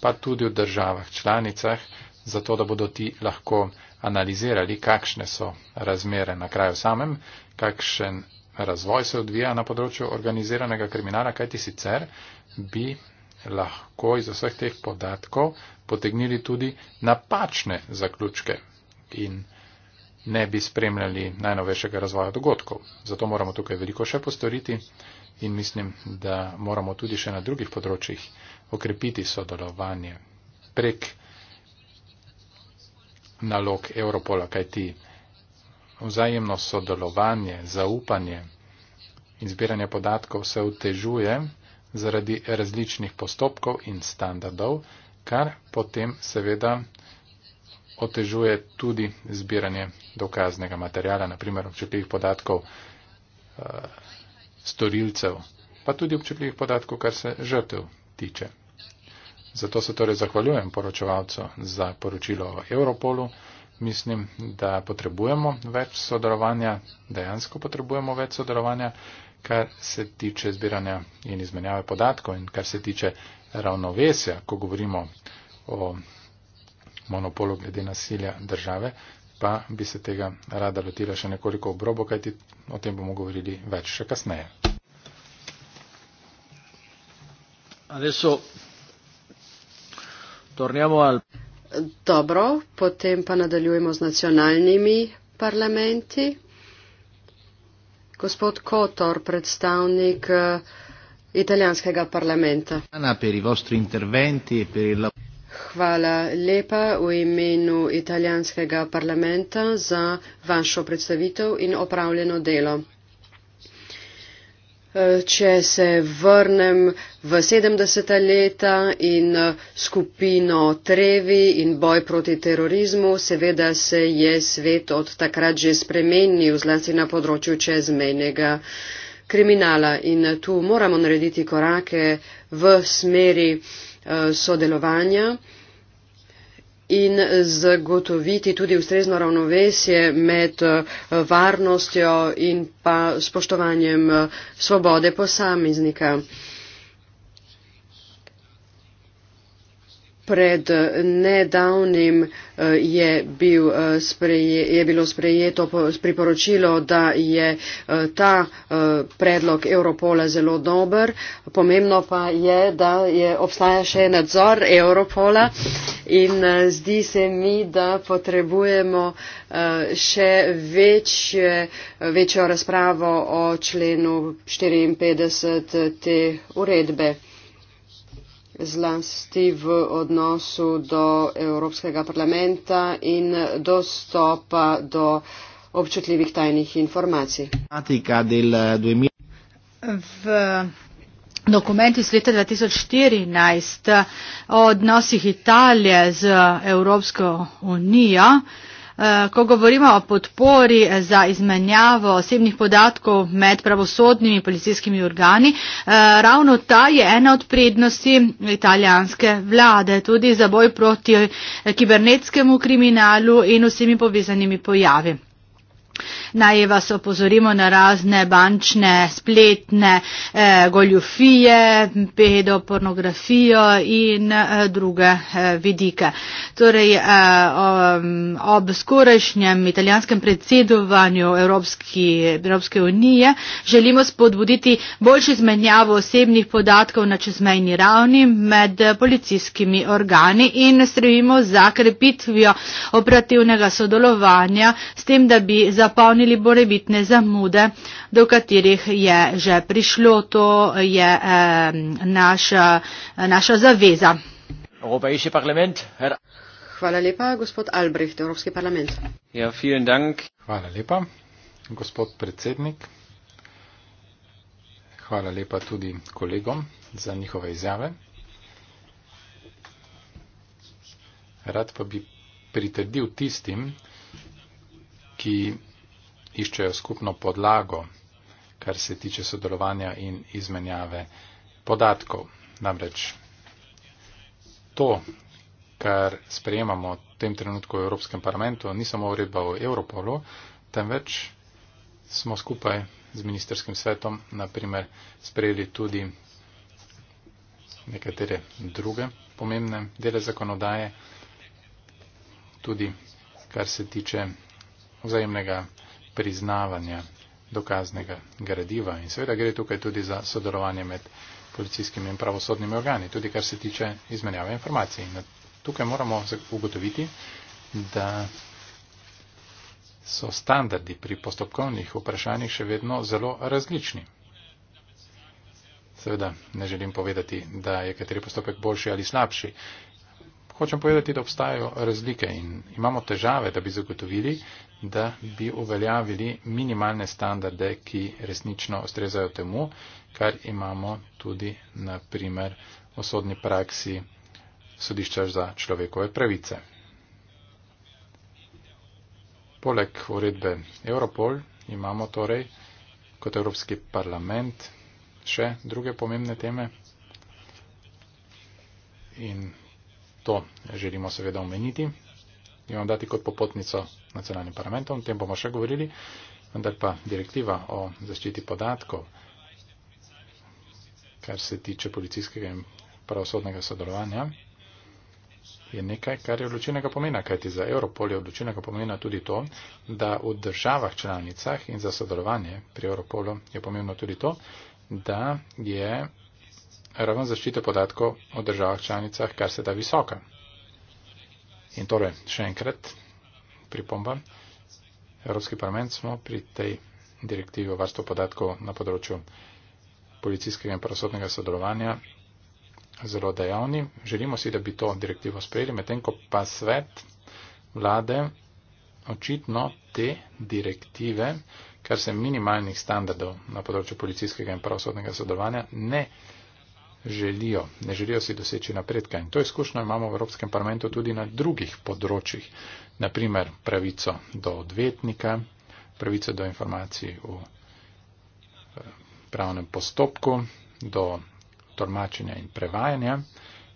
pa tudi v državah članicah, zato da bodo ti lahko analizirali, kakšne so razmere na kraju samem, kakšen razvoj se odvija na področju organiziranega kriminala, kajti sicer bi lahko iz vseh teh podatkov potegnili tudi napačne zaključke in ne bi spremljali najnovejšega razvoja dogodkov. Zato moramo tukaj veliko še postoriti in mislim, da moramo tudi še na drugih področjih okrepiti sodelovanje prek nalog Europola, kajti vzajemno sodelovanje, zaupanje in zbiranje podatkov se otežuje zaradi različnih postopkov in standardov, kar potem seveda otežuje tudi zbiranje dokaznega materijala, naprimer občutljivih podatkov eh, storilcev, pa tudi občutljivih podatkov, kar se žrtev tiče. Zato se torej zahvaljujem poročevalcu za poročilo o Europolu mislim, da potrebujemo več sodelovanja, dejansko potrebujemo več sodelovanja, kar se tiče zbiranja in izmenjave podatkov in kar se tiče ravnovesja, ko govorimo o monopolu glede nasilja države, pa bi se tega rada lotila še nekoliko obrobo, kajti o tem bomo govorili več še kasneje. Adesso torniamo al Dobro, potem pa nadaljujemo z nacionalnimi parlamenti. Gospod Kotor, predstavnik eh, italijanskega parlamenta. E Hvala lepa v imenu italijanskega parlamenta za vašo predstavitev in opravljeno delo. Eh, če se vrnem v 70-ta leta in eh, skupino Trevi in boj proti terorizmu, seveda se je svet od takrat že spremenil, zlasti na področju čezmejnega kriminala. In eh, tu moramo narediti korake v smeri sodelovanja in zagotoviti tudi ustrezno ravnovesje med eh, varnostjo in pa spoštovanjem eh, svobode posameznika. pred eh, nedavnim eh, je, bil eh, spreje, je bilo sprejeto priporočilo, da je ta predlog Europola zelo dober. Pomembno pa je, da je, obstaja še nadzor Europola in zdi se mi, da potrebujemo še večje, večjo razpravo o členu 54 te uredbe zlasti v odnosu do Evropskega parlamenta in dostopa do občutljivih tajnih informacij. Eh, v dokumentu iz leta 2014 o odnosih Italije z Evropsko unijo Eh, ko govorimo o podpori eh, za izmenjavo osebnih podatkov med pravosodnimi in policijskimi organi, eh, ravno ta je ena od prednosti italijanske vlade, tudi za boj proti kibernetskemu kriminalu in vsemi povezanimi pojavi. Naj vas opozorimo na razne bančne, spletne eh, goljufije, pedopornografijo in eh, druge eh, vidike. Torej, eh, um, ob skorajšnjem italijanskem predsedovanju Evropski, Evropske unije želimo spodbuditi boljši zmenjavo osebnih podatkov na čezmejni ravni med policijskimi organi in strevimo za krepitvijo operativnega sodelovanja s tem, da bi zapolnili omenili, morebitne zamude, do katerih je že prišlo. To je naša, naša zaveza. Hvala lepa, gospod Albrecht, Evropski parlament. Ja, dank. Hvala lepa, gospod predsednik. Hvala lepa tudi kolegom za njihove izjave. Rad pa bi pritrdil tistim, ki iščejo skupno podlago, kar se tiče sodelovanja in izmenjave podatkov. Namreč to, kar sprejemamo v tem trenutku v Evropskem parlamentu, ni samo uredba o Europolu, temveč smo skupaj z ministerskim svetom, naprimer, sprejeli tudi nekatere druge pomembne dele zakonodaje, tudi kar se tiče vzajemnega priznavanja dokaznega gradiva. In seveda gre tukaj tudi za sodelovanje med policijskimi in pravosodnimi organi, tudi kar se tiče izmenjave informacij. In tukaj moramo ugotoviti, da so standardi pri postopkovnih vprašanjih še vedno zelo različni. Seveda ne želim povedati, da je kateri postopek boljši ali slabši hočem povedati, da obstajajo razlike in imamo težave, da bi zagotovili, da bi uveljavili minimalne standarde, ki resnično ustrezajo temu, kar imamo tudi na primer v sodni praksi sodišča za človekove pravice. Poleg uredbe Europol imamo torej kot Evropski parlament še druge pomembne teme. In To želimo seveda omeniti in vam dati kot popotnico nacionalnim parlamentom. O tem bomo še govorili, vendar pa direktiva o zaščiti podatkov, kar se tiče policijskega in pravosodnega sodelovanja, je nekaj, kar je odločenega pomena, kajti za Europol je odločenega pomena tudi to, da v državah članicah in za sodelovanje pri Europolu je pomembno tudi to, da je raven zaščite podatkov o državah članicah, kar se da visoka. In torej, še enkrat pripomba. Evropski parlament smo pri tej direktivi o varstvu podatkov na področju policijskega in pravosodnega sodelovanja zelo dejavni. Želimo si, da bi to direktivo sprejeli, medtem ko pa svet vlade očitno te direktive, kar se minimalnih standardov na področju policijskega in pravosodnega sodelovanja, ne želijo, ne želijo si doseči napredka. In to izkušnjo imamo v Evropskem parlamentu tudi na drugih področjih, naprimer pravico do odvetnika, pravico do informacij v eh, pravnem postopku, do tolmačenja in prevajanja.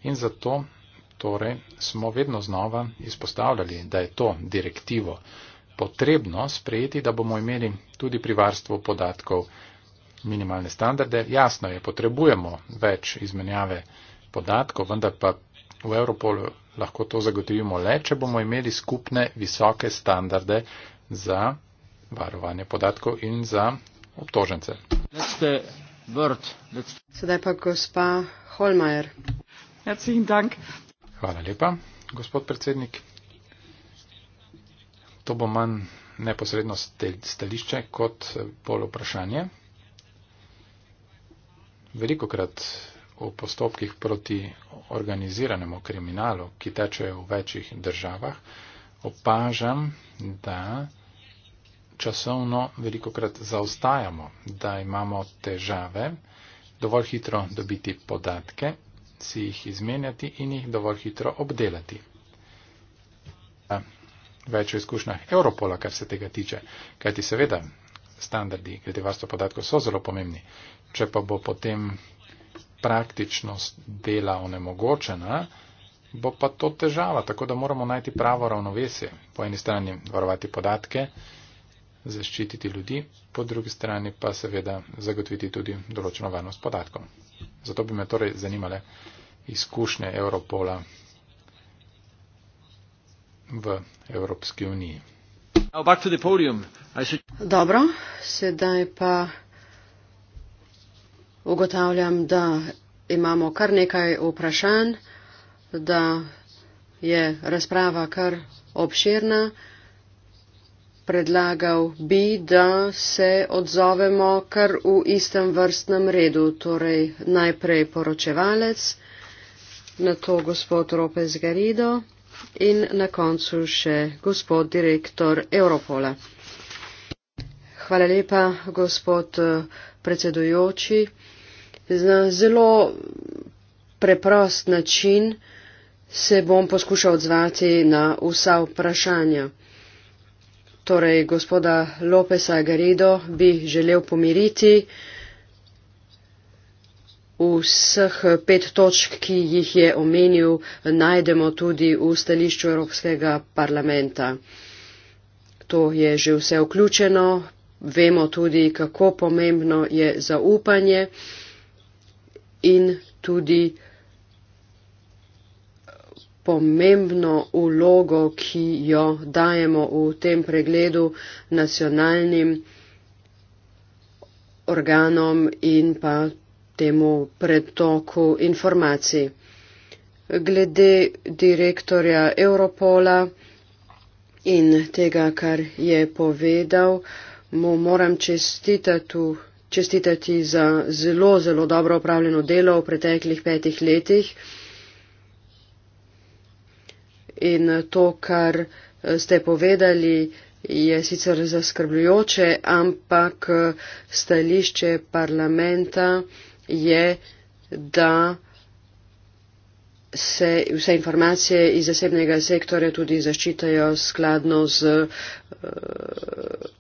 In zato torej, smo vedno znova izpostavljali, da je to direktivo potrebno sprejeti, da bomo imeli tudi pri varstvu podatkov minimalne standarde. Jasno je, potrebujemo več izmenjave podatkov, vendar pa v Evropolu lahko to zagotovimo le, če bomo imeli skupne visoke standarde za varovanje podatkov in za obtožence. Sedaj pa gospa Holmajer. Hvala lepa, gospod predsednik. To bo manj neposredno stališče kot bolj vprašanje veliko krat v postopkih proti organiziranemu kriminalu, ki tečejo v večjih državah, opažam, da časovno veliko krat zaostajamo, da imamo težave dovolj hitro dobiti podatke, si jih izmenjati in jih dovolj hitro obdelati. Ja, več o izkušnjah Europola, kar se tega tiče, kajti seveda standardi glede varstva podatkov so zelo pomembni če pa bo potem praktičnost dela onemogočena, bo pa to težava, tako da moramo najti pravo ravnovesje. Po eni strani varovati podatke, zaščititi ljudi, po drugi strani pa seveda zagotoviti tudi določeno varnost podatkom. Zato bi me torej zanimale izkušnje Europola v Evropski uniji. Dobro, sedaj pa ugotavljam, da imamo kar nekaj vprašanj, da je razprava kar obširna. Predlagal bi, da se odzovemo kar v istem vrstnem redu, torej najprej poročevalec, na to gospod Ropez Garido in na koncu še gospod direktor Europola. Hvala lepa, gospod eh, predsedujoči. Na zelo preprost način se bom poskušal odzvati na vsa vprašanja. Torej, gospoda Lopesa Garido bi želel pomiriti vseh pet točk, ki jih je omenil, najdemo tudi v stališču Evropskega parlamenta. To je že vse vključeno. Vemo tudi, kako pomembno je zaupanje in tudi pomembno ulogo, ki jo dajemo v tem pregledu nacionalnim organom in pa temu pretoku informacij. Glede direktorja Europola in tega, kar je povedal, mu moram čestitati v čestitati za zelo, zelo dobro opravljeno delo v preteklih petih letih in to, kar eh, ste povedali, je sicer zaskrbljujoče, ampak eh, stališče parlamenta je, da se vse informacije iz zasebnega sektorja tudi zaščitajo skladno z uh,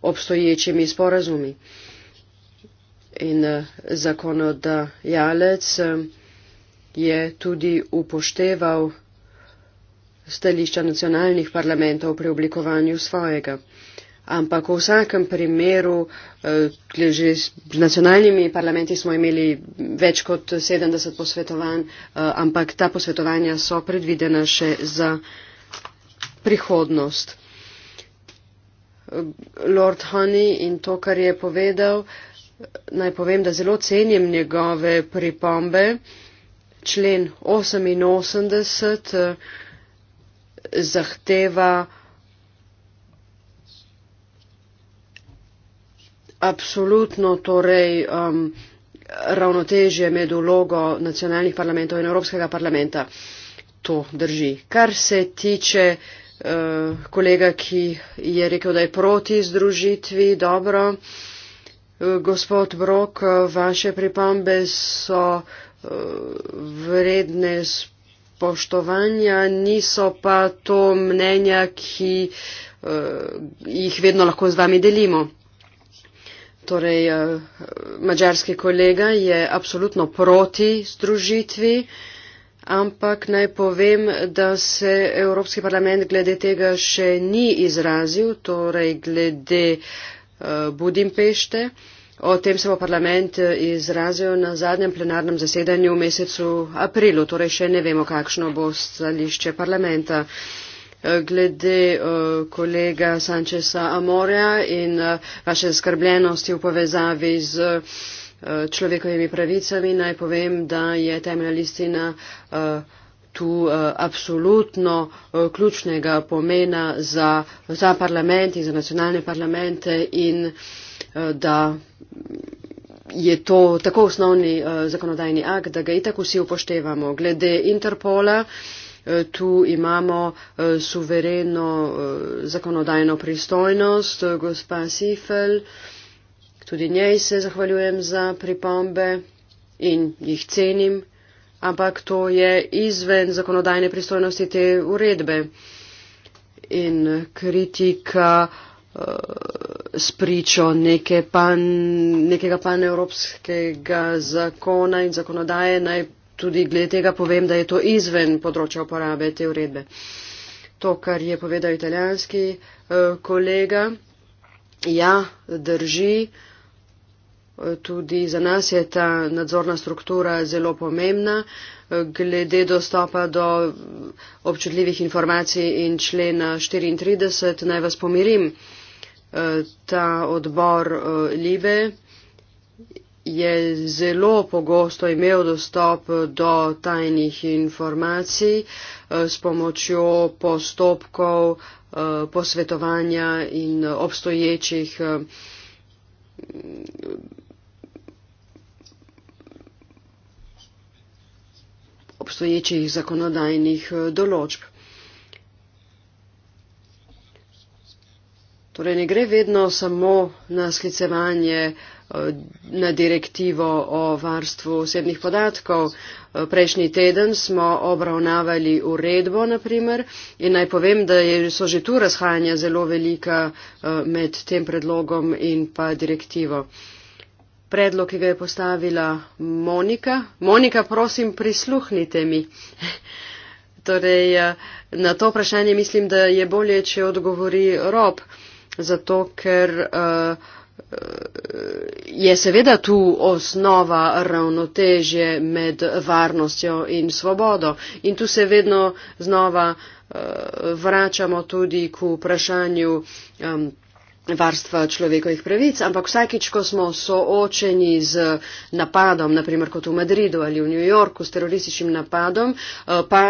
obstoječimi sporazumi. Uh, in eh, zakonodajalec eh, je tudi upošteval stališča nacionalnih parlamentov pri oblikovanju svojega. Ampak v vsakem primeru, eh, že z nacionalnimi parlamenti smo imeli več kot 70 posvetovanj, ampak ta posvetovanja so predvidena še za prihodnost. Lord Honey in to, kar je povedal, naj povem, da zelo cenim njegove pripombe. Člen 88 eh, zahteva absolutno torej, um, ravnotežje med vlogo nacionalnih parlamentov in Evropskega parlamenta. To drži. Kar se tiče uh, kolega, ki je rekel, da je proti združitvi, dobro. Uh, Gospod Brok, vaše pripombe so eh, vredne spoštovanja, niso pa to mnenja, ki eh, jih vedno lahko z vami delimo. Torej, eh, mađarski kolega je absolutno proti združitvi, ampak naj povem, da se Evropski parlament glede tega še ni izrazil, torej glede uh, budimpešte o tem se bo parlament eh, izrazil na zadnjem plenarnem zasedanju v mesecu aprilu torej še ne vemo kakšno bo stališče parlamenta eh, glede eh, kolega Sančesa Amorja in vaše skrbljenosti v povezavi z človekovimi pravicami naj povem da je temeljna listina tu eh, apsolutno eh, ključnega pomena za, za parlament in za nacionalne parlamente in eh, da je to tako osnovni zakonodajni akt, da ga itak vsi upoštevamo. Glede Interpola, tu imamo suvereno zakonodajno pristojnost, gospa Sifel, tudi njej se zahvaljujem za pripombe in jih cenim ampak to je izven zakonodajne pristojnosti te uredbe. In kritika eh, spričo neke pan, nekega panevropskega zakona in zakonodaje, naj tudi glede tega povem, da je to izven področja uporabe te uredbe. To, kar je povedal italijanski eh, kolega, ja, drži. Tudi za nas je ta nadzorna struktura zelo pomembna glede dostopa do občutljivih informacij in člena 34. Naj vas pomirim, ta odbor eh, Libe je zelo pogosto imel dostop do tajnih informacij eh, s pomočjo postopkov eh, posvetovanja in obstoječih obstoječih zakonodajnih eh, določb. Torej ne gre vedno samo na sklicevanje eh, na direktivo o varstvu osebnih podatkov. Eh, prejšnji teden smo obravnavali uredbo, naprimer, in naj povem, da so že tu razhajanja zelo velika med tem predlogom in pa direktivo predlog, ki ga je postavila Monika. Monika, prosim, prisluhnite mi. torej, eh, na to vprašanje mislim, da je bolje, če odgovori Rob, zato ker uh, je seveda tu osnova ravnotežje med varnostjo in svobodo. In tu se vedno znova uh, vračamo tudi k vprašanju. Um, varstva človekovih pravic, ampak vsakič, ko smo soočeni z napadom, naprimer kot v Madridu ali v New Yorku s terorističnim napadom, eh, pa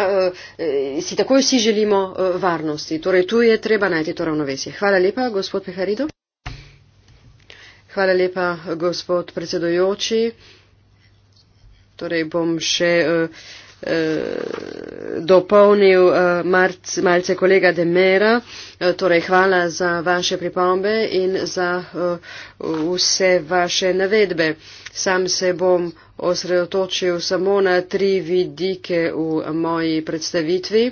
eh, si takoj vsi želimo eh, varnosti. Torej, tu je treba najti to ravnovesje. Hvala lepa, gospod Peharido. Hvala lepa, gospod predsedojoči. Torej, bom še. Uh, Eh, dopolnil eh, Marc, malce kolega Demera. Eh, torej, hvala za vaše pripombe in za vse vaše navedbe. Sam se bom osredotočil samo na tri vidike v moji predstavitvi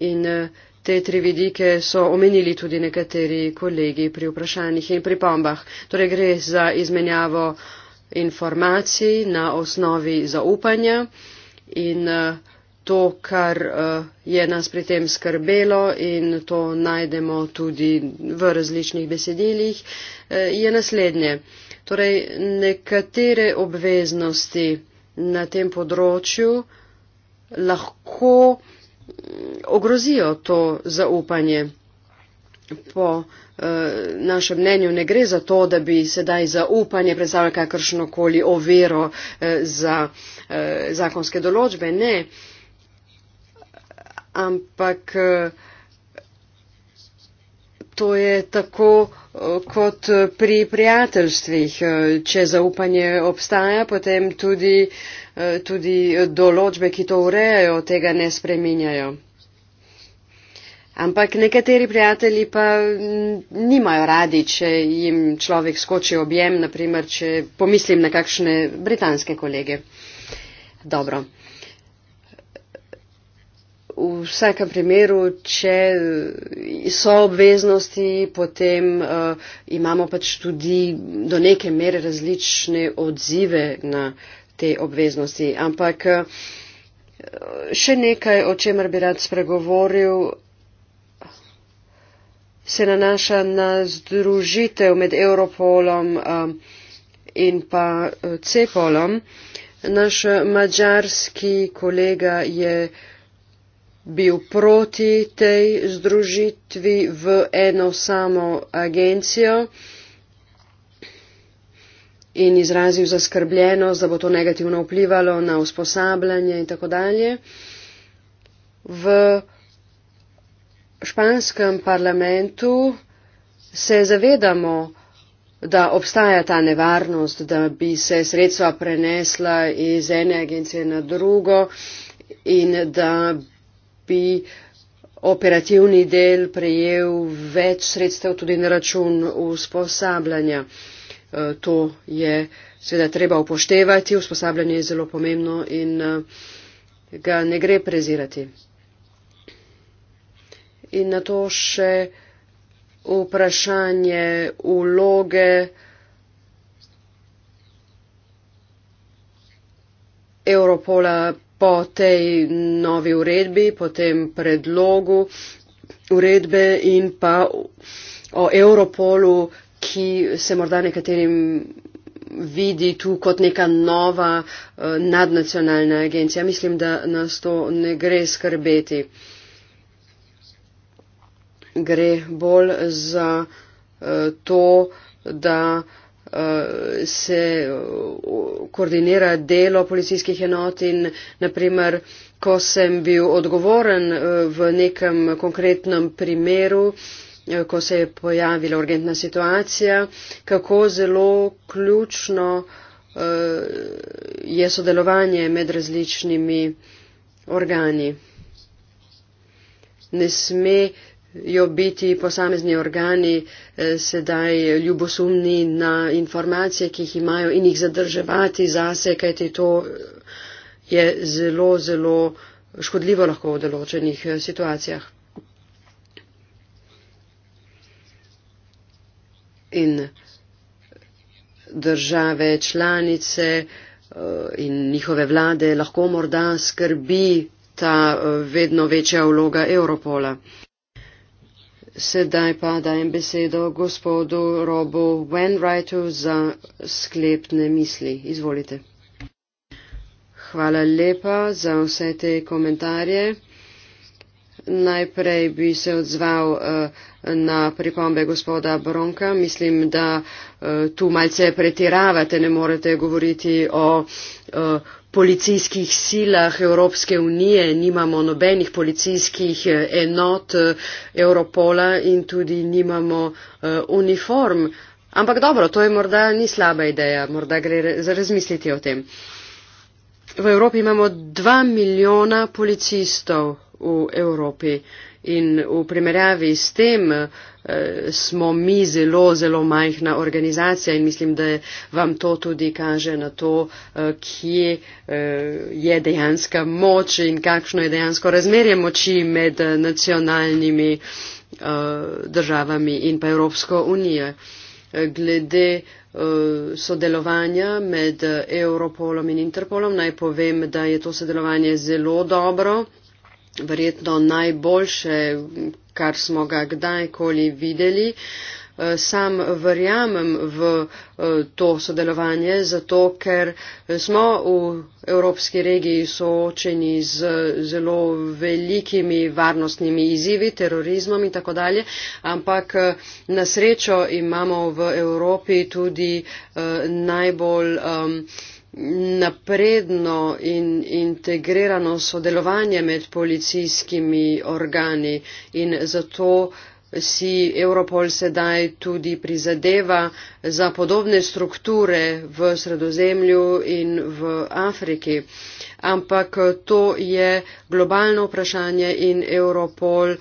in te tri vidike so omenili tudi nekateri kolegi pri vprašanjih in pripombah. Torej, gre za izmenjavo informacij na osnovi zaupanja in eh, to, kar eh, je nas pri tem skrbelo in to najdemo tudi v različnih besedilih, eh, je naslednje. Torej, nekatere obveznosti na tem področju lahko mm, ogrozijo to zaupanje. Po uh, Eh, našem mnenju ne gre za to, da bi sedaj zaupanje predstavljalo kakršno koli overo eh, za eh, zakonske določbe. Ne, ampak to je tako kot pri prijateljstvih. Če zaupanje obstaja, potem tudi, tudi določbe, ki to urejajo, tega ne spreminjajo. Ampak nekateri prijatelji pa nimajo radi, če jim človek skoči objem, naprimer, če pomislim na kakšne britanske kolege. Dobro. V vsakem primeru, če so obveznosti, potem uh, imamo pač tudi do neke mere različne odzive na te obveznosti. Ampak uh, še nekaj, o čemer bi rad spregovoril se nanaša na združitev med Europolom um, in pa uh, Cepolom. Naš mađarski kolega je bil proti tej združitvi v eno samo agencijo in izrazil zaskrbljenost, da bo to negativno vplivalo na usposabljanje in tako dalje španskem parlamentu se zavedamo, da obstaja ta nevarnost, da bi se sredstva prenesla iz ene agencije na drugo in da bi operativni del prejel več sredstev tudi na račun usposabljanja. E, to je seveda treba upoštevati, usposabljanje je zelo pomembno in e, ga ne gre prezirati in na to še vprašanje vloge Europola po tej novi uredbi, po tem predlogu uredbe in pa o Europolu, ki se morda nekaterim vidi tu kot neka nova eh, nadnacionalna agencija. Mislim, da nas to ne gre skrbeti gre bolj za eh, to, da eh, se koordinira delo policijskih enot in naprimer, ko sem bil odgovoren eh, v nekem konkretnem primeru, ko se je pojavila urgentna situacija, kako zelo ključno je sodelovanje med različnimi organi. Ne sme jo biti posamezni organi eh, sedaj ljubosumni na informacije, ki jih imajo in jih zadrževati zase, kajti to je zelo, zelo škodljivo lahko v določenih eh, situacijah. In države članice eh, in njihove vlade lahko morda skrbi ta vedno večja vloga Europola. Sedaj pa dajem besedo gospodu Robu Wainwrightu za sklepne misli. Izvolite. Hvala lepa za vse te komentarje. Najprej bi se odzval uh, na pripombe gospoda Bronka. Mislim, da uh, tu malce pretiravate, ne morete govoriti o uh, policijskih silah Evropske unije, nimamo nobenih policijskih eh, enot eh, Europola in tudi nimamo uh, uniform. Ampak dobro, to je morda ni slaba ideja, morda gre za razmisliti o tem. V Evropi imamo dva milijona policistov v Evropi. In v primerjavi s tem eh, smo mi zelo, zelo majhna organizacija in mislim, da vam to tudi kaže na to, eh, kje eh, je dejanska moč in kakšno je dejansko razmerje moči med eh, nacionalnimi eh, državami in pa Evropsko unijo. Eh, glede eh, sodelovanja med Europolom in Interpolom. Naj povem, da je to sodelovanje zelo dobro, verjetno najboljše, kar smo ga kdajkoli videli. Eh, sam verjamem v eh, to sodelovanje, zato ker eh, smo v Evropski regiji soočeni z zelo velikimi varnostnimi izzivi, terorizmom in tako dalje, ampak na srečo imamo v Evropi tudi najbolj um, napredno in integrirano sodelovanje med policijskimi organi in zato si Europol sedaj tudi prizadeva za podobne strukture v sredozemlju in v Afriki. Ampak to je globalno vprašanje in Europol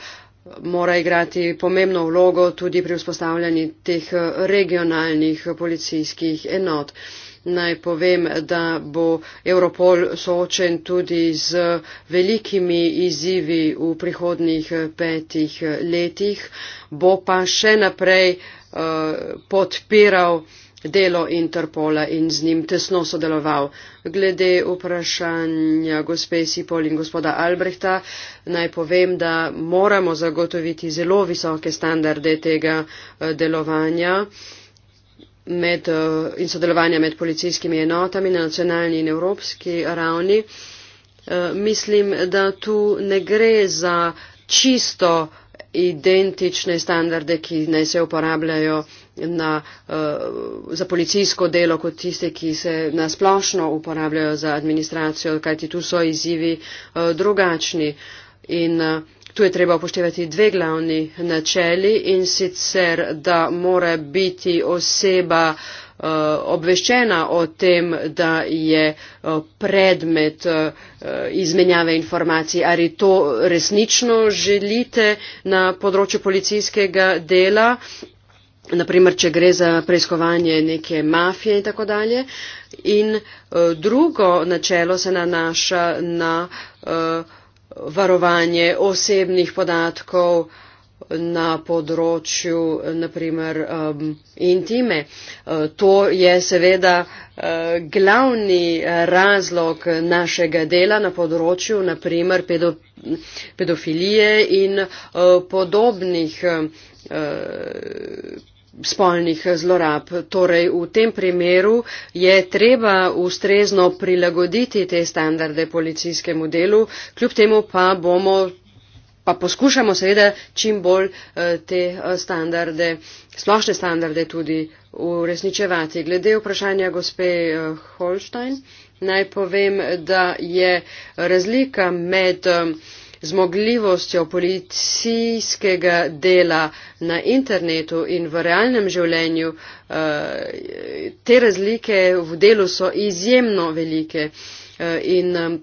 mora igrati pomembno vlogo tudi pri vzpostavljanju teh regionalnih policijskih enot naj povem, da bo Europol soočen tudi z velikimi izzivi v prihodnih petih letih, bo pa še naprej uh, podpiral delo Interpola in z njim tesno sodeloval. Glede vprašanja gospe Sipol in gospoda Albrehta, naj povem, da moramo zagotoviti zelo visoke standarde tega eh, delovanja. Uh, med, eh, in sodelovanja med policijskimi enotami na nacionalni in evropski ravni. Eh, mislim, da tu ne gre za čisto identične standarde, ki naj se uporabljajo na, eh, za policijsko delo, kot tiste, ki se nasplošno uporabljajo za administracijo, kajti tu so izzivi drugačni. In, uh, Tu je treba upoštevati dve glavni načeli in sicer, da mora biti oseba eh, obveščena o tem, da je eh, predmet eh, izmenjave informacij. Ali to resnično želite na področju policijskega dela, naprimer, če gre za preiskovanje neke mafije in tako dalje. In drugo načelo se nanaša na. Uh, varovanje osebnih podatkov na področju naprimer um, intime. Uh, to je seveda uh, glavni razlog našega dela na področju naprimer pedo, pedofilije in uh, podobnih um, uh, spolnih zlorab. Torej, v tem primeru je treba ustrezno prilagoditi te standarde policijskemu delu, kljub temu pa bomo. Pa poskušamo seveda čim bolj eh, te eh, standarde, splošne standarde tudi uresničevati. Glede vprašanja gospe eh, Holstein, naj povem, da je razlika med. Um, zmogljivostjo policijskega dela na internetu in v realnem življenju, eh, te razlike v delu so izjemno velike eh, in eh,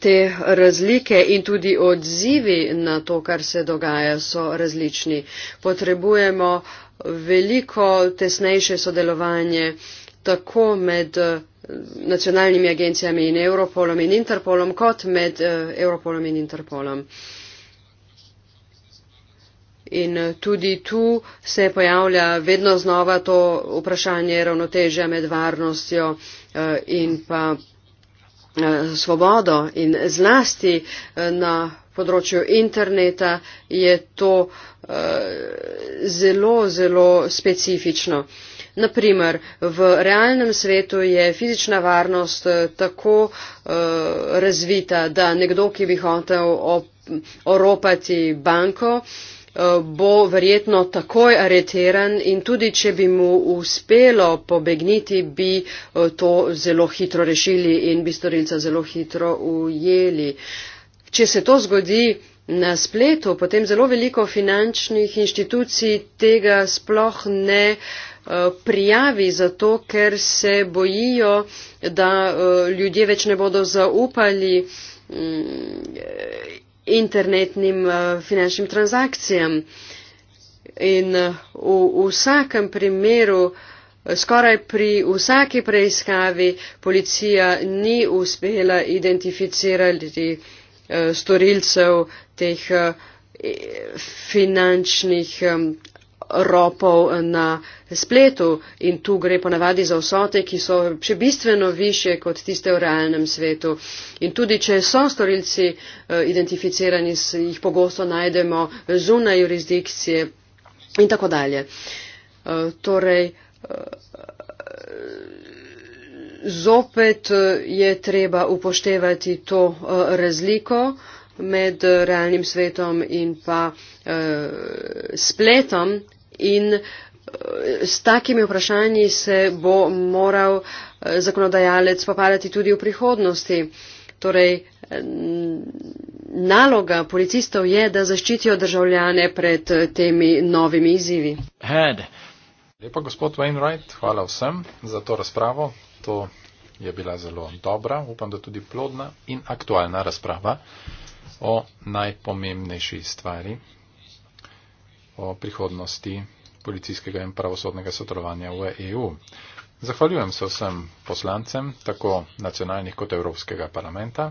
te razlike in tudi odzivi na to, kar se dogaja, so različni. Potrebujemo veliko tesnejše sodelovanje tako med nacionalnimi agencijami in Europolom in Interpolom kot med eh, Europolom in Interpolom. In eh, tudi tu se pojavlja vedno znova to vprašanje ravnotežja med varnostjo eh, in pa svobodo. In zlasti na področju interneta je to zelo, zelo specifično na primer v realnem svetu je fizična varnost eh, tako eh, razvita, da nekdo, ki bi hotel oropati banko, eh, bo verjetno takoj areteran in tudi, če bi mu uspelo pobegniti, bi to zelo hitro rešili in bi storilca zelo hitro ujeli. Če se to zgodi na spletu, potem zelo veliko finančnih inštitucij tega sploh ne uh, Eh, prijavi zato, ker se bojijo, da eh, ljudje več ne bodo zaupali mm, internetnim eh, finančnim transakcijam. In v vsakem primeru, skoraj pri vsaki preiskavi, policija ni uspela identificirati storilcev teh finančnih ropov na spletu in tu gre ponavadi za vsote, ki so še bistveno više kot tiste v realnem svetu. In tudi, če so storilci eh, identificirani, jih pogosto najdemo zunaj jurisdikcije in tako dalje. Eh, torej, eh, zopet je treba upoštevati to razliko med realnim svetom in pa spletom in s takimi vprašanji se bo moral eh, zakonodajalec popadati tudi v prihodnosti. Torej, naloga policistov je, da zaščitijo državljane pred eh, temi novimi izzivi. Had. Lepo, gospod Wainwright, hvala vsem za to razpravo. To je bila zelo dobra, upam, da tudi plodna in aktualna razprava o najpomembnejši stvari, o prihodnosti policijskega in pravosodnega sodelovanja v EU. Zahvaljujem se vsem poslancem, tako nacionalnih kot Evropskega parlamenta,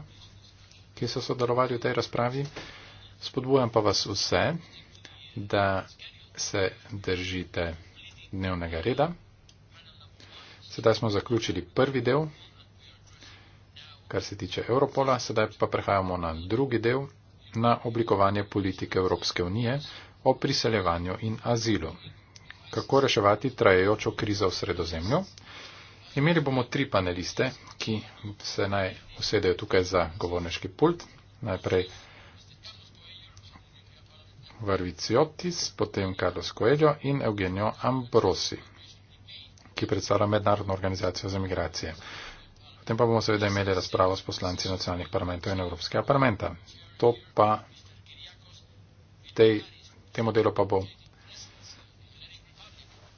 ki so sodelovali v tej razpravi. Spodbujam pa vas vse, da se držite dnevnega reda. Sedaj smo zaključili prvi del, kar se tiče Europola, sedaj pa prehajamo na drugi del, na oblikovanje politike Evropske unije o priseljevanju in azilu kako reševati trajajočo krizo v sredozemlju. Imeli bomo tri paneliste, ki se naj usedejo tukaj za govorniški pult. Najprej Varviciotis, potem Carlos Coelho in Eugenio Ambrosi, ki predstavlja Mednarodno organizacijo za migracije. Potem pa bomo seveda imeli razpravo s poslanci nacionalnih parlamentov in Evropskega parlamenta. To pa tej, temu delu pa bo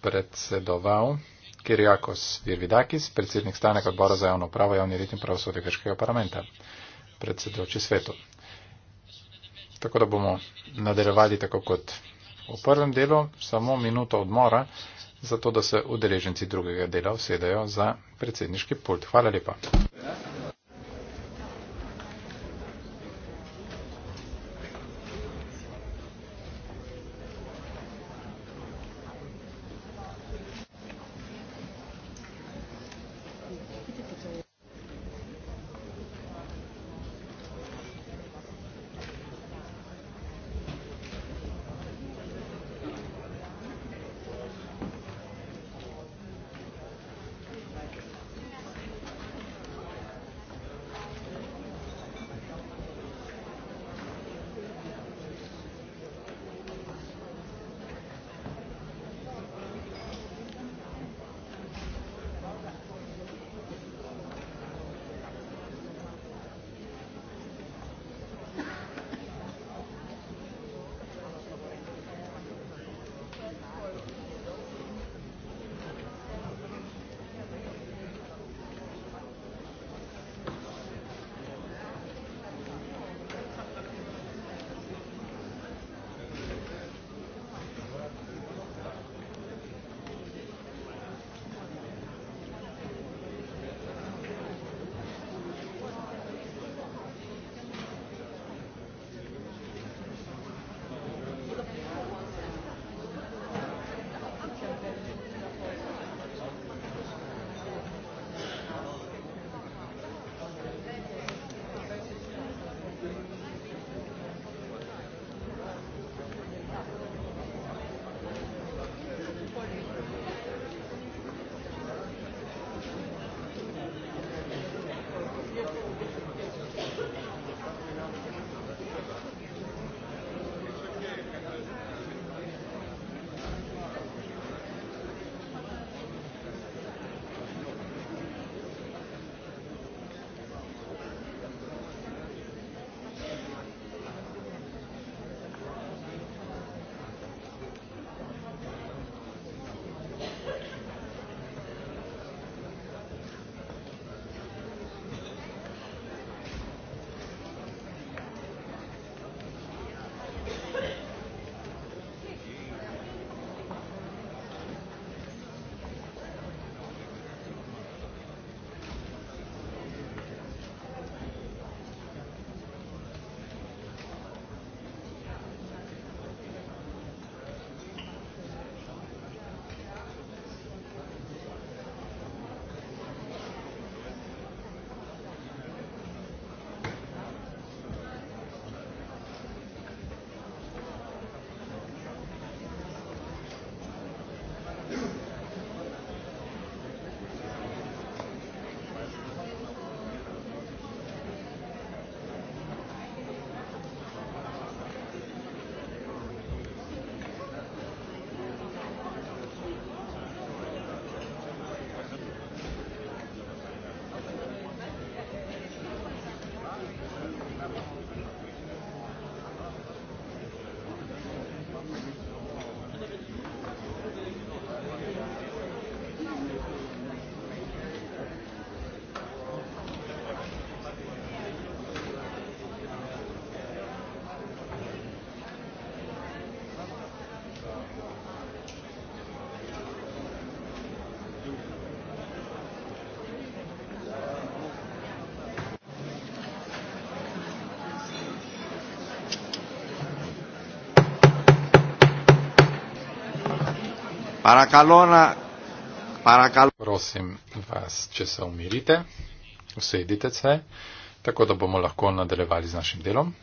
predsedoval Kirjakos Virvidakis, predsednik stanega odbora za javno pravo, javni red in pravosodje Grškega parlamenta, predsedujoči svetu. Tako da bomo nadaljevali tako kot v prvem delu, samo minuto odmora, zato da se udeleženci drugega dela usedajo za predsedniški pult. Hvala lepa. Παρακαλώ να... Παρακαλώ... Πρόσιμ βάς, και σε ομιλείτε, ουσέδιτε σε, τακό το πομολακό να τελεβάλεις να συμπτύλω.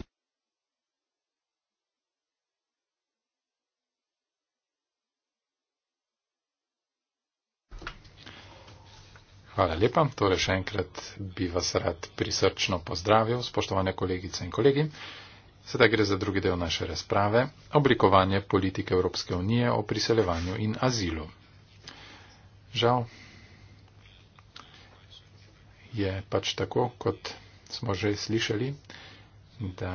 Hvala lepa. Torej še enkrat bi vas rad prisrčno pozdravil, spoštovane kolegice in kolegi. Sedaj gre za drugi del naše razprave, oblikovanje politike Evropske unije o priseljevanju in azilu. Žal je pač tako, kot smo že slišali, da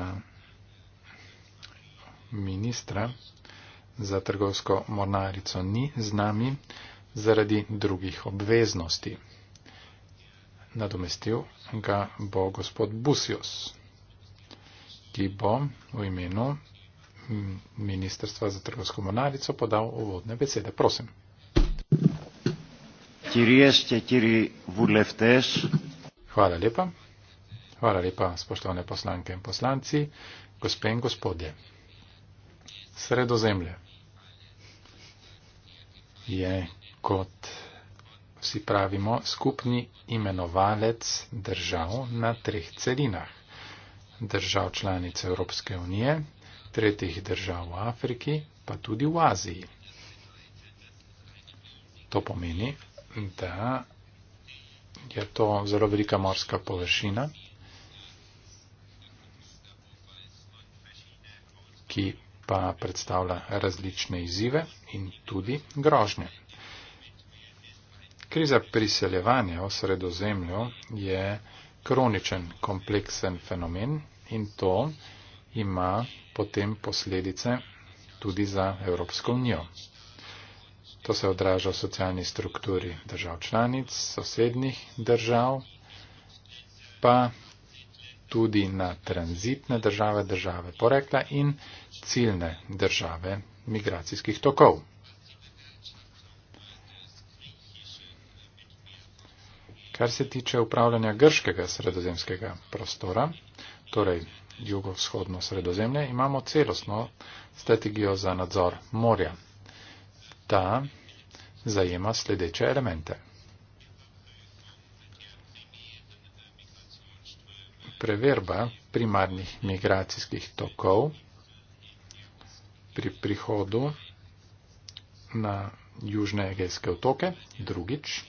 ministra za trgovsko mornarico ni z nami zaradi drugih obveznosti. Nadomestil ga bo gospod Busios ki bo v imenu Ministrstva za trgovsko monarico podal uvodne besede. Prosim. Hvala lepa. Hvala lepa, spoštovane poslanke in poslanci, gospe in gospodje. Sredozemlje je, kot vsi pravimo, skupni imenovalec držav na treh celinah držav članic Evropske unije, tretjih držav v Afriki, pa tudi v Aziji. To pomeni, da je to zelo velika morska površina, ki pa predstavlja različne izzive in tudi grožnje. Kriza priseljevanja v sredozemlju je kroničen, kompleksen fenomen in to ima potem posledice tudi za Evropsko unijo. To se odraža v socialni strukturi držav članic, sosednjih držav, pa tudi na tranzitne države, države porekla in ciljne države migracijskih tokov. Kar se tiče upravljanja grškega sredozemskega prostora, torej jugovzhodno sredozemlje, imamo celostno strategijo za nadzor morja. Ta zajema sledeče elemente. Preverba primarnih migracijskih tokov pri prihodu na južne egejske otoke, drugič,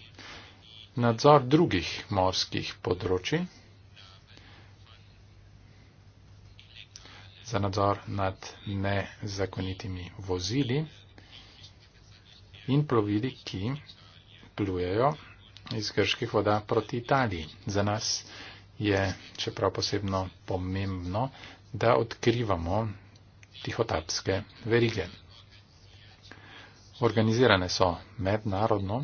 nadzor drugih morskih področji, za nadzor nad nezakonitimi vozili in plovili, ki plujejo iz grških voda proti Italiji. Za nas je čeprav posebno pomembno, da odkrivamo tihotapske verige. Organizirane so mednarodno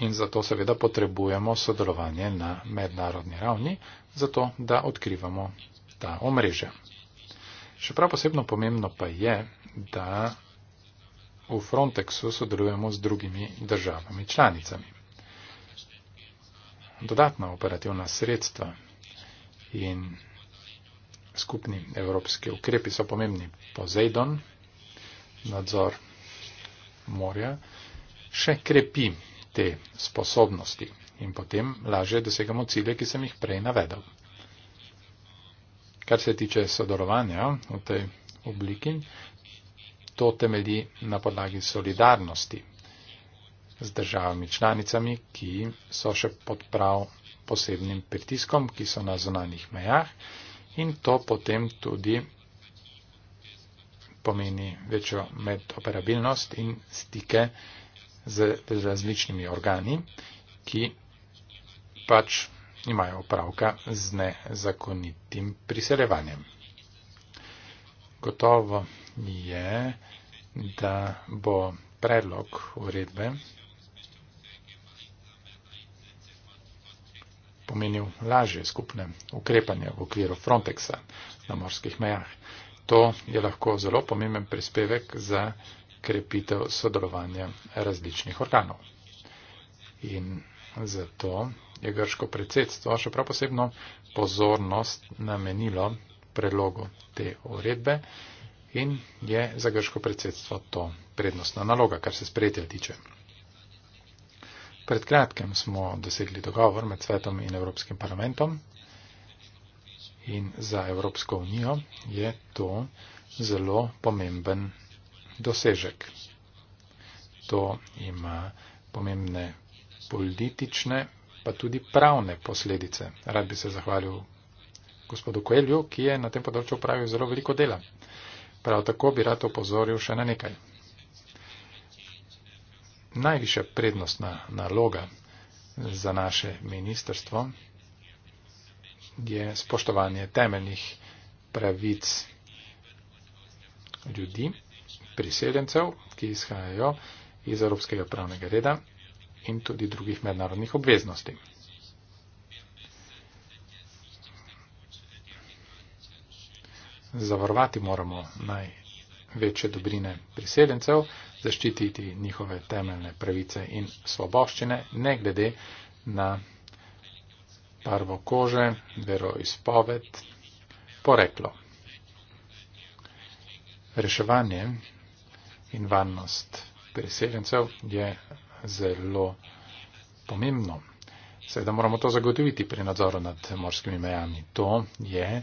in zato seveda potrebujemo sodelovanje na mednarodni ravni, zato da odkrivamo ta omrežja. Še prav posebno pomembno pa je, da v Frontexu sodelujemo z drugimi državami članicami. Dodatna operativna sredstva in skupni evropski ukrepi so pomembni. Pozejdon, nadzor morja, še krepi te sposobnosti in potem lažje dosegamo cilje, ki sem jih prej navedel. Kar se tiče sodelovanja v tej obliki, to temelji na podlagi solidarnosti z državami članicami, ki so še pod prav posebnim pritiskom, ki so na zonanih mejah in to potem tudi pomeni večjo medoperabilnost in stike z različnimi organi, ki pač imajo opravka z nezakonitim priseljevanjem. Gotovo je, da bo predlog uredbe pomenil lažje skupne ukrepanje v okviru Frontexa na morskih mejah. To je lahko zelo pomemben prispevek za krepitev sodelovanja različnih organov. In zato je grško predsedstvo še prav posebno pozornost namenilo predlogu te uredbe in je za grško predsedstvo to prednostna naloga, kar se sprejetja tiče. Pred kratkem smo dosegli dogovor med svetom in Evropskim parlamentom in za Evropsko unijo je to zelo pomemben dosežek. To ima pomembne politične pa tudi pravne posledice. Rad bi se zahvalil gospodu Koelju, ki je na tem področju upravil zelo veliko dela. Prav tako bi rad opozoril še na nekaj. Najviše prednostna naloga za naše ministerstvo je spoštovanje temeljnih pravic ljudi, priseljencev, ki izhajajo iz Evropskega pravnega reda in tudi drugih mednarodnih obveznosti. Zavarovati moramo največje dobrine priseljencev, zaščititi njihove temeljne pravice in svoboščine, ne glede na barvo kože, veroizpoved, poreklo. Reševanje in varnost priseljencev je zelo pomembno. Seveda moramo to zagotoviti pri nadzoru nad morskimi mejami. To je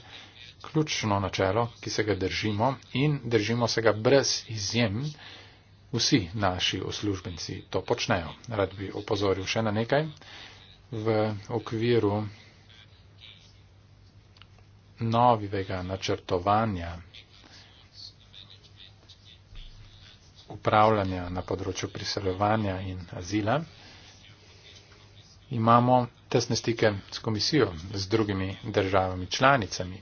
ključno načelo, ki se ga držimo in držimo se ga brez izjem. Vsi naši uslužbenci to počnejo. Rad bi opozoril še na nekaj. V okviru novega načrtovanja upravljanja na področju priseljevanja in azila. Imamo tesne stike s komisijo, z drugimi državami članicami,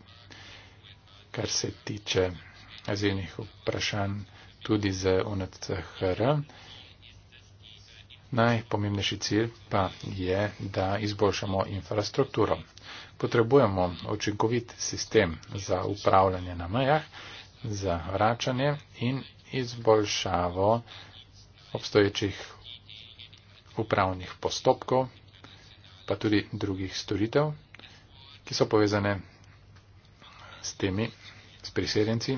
kar se tiče azilnih vprašanj tudi z UNCHR. Najpomembnejši cilj pa je, da izboljšamo infrastrukturo. Potrebujemo učinkovit sistem za upravljanje na mejah, za vračanje in izboljšavo obstoječih upravnih postopkov, pa tudi drugih storitev, ki so povezane s temi, s priseljenci,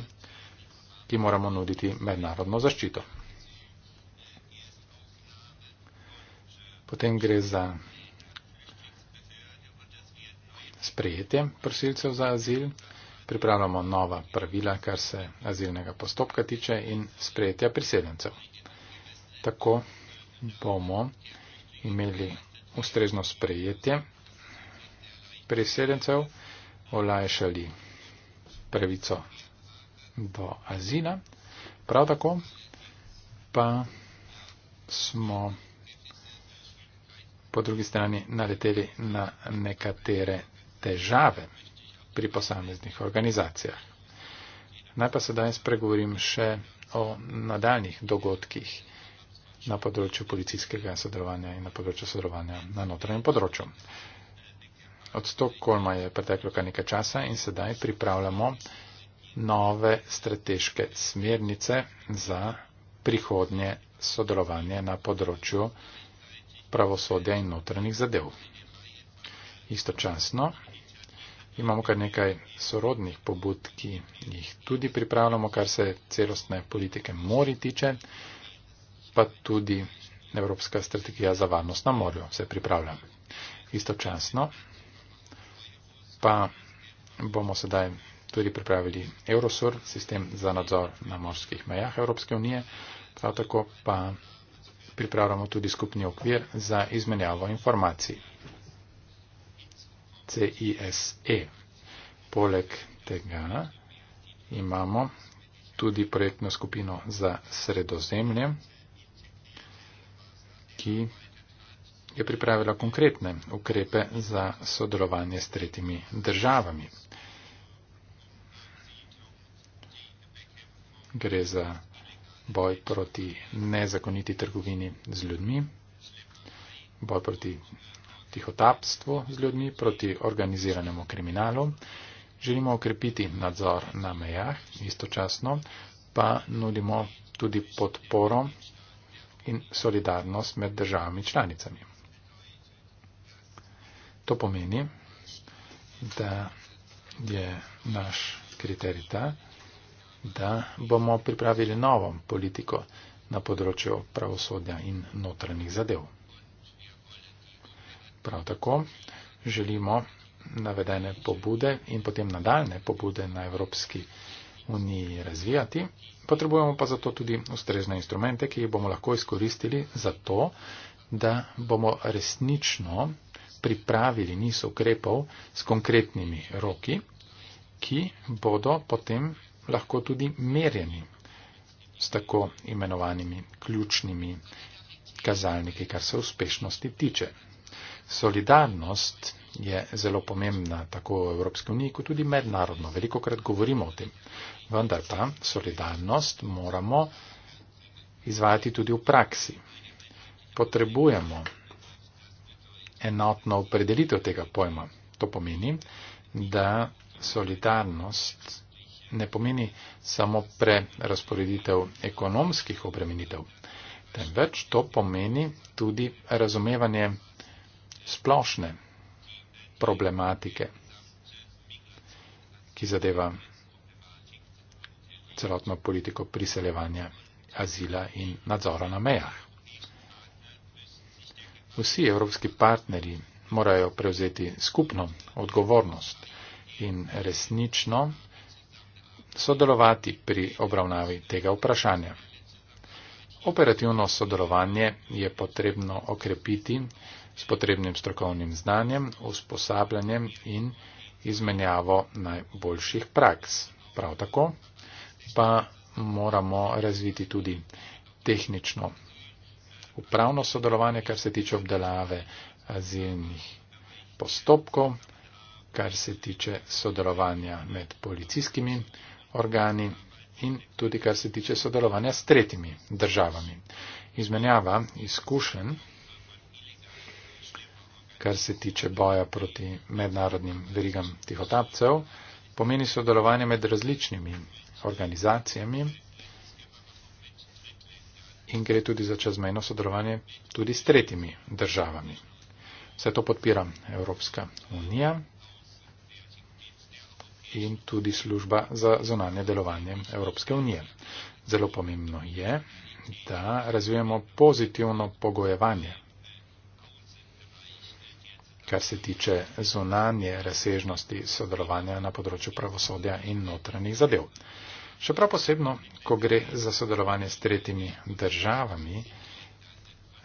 ki moramo nuditi mednarodno zaščito. Potem gre za sprejetje prosilcev za azil, pripravljamo nova pravila, kar se azilnega postopka tiče in sprejetja priseljencev. Tako bomo imeli ustrezno sprejetje priseljencev, olajšali pravico do azila, prav tako pa smo po drugi strani naleteli na nekatere težave pri posameznih organizacijah. Naj pa se danes pregovorim še o nadaljnih dogodkih na področju policijskega sodelovanja in na področju sodelovanja na notranjem področju. Od Stokholma je preteklo kar nekaj časa in sedaj pripravljamo nove strateške smernice za prihodnje sodelovanje na področju pravosodja in notranjih zadev. Istočasno Imamo kar nekaj sorodnih pobud, ki jih tudi pripravljamo, kar se celostne politike mori tiče, pa tudi Evropska strategija za varnost na morju se pripravlja. Istočasno pa bomo sedaj tudi pripravili Eurosur, sistem za nadzor na morskih mejah Evropske unije, prav tako pa pripravljamo tudi skupni okvir za izmenjavo informacij. CISE. Poleg tega imamo tudi projektno skupino za sredozemlje, ki je pripravila konkretne ukrepe za sodelovanje s tretjimi državami. Gre za boj proti nezakoniti trgovini z ljudmi, boj proti tihotapstvu z ljudmi, proti organiziranemu kriminalu. Želimo okrepiti nadzor na mejah, istočasno pa nudimo tudi podporo in solidarnost med državami članicami. To pomeni, da je naš kriterij ta, da bomo pripravili novo politiko na področju pravosodja in notranjih zadev. Prav tako želimo navedene pobude in potem nadaljne pobude na Evropski uniji razvijati. Potrebujemo pa zato tudi ustrezne instrumente, ki jih bomo lahko izkoristili za to, da bomo resnično pripravili niz ukrepov s konkretnimi roki, ki bodo potem lahko tudi merjeni s tako imenovanimi ključnimi kazalniki, kar se uspešnosti tiče solidarnost je zelo pomembna tako v Evropski uniji, kot tudi mednarodno. Veliko krat govorimo o tem. Vendar pa solidarnost moramo izvajati tudi v praksi. Potrebujemo enotno opredelitev tega pojma. To pomeni, da solidarnost ne pomeni samo prerasporeditev ekonomskih obremenitev, temveč to pomeni tudi razumevanje splošne problematike, ki zadeva celotno politiko priseljevanja, azila in nadzora na mejah. Vsi evropski partnerji morajo prevzeti skupno odgovornost in resnično sodelovati pri obravnavi tega vprašanja. Operativno sodelovanje je potrebno okrepiti s potrebnim strokovnim znanjem, usposabljanjem in izmenjavo najboljših praks. Prav tako pa moramo razviti tudi tehnično upravno sodelovanje, kar se tiče obdelave azilnih postopkov, kar se tiče sodelovanja med policijskimi organi in tudi kar se tiče sodelovanja s tretjimi državami. Izmenjava izkušenj kar se tiče boja proti mednarodnim verigam tihotapcev, pomeni sodelovanje med različnimi organizacijami in gre tudi za čezmejno sodelovanje tudi s tretjimi državami. Vse to podpira Evropska unija in tudi služba za zonanje delovanje Evropske unije. Zelo pomembno je, da razvijemo pozitivno pogojevanje kar se tiče zunanje razsežnosti sodelovanja na področju pravosodja in notranjih zadev. Še prav posebno, ko gre za sodelovanje s tretjimi državami,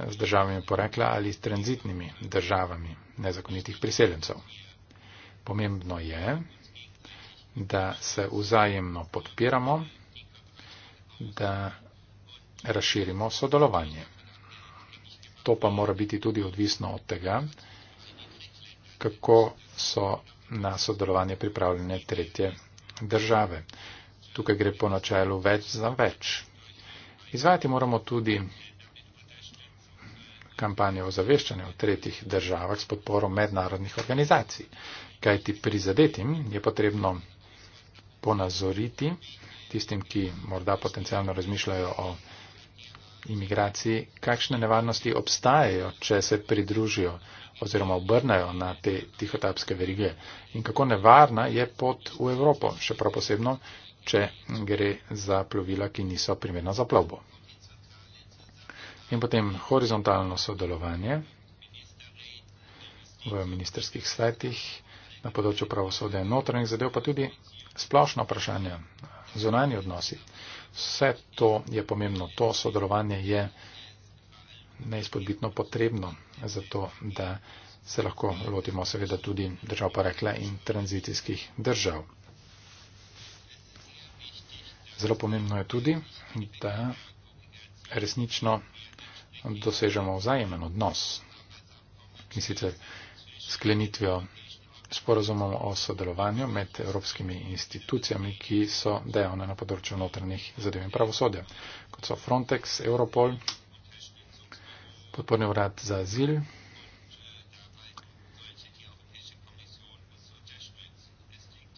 z državami porekla ali s tranzitnimi državami nezakonitih priseljencev. Pomembno je, da se vzajemno podpiramo, da razširimo sodelovanje. To pa mora biti tudi odvisno od tega, kako so na sodelovanje pripravljene tretje države. Tukaj gre po načelu več za več. Izvajati moramo tudi kampanje o zaveščanju v tretjih državah s podporo mednarodnih organizacij, kajti prizadetim je potrebno ponazoriti tistim, ki morda potencialno razmišljajo o imigraciji, kakšne nevarnosti obstajajo, če se pridružijo oziroma obrnajo na te tihotapske verige in kako nevarna je pot v Evropo, še prav posebno, če gre za plovila, ki niso primerna za plovbo. In potem horizontalno sodelovanje v ministerskih svetih na področju pravosodja in notranjih zadev, pa tudi splošno vprašanje, zunanje odnosi. Vse to je pomembno, to sodelovanje je pomembno neizpodbitno potrebno za to, da se lahko lotimo seveda tudi držav porekla in tranzicijskih držav. Zelo pomembno je tudi, da resnično dosežemo vzajemen odnos in sicer sklenitvijo sporozumov o sodelovanju med evropskimi institucijami, ki so dejavne na področju notranjih zadev in pravosodja, kot so Frontex, Europol, odporne vrat za azil.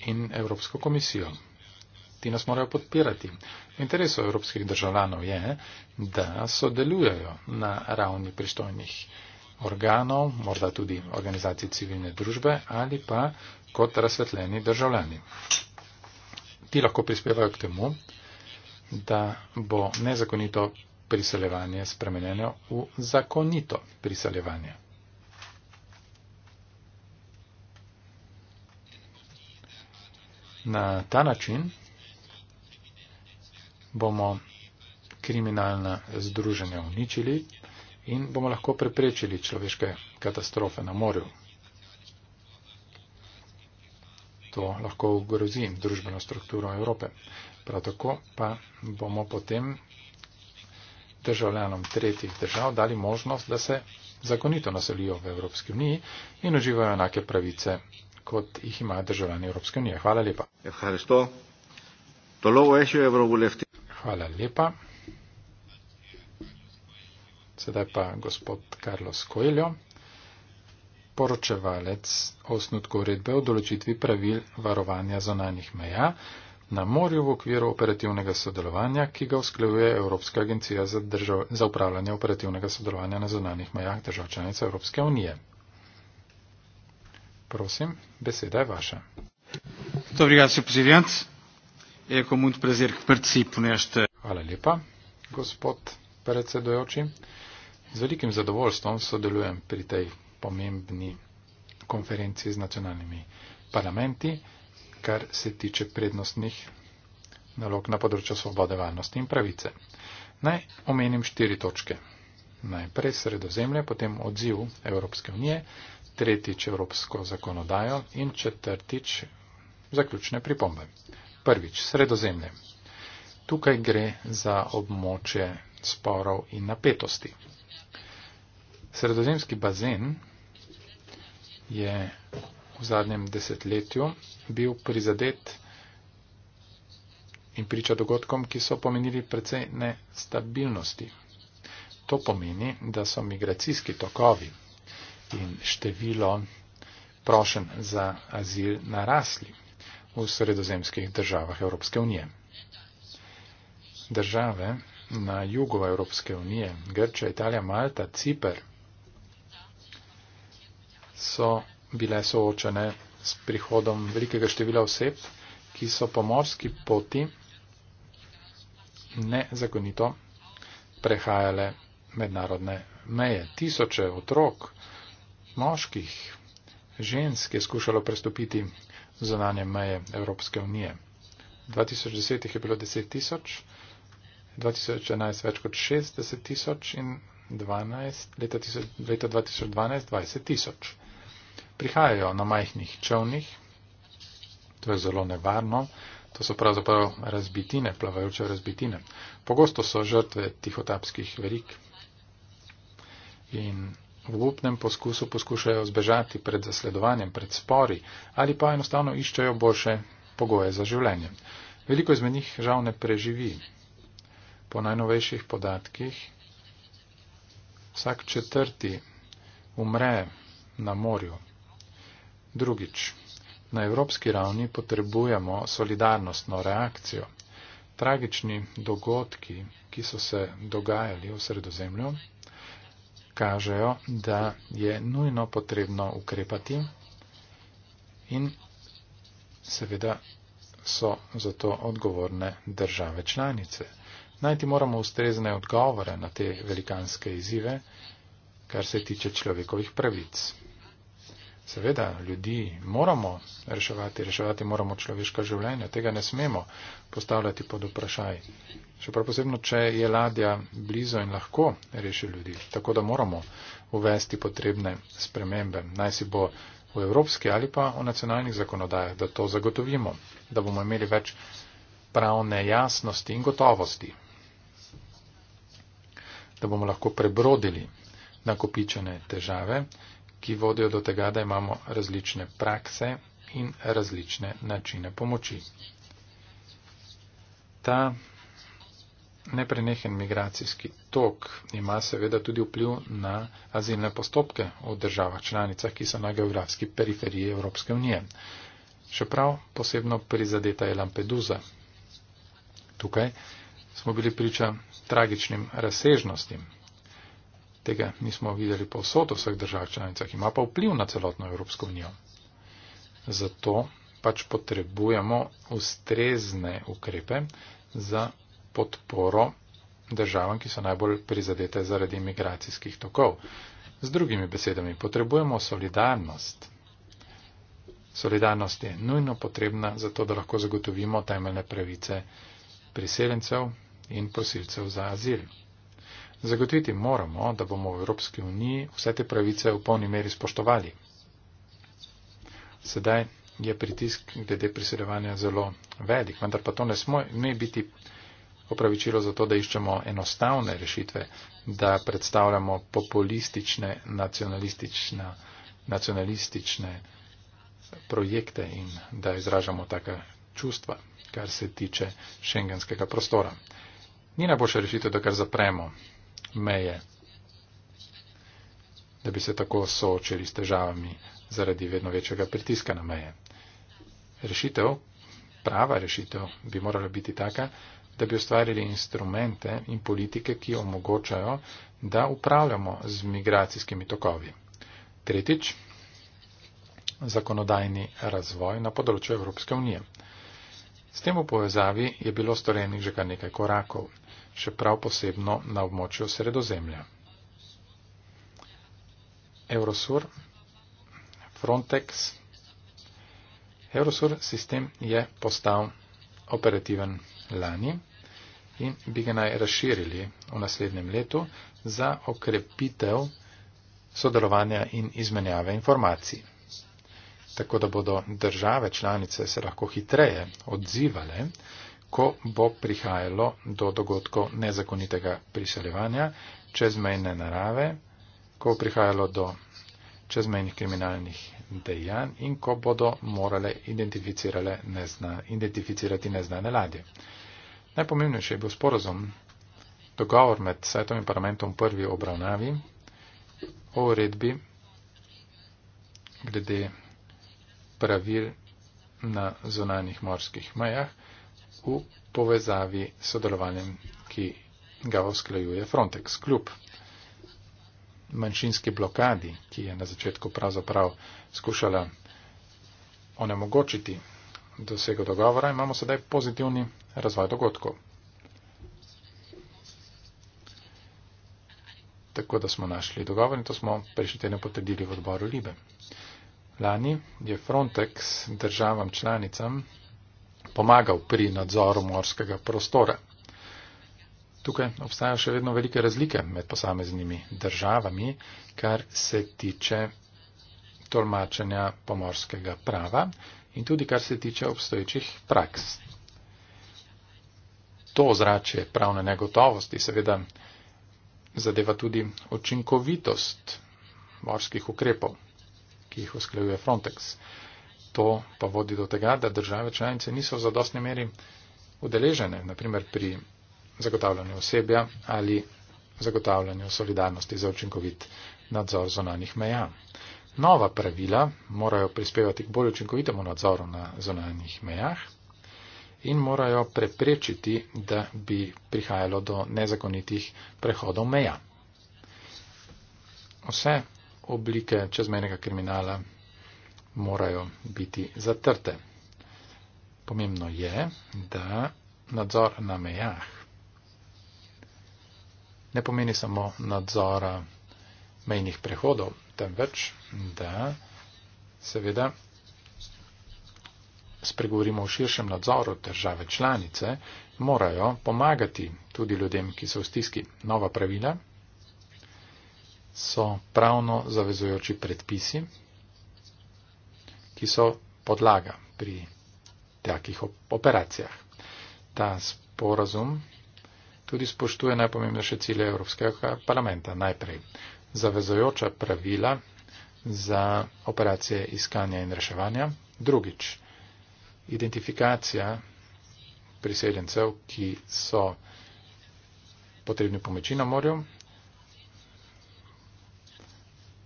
In Evropsko komisijo. Ti nas morajo podpirati. V interesu evropskih državljanov je, da sodelujejo na ravni pristojnih organov, morda tudi organizacij civilne družbe ali pa kot razsvetljeni državljani. Ti lahko prispevajo k temu, da bo nezakonito priseljevanje spremenjeno v zakonito priseljevanje. Na ta način bomo kriminalna združenja uničili in bomo lahko preprečili človeške katastrofe na morju. To lahko ogrozi družbeno strukturo Evrope. Prav tako pa bomo potem državljanom tretjih držav dali možnost, da se zakonito naselijo v Evropski uniji in uživajo enake pravice, kot jih imajo državljani Evropske unije. Hvala lepa. Hvala lepa. Sedaj pa gospod Carlos Coelho, poročevalec osnutku uredbe o določitvi pravil varovanja zonanih meja na morju v okviru operativnega sodelovanja, ki ga usklajuje Evropska agencija za, držav, za upravljanje operativnega sodelovanja na zonanih mejah držav članice Evropske unije. Prosim, beseda je vaša. Dobri, jaz se pozivam. Eko mund prezir k principu nešte. Hvala lepa, gospod predsedojoči. Z velikim zadovoljstvom sodelujem pri tej pomembni konferenci z nacionalnimi parlamenti kar se tiče prednostnih nalog na področju svobode, varnosti in pravice. Naj omenim štiri točke. Najprej sredozemlje, potem odziv Evropske unije, tretjič Evropsko zakonodajo in četrtič zaključne pripombe. Prvič, sredozemlje. Tukaj gre za območje sporov in napetosti. Sredozemski bazen je v zadnjem desetletju bil prizadet in priča dogodkom, ki so pomenili precej nestabilnosti. To pomeni, da so migracijski tokovi in število prošen za azil narasli v sredozemskih državah Evropske unije. Države na jugu Evropske unije, Grča, Italija, Malta, Cipr, so bile soočene s prihodom velikega števila oseb, ki so po morski poti nezakonito prehajale mednarodne meje. Tisoče otrok, moških, žensk je skušalo prestopiti zonanje meje Evropske unije. 2010 jih je bilo 10 tisoč, 2011 več kot 60 tisoč in 12, leta, tiso, leta 2012 20 tisoč prihajajo na majhnih čovnih, to je zelo nevarno, to so pravzaprav razbitine, plavajoče razbitine. Pogosto so žrtve tihotapskih verik in v upnem poskusu poskušajo zbežati pred zasledovanjem, pred spori ali pa enostavno iščejo boljše pogoje za življenje. Veliko izmed njih žal ne preživi. Po najnovejših podatkih vsak četrti umre na morju Drugič, na evropski ravni potrebujemo solidarnostno reakcijo. Tragični dogodki, ki so se dogajali v sredozemlju, kažejo, da je nujno potrebno ukrepati in seveda so za to odgovorne države članice. Najti moramo ustrezne odgovore na te velikanske izzive, kar se tiče človekovih pravic. Seveda, ljudi moramo reševati, reševati moramo človeška življenja, tega ne smemo postavljati pod vprašaj. Še prav posebno, če je ladja blizu in lahko reši ljudi. Tako da moramo uvesti potrebne spremembe, naj si bo v evropski ali pa v nacionalnih zakonodajah, da to zagotovimo, da bomo imeli več pravne jasnosti in gotovosti, da bomo lahko prebrodili nakopičene težave ki vodijo do tega, da imamo različne prakse in različne načine pomoči. Ta neprenehen migracijski tok ima seveda tudi vpliv na azilne postopke v državah članicah, ki so na geografski periferiji Evropske unije. Še prav posebno prizadeta je Lampedusa. Tukaj smo bili priča tragičnim razsežnostim Tega nismo videli povsod v vseh državah članicah. Ima pa vpliv na celotno Evropsko unijo. Zato pač potrebujemo ustrezne ukrepe za podporo državam, ki so najbolj prizadete zaradi migracijskih tokov. Z drugimi besedami, potrebujemo solidarnost. Solidarnost je nujno potrebna za to, da lahko zagotovimo temeljne pravice priseljencev in prosilcev za azil. Zagotoviti moramo, da bomo v Evropski uniji vse te pravice v polni meri spoštovali. Sedaj je pritisk glede priseljevanja zelo velik, vendar pa to ne sme biti opravičilo za to, da iščemo enostavne rešitve, da predstavljamo populistične, nacionalistične, nacionalistične projekte in da izražamo taka čustva, kar se tiče šengenskega prostora. Ni najboljša rešitev, da kar zapremo meje, da bi se tako soočili s težavami zaradi vedno večjega pritiska na meje. Rešitev, prava rešitev bi morala biti taka, da bi ustvarili instrumente in politike, ki omogočajo, da upravljamo z migracijskimi tokovi. Tretjič, zakonodajni razvoj na področju Evropske unije. S tem v povezavi je bilo storjenih že kar nekaj korakov še prav posebno na območju sredozemlja. Eurosur, Frontex. Eurosur sistem je postal operativen lani in bi ga naj razširili v naslednjem letu za okrepitev sodelovanja in izmenjave informacij. Tako da bodo države članice se lahko hitreje odzivale ko bo prihajalo do dogodkov nezakonitega priseljevanja čezmejne narave, ko bo prihajalo do čezmejnih kriminalnih dejanj in ko bodo morale nezna, identificirati neznane ladje. Najpomembnejši je bil sporozum, dogovor med svetom in parlamentom v prvi obravnavi o uredbi glede pravil na zonanih morskih mejah v povezavi s sodelovanjem, ki ga usklajuje Frontex. Kljub manjšinski blokadi, ki je na začetku pravzaprav skušala onemogočiti dosego dogovora, imamo sedaj pozitivni razvoj dogodkov. Tako da smo našli dogovor in to smo prejšnji teden potrdili v odboru Libe. Lani je Frontex državam članicam pomagal pri nadzoru morskega prostora. Tukaj obstajajo še vedno velike razlike med posameznimi državami, kar se tiče tolmačenja pomorskega prava in tudi kar se tiče obstoječih praks. To ozračje pravne negotovosti seveda zadeva tudi učinkovitost morskih ukrepov, ki jih usklajuje Frontex. To pa vodi do tega, da države članice niso v zadostni meri udeležene, naprimer pri zagotavljanju osebja ali zagotavljanju solidarnosti za učinkovit nadzor zonanih meja. Nova pravila morajo prispevati k bolj učinkovitemu nadzoru na zonanih mejah in morajo preprečiti, da bi prihajalo do nezakonitih prehodov meja. Vse oblike čezmejnega kriminala morajo biti zatrte. Pomembno je, da nadzor na mejah ne pomeni samo nadzora mejnih prehodov, temveč, da seveda spregovorimo o širšem nadzoru države članice, morajo pomagati tudi ljudem, ki so v stiski. Nova pravila so pravno zavezujoči predpisi, ki so podlaga pri takih operacijah. Ta sporazum tudi spoštuje najpomembnejše cilje Evropskega parlamenta. Najprej zavezojoča pravila za operacije iskanja in reševanja. Drugič, identifikacija priseljencev, ki so potrebni pomoči na morju.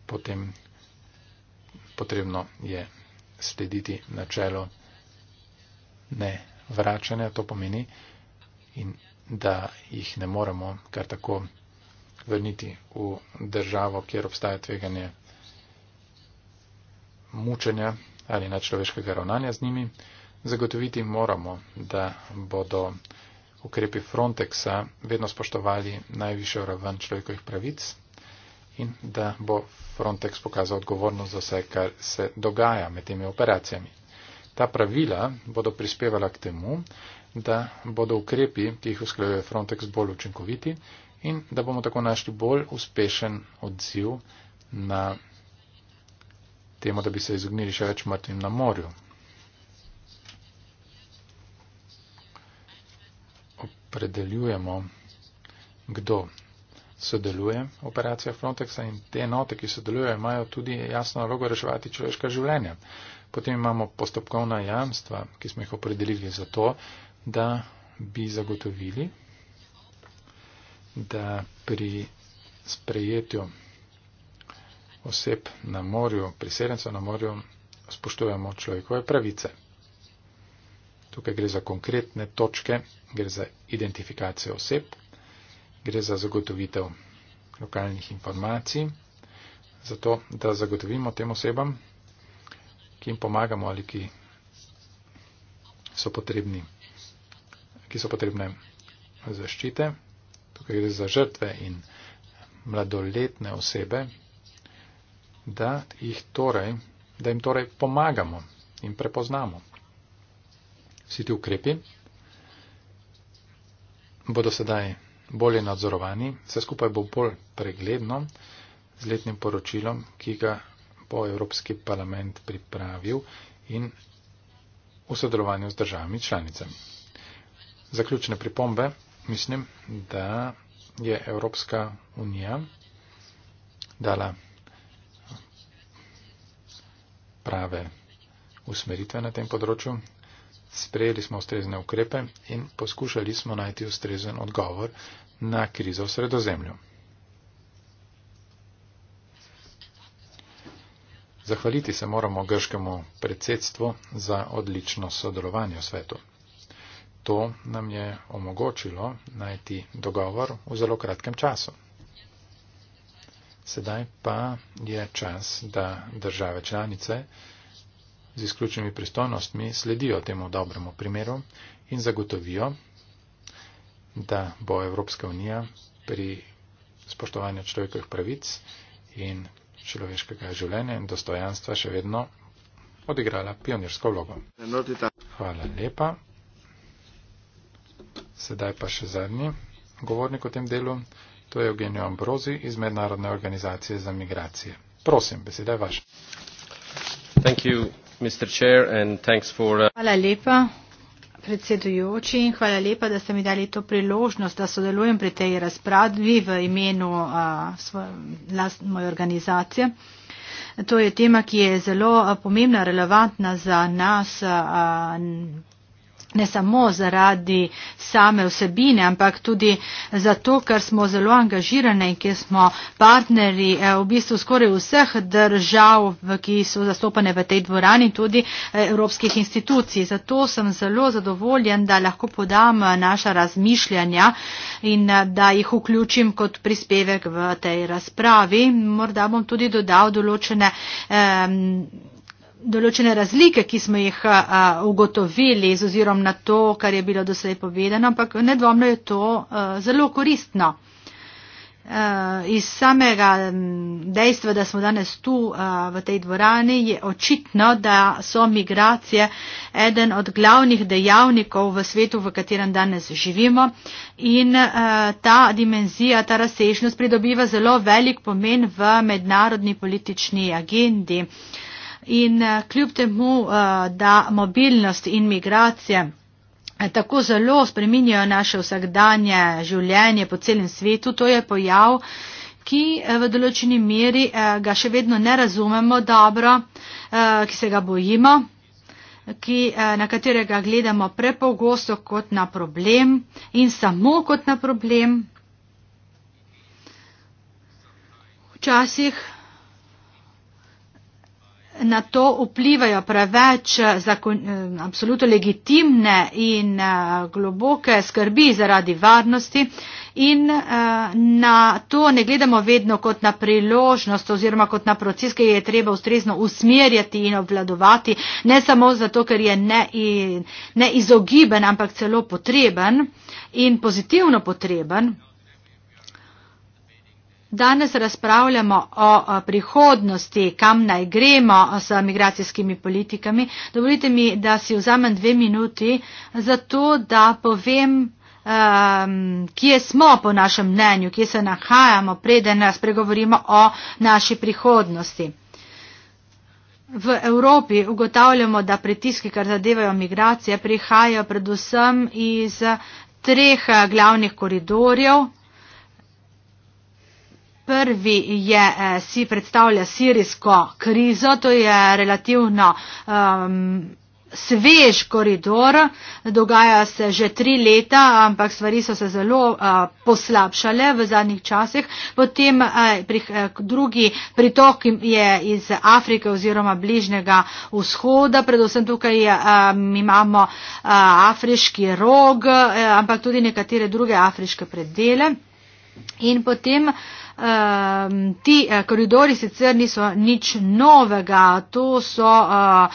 Potem potrebno je slediti načelo ne vračanja, to pomeni, in da jih ne moremo kar tako vrniti v državo, kjer obstaja tveganje mučenja ali nadčloveškega ravnanja z njimi. Zagotoviti moramo, da bodo ukrepi Frontexa vedno spoštovali najvišjo raven človekovih pravic in da bo Frontex pokazal odgovornost za vse, kar se dogaja med temi operacijami. Ta pravila bodo prispevala k temu, da bodo ukrepi, ki jih usklajuje Frontex, bolj učinkoviti in da bomo tako našli bolj uspešen odziv na temu, da bi se izognili še več mrtvim na morju. Opredeljujemo, kdo sodeluje operacija Frontexa in te enote, ki sodelujejo, imajo tudi jasno nalogo reševati človeška življenja. Potem imamo postopkovna jamstva, ki smo jih opredelili za to, da bi zagotovili, da pri sprejetju oseb na morju, priseljencev na morju, spoštujemo človekove pravice. Tukaj gre za konkretne točke, gre za identifikacijo oseb, gre za zagotovitev lokalnih informacij, zato da zagotovimo tem osebam, ki jim pomagamo ali ki so potrebni, ki so potrebne zaščite. Tukaj gre za žrtve in mladoletne osebe, da jih torej, da jim torej pomagamo in prepoznamo. Vsi ti ukrepi bodo sedaj bolje nadzorovani, vse skupaj bo bolj pregledno z letnim poročilom, ki ga bo Evropski parlament pripravil in v sodelovanju z državami članicami. Zaključne pripombe. Mislim, da je Evropska unija dala prave usmeritve na tem področju. Sprejeli smo ustrezne ukrepe in poskušali smo najti ustrezen odgovor na krizo v sredozemlju. Zahvaliti se moramo grškemu predsedstvu za odlično sodelovanje v svetu. To nam je omogočilo najti dogovor v zelo kratkem času. Sedaj pa je čas, da države članice z izključnimi pristojnostmi sledijo temu dobremu primeru in zagotovijo, da bo Evropska unija pri spoštovanju človekovih pravic in človeškega življenja in dostojanstva še vedno odigrala pionirsko vlogo. Hvala lepa. Sedaj pa še zadnji govornik o tem delu. To je Eugenio Ambrozi iz Mednarodne organizacije za migracije. Prosim, beseda je vaša. Thank you, Mr. Chair, and thanks for... Uh... Hvala lepa, predsedujoči in hvala lepa, da ste mi dali to priložnost, da sodelujem pri tej razpravi v imenu moje organizacije. To je tema, ki je zelo pomembna, relevantna za nas, a, ne samo zaradi same vsebine, ampak tudi zato, ker smo zelo angažirane in ker smo partneri eh, v bistvu skoraj vseh držav, ki so zastopane v tej dvorani, tudi eh, evropskih institucij. Zato sem zelo zadovoljen, da lahko podam eh, naša razmišljanja in da jih vključim kot prispevek v tej razpravi. Morda bom tudi dodal določene. Um, določene razlike, ki smo jih a, ugotovili z ozirom na to, kar je bilo doslej povedano, ampak nedvomno je to a, zelo koristno. A, iz samega dejstva, da smo danes tu a, v tej dvorani, je očitno, da so migracije eden od glavnih dejavnikov v svetu, v katerem danes živimo in a, ta dimenzija, ta razsežnost pridobiva zelo velik pomen v mednarodni politični agendi in eh, kljub temu, eh, da mobilnost in migracije eh, tako zelo spreminjajo naše vsakdanje življenje po celem svetu, to je pojav, ki v določeni meri ga še vedno ne razumemo dobro, ki se ga bojimo, ki, na katerega gledamo prepogosto kot na problem in samo kot na problem. Včasih na to vplivajo preveč eh, zakon, eh, absolutno legitimne in eh, globoke skrbi zaradi varnosti in na to ne gledamo vedno kot na priložnost oziroma kot na proces, ki je treba ustrezno usmerjati in obvladovati, ne samo zato, ker je neizogiben, ne ampak celo potreben in pozitivno potreben. Danes razpravljamo o prihodnosti, kam naj gremo s migracijskimi politikami. Dovolite mi, da si vzamem dve minuti za to, da povem, um, kje smo po našem mnenju, kje se nahajamo, preden nas pregovorimo o naši prihodnosti. V Evropi ugotavljamo, da pritiski, kar zadevajo migracije, prihajajo predvsem iz treh glavnih koridorjev. Prvi je, eh, si predstavlja sirijsko krizo, to je relativno um, svež koridor, dogaja se že tri leta, ampak stvari so se zelo eh, poslabšale v zadnjih časih. Potem eh, pri, eh, drugi pritok je iz Afrike oziroma bližnjega vzhoda, predvsem tukaj eh, imamo eh, afriški rog, eh, ampak tudi nekatere druge afriške predele. In potem eh, um, ti uh, koridori sicer niso nič novega, to so uh,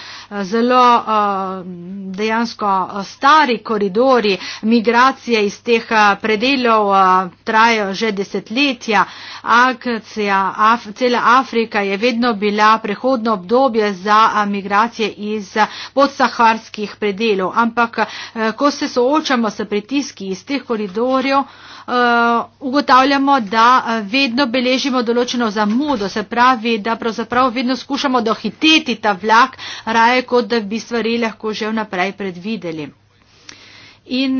zelo uh, dejansko stari koridori, migracije iz teh predeljov uh, trajajo že desetletja, akcija, Af cela Afrika je vedno bila prehodno obdobje za uh, migracije iz podsaharskih predeljov, ampak uh, ko se soočamo s pritiski iz teh koridorjev, Eh, ugotavljamo, da eh, vedno beležimo določeno zamudo, se pravi, da pravzaprav vedno skušamo dohiteti ta vlak, raje kot da bi stvari lahko že vnaprej predvideli. In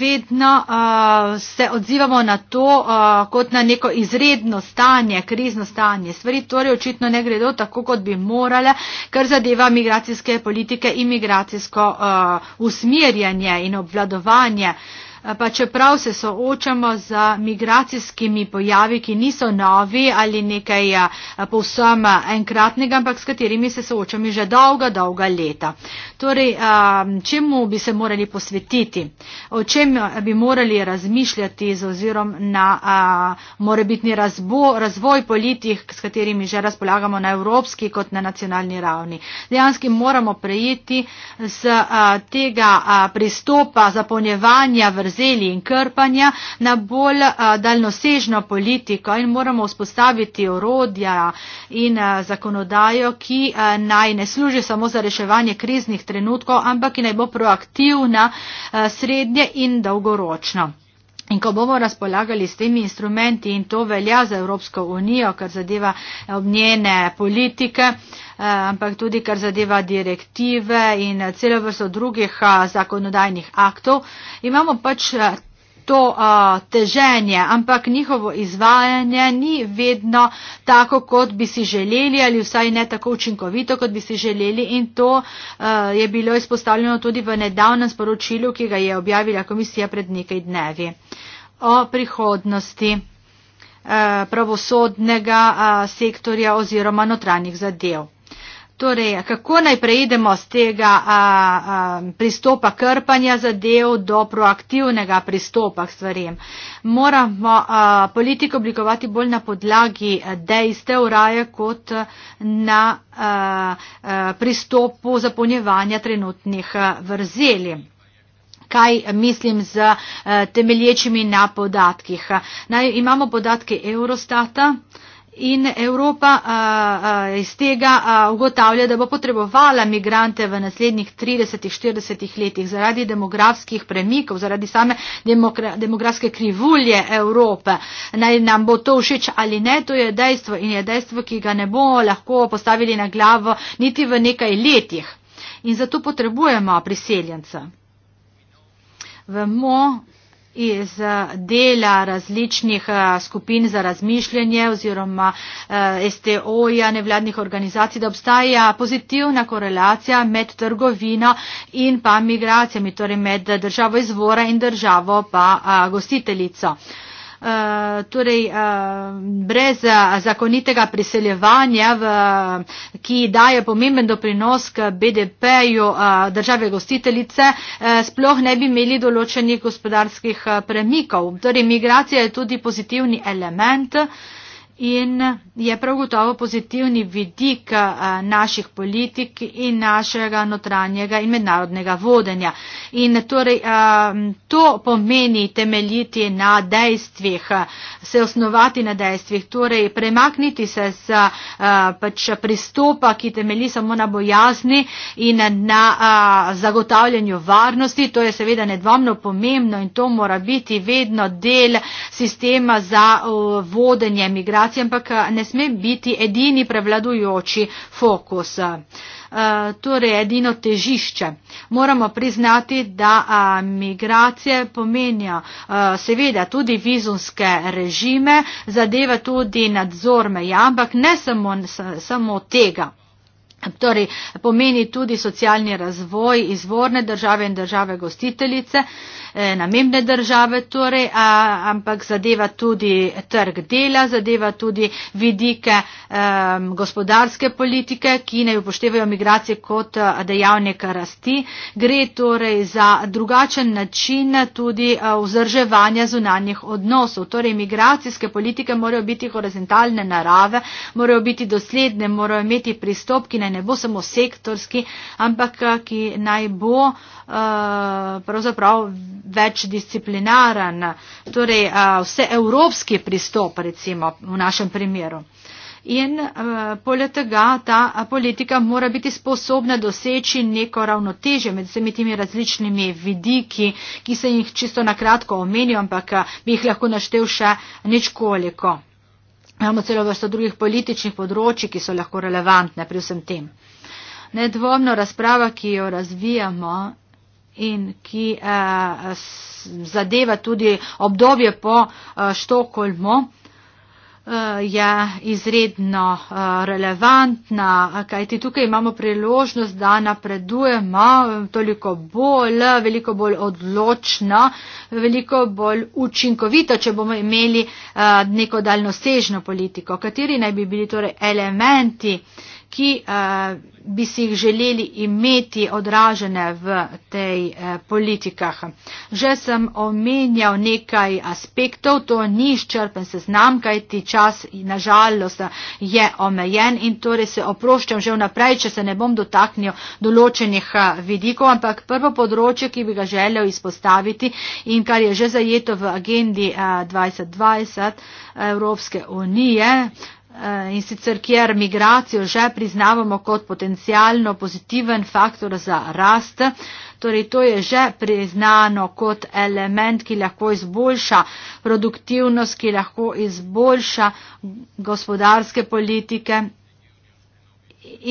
vedno uh, se odzivamo na to uh, kot na neko izredno stanje, krizno stanje. Stvari torej očitno ne gredo tako, kot bi morale, kar zadeva migracijske politike in migracijsko uh, usmirjanje in obvladovanje uh, Eh, pa čeprav se soočamo z migracijskimi pojavi, ki niso novi ali nekaj eh, povsem eh, enkratnega, ampak s katerimi se soočamo že dolga, dolga leta. Torej, čemu bi se morali posvetiti, o čem bi morali razmišljati z ozirom na morebitni razvoj politik, s katerimi že razpolagamo na evropski kot na nacionalni ravni. Dejansko moramo prejeti z tega pristopa zaponjevanja vrzeli in krpanja na bolj daljnosežno politiko in moramo vzpostaviti orodja in zakonodajo, ki naj ne služi samo za reševanje kriznih trenutkov, ampak ki naj bo proaktivna, eh, srednje in dolgoročna. In ko bomo razpolagali s temi instrumenti in to velja za Evropsko unijo, kar zadeva eh, njene politike, eh, ampak tudi kar zadeva direktive in celo vrsto drugih zakonodajnih aktov, imamo pač to a, teženje, ampak njihovo izvajanje ni vedno tako, kot bi si želeli ali vsaj ne tako učinkovito, kot bi si želeli in to a, je bilo izpostavljeno tudi v nedavnem sporočilu, ki ga je objavila komisija pred nekaj dnevi o prihodnosti a, pravosodnega a, sektorja oziroma notranjih zadev. Torej, kako naj preidemo z tega a, a, pristopa krpanja zadev do proaktivnega pristopa k stvarem? Moramo a, politiko oblikovati bolj na podlagi dejstev raje kot na a, a, pristopu zapolnjevanja trenutnih vrzeli kaj mislim z temelječimi na podatkih. Naj, imamo podatke Eurostata, in Evropa a, a, iz tega a, ugotavlja, da bo potrebovala migrante v naslednjih 30-40 letih zaradi demografskih premikov, zaradi same demokra, demografske krivulje Evrope. Naj nam bo to všeč ali ne, to je dejstvo in je dejstvo, ki ga ne bo lahko postavili na glavo niti v nekaj letih. In zato potrebujemo priseljence. Vemo, iz eh, dela različnih eh, skupin za razmišljanje oziroma eh, STO-ja nevladnih organizacij, da obstaja pozitivna korelacija med trgovino in pa migracijami, torej med državo izvora in državo pa gostiteljico. Eh, torej, eh, brez eh, zakonitega priseljevanja, v, ki daje pomemben doprinos k BDP-ju države gostiteljice, sploh ne bi imeli določenih gospodarskih premikov. Torej, migracija je tudi pozitivni element in eh, je prav gotovo pozitivni vidik eh, naših politik in našega notranjega in mednarodnega vodenja. In torej, eh, to pomeni temeljiti na dejstvih, se osnovati na dejstvih, torej premakniti se z pač pristopa, ki temelji samo na bojazni in na zagotavljanju varnosti. To je seveda nedvomno pomembno in to mora biti vedno del sistema za vodenje migracij situacije, ampak eh, ne sme biti edini prevladujoči fokus. Eh, torej, edino težišče. Moramo priznati, da a, eh, migracije pomenijo a, seveda tudi vizumske režime, zadeva tudi nadzor meja, ampak ne samo, samo tega. Torej, pomeni tudi socialni razvoj izvorne države in države gostiteljice. A, Eh, namembne države, torej, a, ampak zadeva tudi trg dela, zadeva tudi vidike a, gospodarske politike, ki ne upoštevajo migracije kot eh, dejavnik rasti. Gre torej za drugačen način tudi eh, vzdrževanja zunanjih odnosov. Torej, migracijske politike morajo biti horizontalne narave, morajo biti dosledne, morajo imeti pristop, ki naj ne bo samo sektorski, ampak ki naj bo uh, pravzaprav več discipliniran, torej vseevropski pristop, recimo v našem primeru. In uh, poleg tega ta politika mora biti sposobna doseči neko ravnoteže med vsemi temi različnimi vidiki, ki se jih čisto na kratko omenijo, ampak bi jih lahko naštev še ničkoliko. Imamo celo vrsto drugih političnih področji, ki so lahko relevantne pri vsem tem. Nedvomno razprava, ki jo razvijamo in ki eh, zadeva tudi obdobje po eh, Štokolmu, eh, je izredno relevantna, kajti tukaj imamo priložnost, da napredujemo toliko bolj, veliko bolj odločno, veliko bolj učinkovito, če bomo imeli neko daljnosežno politiko. Kateri naj bi bili torej elementi? ki eh, bi si jih želeli imeti odražene v tej eh, politikah. Že sem omenjal nekaj aspektov, to ni izčrpen seznam, kajti čas nažalost je omejen in torej se oproščam že vnaprej, če se ne bom dotaknil določenih eh, vidikov, ampak prvo področje, ki bi ga želel izpostaviti in kar je že zajeto v agendi eh, 2020 eh, Evropske unije, eh, Eh, in sicer kjer migracijo že priznavamo kot potencijalno pozitiven faktor za rast. Torej, to je že priznano kot element, ki lahko izboljša produktivnost, ki lahko izboljša gospodarske politike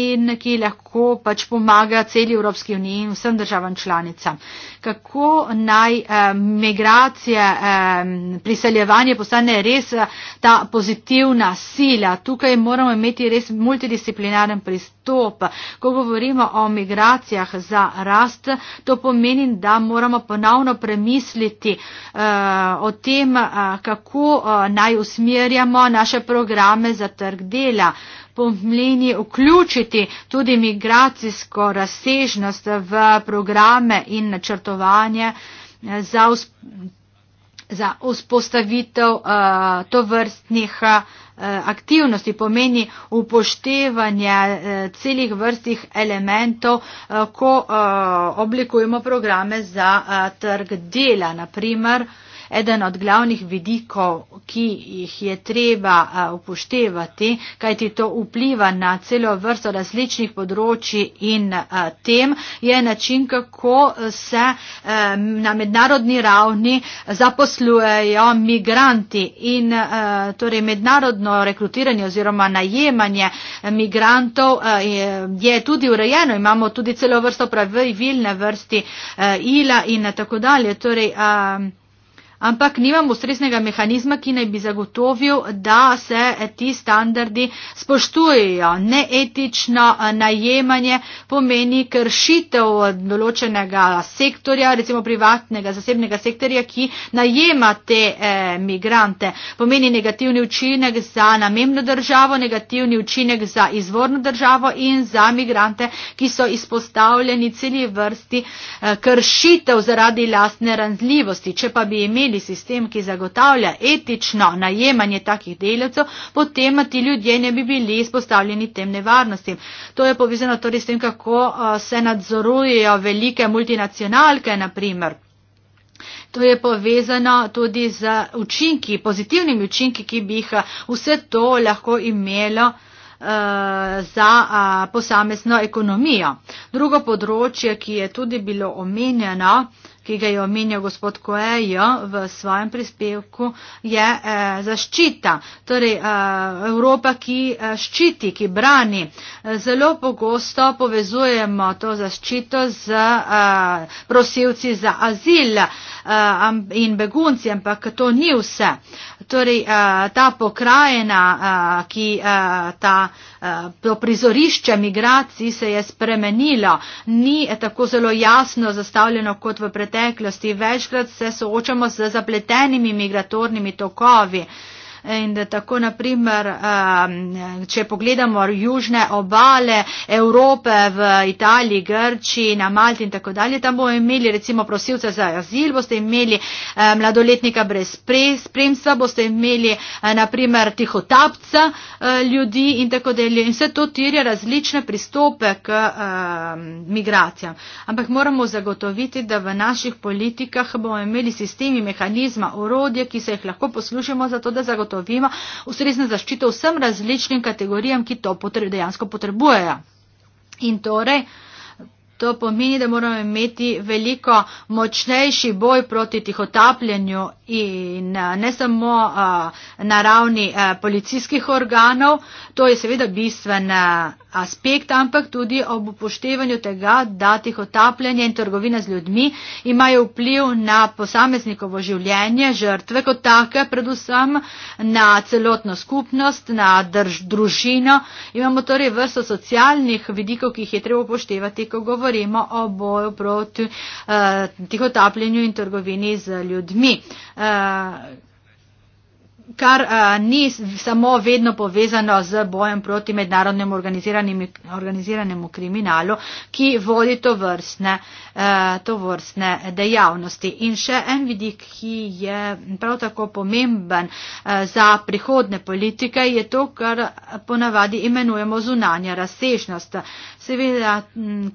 in ki lahko pač pomaga celi Evropski uniji in vsem državam članicam. Kako naj eh, migracije, eh, priseljevanje postane res eh, ta pozitivna sila. Tukaj moramo imeti res multidisciplinaren pristop. Ko govorimo o migracijah za rast, to pomeni, da moramo ponovno premisliti eh, o tem, eh, kako eh, naj usmerjamo naše programe za trg dela. Eh, pomeni vključiti tudi migracijsko razsežnost v programe in načrtovanje eh, za, za vzpostavitev uh, tovrstnih eh, aktivnosti pomeni upoštevanje celih vrstih elementov, ko oblikujemo programe za trg dela. Naprimer, eden od glavnih vidikov, ki jih je treba upoštevati, kajti to vpliva na celo vrsto različnih področji in tem, je način, kako se na mednarodni ravni zaposlujejo migranti in torej mednarodno rekrutiranje oziroma najemanje migrantov je tudi urejeno. Imamo tudi celo vrsto pravilne vrsti ila in tako dalje. Torej, ampak nimamo ustreznega mehanizma, ki naj bi zagotovil, da se ti standardi spoštujejo. Neetično eh, najemanje pomeni kršitev določenega sektorja, recimo privatnega, zasebnega sektorja, ki najema te e, migrante. Pomeni negativni učinek za namembno državo, negativni učinek za izvorno državo in za migrante, ki so izpostavljeni celi vrsti e, kršitev zaradi lastne ranzljivosti. Če pa bi imeli imeli sistem, ki zagotavlja etično najemanje takih delavcev, potem ti ljudje ne bi bili izpostavljeni tem nevarnostim. To je povezano torej s tem, kako se nadzorujejo velike multinacionalke, naprimer. To je povezano tudi z učinki, pozitivnimi učinki, ki bi jih vse to lahko imelo za posamezno ekonomijo. Drugo področje, ki je tudi bilo omenjeno, ki ga je omenjal gospod Koejo v svojem prispevku, je eh, zaščita. Torej, eh, Evropa, ki eh, ščiti, ki brani. Zelo pogosto povezujemo to zaščito z eh, prosilci za azil eh, in begunci, ampak to ni vse. Eh, torej uh, ta pokrajina, uh, ki uh, ta, uh, to prizorišče migracij se je spremenilo, ni tako zelo jasno zastavljeno kot v preteklosti. Večkrat se soočamo z zapletenimi migratornimi tokovi. Uh, in da tako naprimer, um, če pogledamo južne obale Evrope v Italiji, Grčiji, na Malti in tako dalje, tam bomo imeli recimo prosilce za azil, boste imeli eh, mladoletnika brez spremstva, boste imeli eh, naprimer tihotapca eh, ljudi in tako dalje. In vse to tirja različne pristope k migracijam. Ampak moramo zagotoviti, da v naših politikah bomo imeli sistemi, mehanizma, orodje, ki se jih lahko poslušamo za to, da zagotovimo zagotovimo ustrezno zaščito vsem različnim kategorijam, ki to potre, dejansko potrebujejo. In torej, to pomeni, da moramo imeti veliko močnejši boj proti tihotapljenju in ne samo a, na ravni a, policijskih organov, to je seveda bistven. A, aspekt, ampak tudi ob upoštevanju tega, da tih otapljanje in trgovina z ljudmi imajo vpliv na posameznikovo življenje, žrtve kot take, predvsem na celotno skupnost, na drž, družino. Imamo torej vrsto socialnih vidikov, ki jih je treba upoštevati, ko govorimo o boju proti uh, eh, tih otapljanju in trgovini z ljudmi. Uh, kar a, ni samo vedno povezano z bojem proti mednarodnemu organiziranemu kriminalu, ki vodi to vrstne, a, to vrstne dejavnosti. In še en vidik, ki je prav tako pomemben a, za prihodne politike, je to, kar ponavadi imenujemo zunanja razsežnost. Seveda,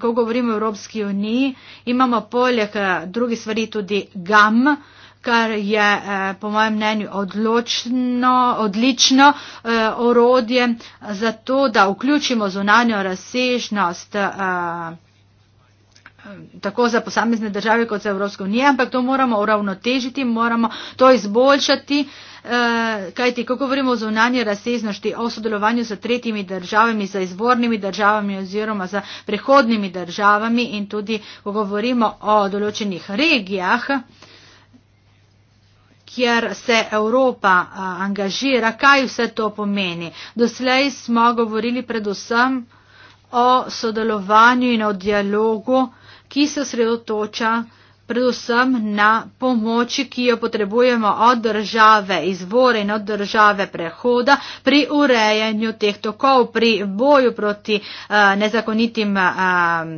ko govorimo o Evropski uniji, imamo poleg drugih stvari tudi GAM, a, kar je eh, po mojem mnenju odločno, odlično eh, orodje za to, da vključimo zunanjo razsežnost eh, tako za posamezne države kot za Evropsko unijo, ampak to moramo uravnotežiti, moramo to izboljšati, kajti, ko govorimo o zunanji razsežnosti, o sodelovanju z tretjimi državami, z izvornimi državami oziroma z prehodnimi državami in tudi, ko govorimo o določenih regijah, kjer se Evropa a, angažira, kaj vse to pomeni. Doslej smo govorili predvsem o sodelovanju in o dialogu, ki se sredotoča predvsem na pomoči, ki jo potrebujemo od države izvore in od države prehoda pri urejanju teh tokov, pri boju proti eh, nezakonitim eh,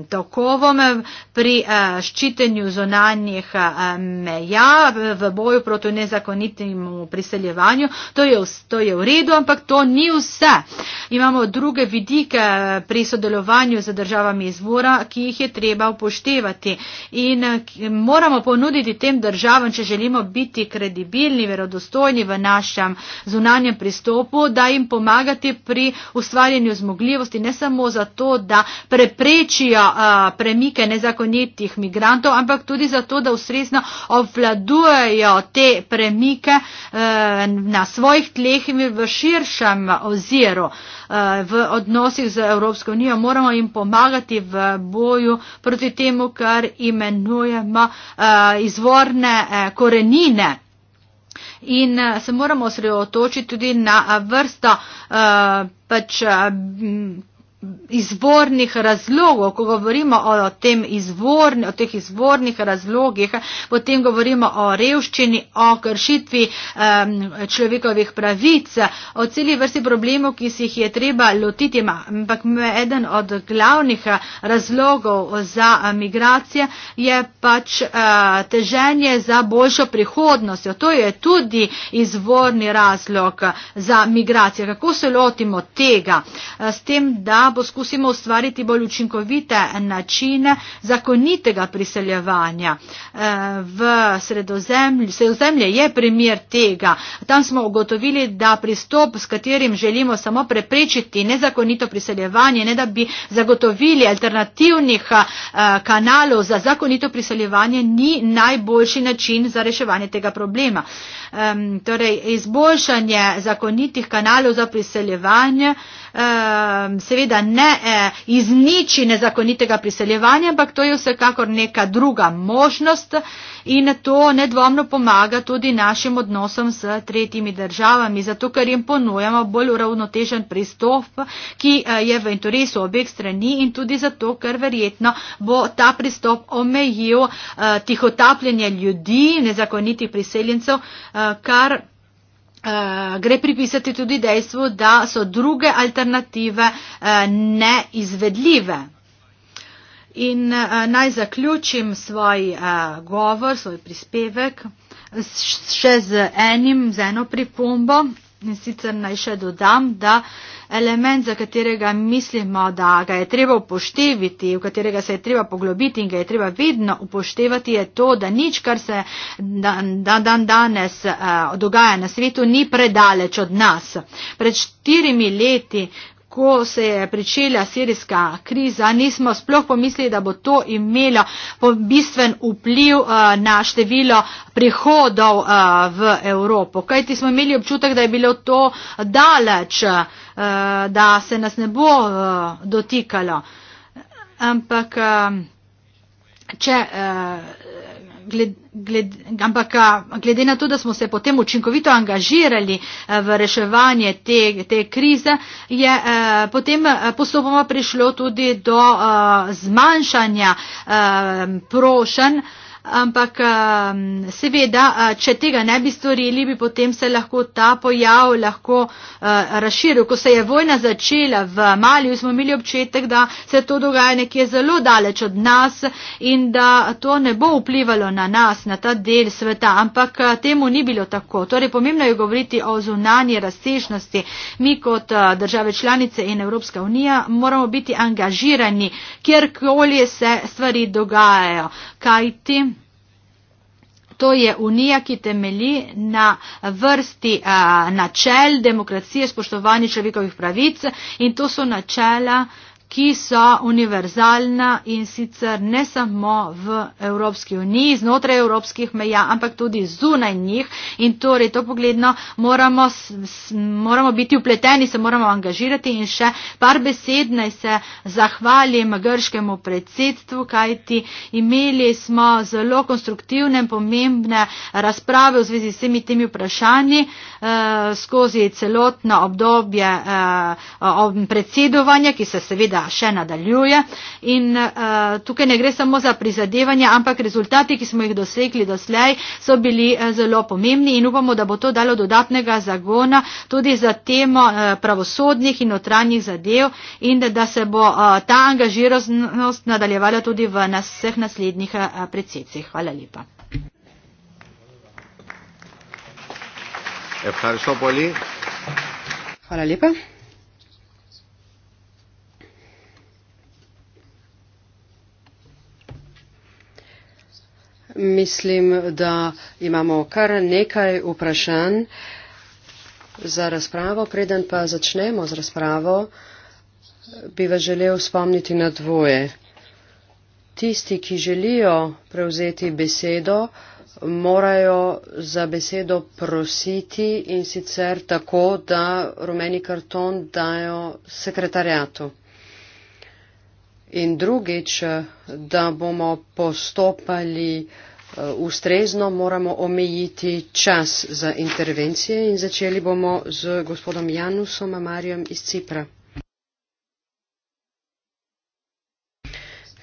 tokovom, pri eh, ščitenju zonanjih meja, v boju proti nezakonitim priseljevanju. To je, to je v redu, ampak to ni vse. Imamo druge vidike pri sodelovanju z državami izvora, ki jih je treba upoštevati. In, moramo ponuditi tem državam, če želimo biti kredibilni, verodostojni v našem zunanjem pristopu, da jim pomagati pri ustvarjanju zmogljivosti, ne samo zato, da preprečijo premike nezakonitih migrantov, ampak tudi zato, da ustrezno obvladujejo te premike na svojih tleh in v širšem oziru v odnosih z Evropsko unijo, moramo jim pomagati v boju proti temu, kar imenujemo eh, izvorne eh, korenine. In eh, se moramo osredotočiti tudi na vrsto pač izvornih razlogov, ko govorimo o, o, tem izvorni, o teh izvornih razlogih, potem govorimo o revščini, o kršitvi um, človekovih pravic, o celi vrsti problemov, ki si jih je treba lotiti. Ampak eden od glavnih razlogov za eh, migracije je pač uh, teženje za boljšo prihodnost. To je tudi izvorni razlog za migracijo. Kako se lotimo tega? Eh, s tem, poskusimo ustvariti bolj učinkovite načine zakonitega priseljevanja. Eh, v sredozemlje, sredozemlje je primer tega. Tam smo ugotovili, da pristop, s katerim želimo samo preprečiti nezakonito priseljevanje, ne da bi zagotovili alternativnih eh, kanalov za zakonito priseljevanje, ni najboljši način za reševanje tega problema. Torej, izboljšanje zakonitih kanalov za priseljevanje Ehm, seveda ne eh, izniči nezakonitega priseljevanja, ampak to je vsekakor neka druga možnost in to nedvomno pomaga tudi našim odnosom s tretjimi državami, zato ker jim ponujamo bolj uravnotežen pristop, ki eh, je v interesu obeh strani in tudi zato, ker verjetno bo ta pristop omejil eh, tihotapljenje ljudi, nezakonitih priseljencev, kar Eh, gre pripisati tudi dejstvu, da so druge alternative eh, neizvedljive. In eh, naj zaključim svoj govor, svoj prispevek še z, enim, z eno pripombo in sicer naj še dodam, da uh, element, za katerega mislimo, da ga je treba upoštevati, v katerega se je treba poglobiti in ga je treba vedno upoštevati, je to, da nič, kar se dan, dan, dan danes uh, dogaja na svetu, ni predaleč od nas. Pred štirimi leti. Ko se je pričela sirijska kriza, nismo sploh pomislili, da bo to imelo bistven vpliv eh, na število prihodov eh, v Evropo. Kajti smo imeli občutek, da je bilo to daleč. Eh, da se nas ne bo eh, dotikalo. Ampak, eh, če, gled, gled, ampak glede na to, da smo se potem učinkovito angažirali v reševanje te, te krize, je potem postopoma prišlo tudi do zmanjšanja prošen ampak um, seveda, če tega ne bi storili, bi potem se lahko ta pojav lahko uh, razširil. Ko se je vojna začela v Maliju, smo imeli občetek, da se to dogaja nekje zelo daleč od nas in da to ne bo vplivalo na nas, na ta del sveta, ampak uh, temu ni bilo tako. Torej, pomembno je govoriti o zunanji razsežnosti. Mi kot uh, države članice in Evropska unija moramo biti angažirani, kjerkoli se stvari dogajajo kajti to je unija, ki temelji na vrsti a, načel demokracije, spoštovanje človekovih pravic in to so načela, a, ki so univerzalna in sicer ne samo v Evropski uniji, znotraj evropskih meja, ampak tudi zunaj njih. In torej to pogledno moramo, moramo biti upleteni, se moramo angažirati in še par besed naj se zahvalim grškemu predsedstvu, kajti imeli smo zelo konstruktivne in pomembne razprave v zvezi s vsemi temi vprašanji eh, skozi celotno obdobje eh, predsedovanja, ki se seveda še nadaljuje. In uh, tukaj ne gre samo za prizadevanje, ampak rezultati, ki smo jih dosegli doslej, so bili uh, zelo pomembni in upamo, da bo to dalo dodatnega zagona tudi za temo uh, pravosodnih in notranjih zadev in da, da se bo uh, ta angažiranost nadaljevala tudi v nas vseh naslednjih uh, predsedcih. Hvala lepa. Hvala lepa. mislim, da imamo kar nekaj vprašanj za razpravo. Preden pa začnemo z razpravo, bi vas želel spomniti na dvoje. Tisti, ki želijo prevzeti besedo, morajo za besedo prositi in sicer tako, da rumeni karton dajo sekretarjatu in drugič, eh, da bomo postopali eh, ustrezno, moramo omejiti čas za intervencije in začeli bomo z gospodom Janusom Amarjem iz Cipra.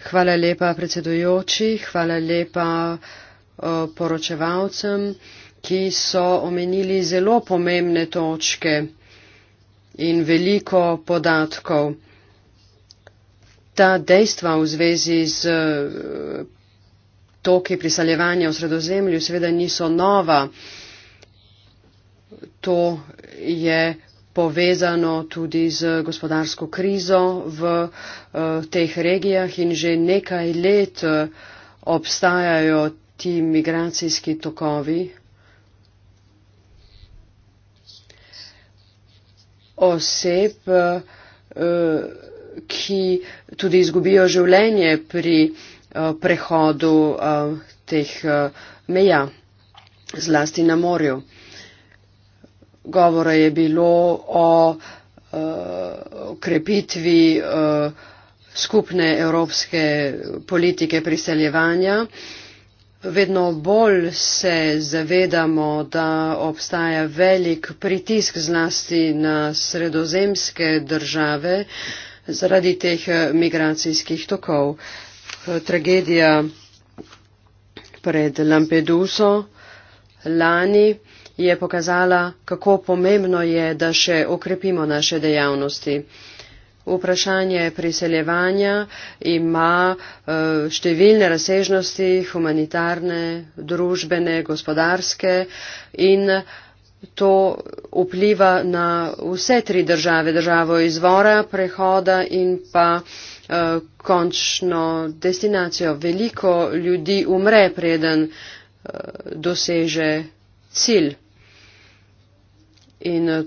Hvala lepa predsedujoči, hvala lepa eh, poročevalcem, ki so omenili zelo pomembne točke in veliko podatkov ta dejstva v zvezi z eh, toki priseljevanja v sredozemlju seveda niso nova. To je povezano tudi z gospodarsko krizo v eh, teh regijah in že nekaj let eh, obstajajo ti migracijski tokovi. Oseb uh, ki tudi izgubijo življenje pri eh, prehodu eh, teh eh, meja, zlasti na morju. Govora je bilo o krepitvi skupne evropske politike priseljevanja. Vedno bolj se zavedamo, da obstaja velik pritisk zlasti na sredozemske države, uh, zaradi teh eh, migracijskih tokov. Eh, tragedija pred Lampeduso lani je pokazala, kako pomembno je, da še okrepimo naše dejavnosti. Vprašanje priseljevanja ima eh, številne razsežnosti, humanitarne, družbene, gospodarske in to vpliva na vse tri države, državo izvora, prehoda in pa eh, končno destinacijo. Veliko ljudi umre, preden eh, doseže cilj. In eh,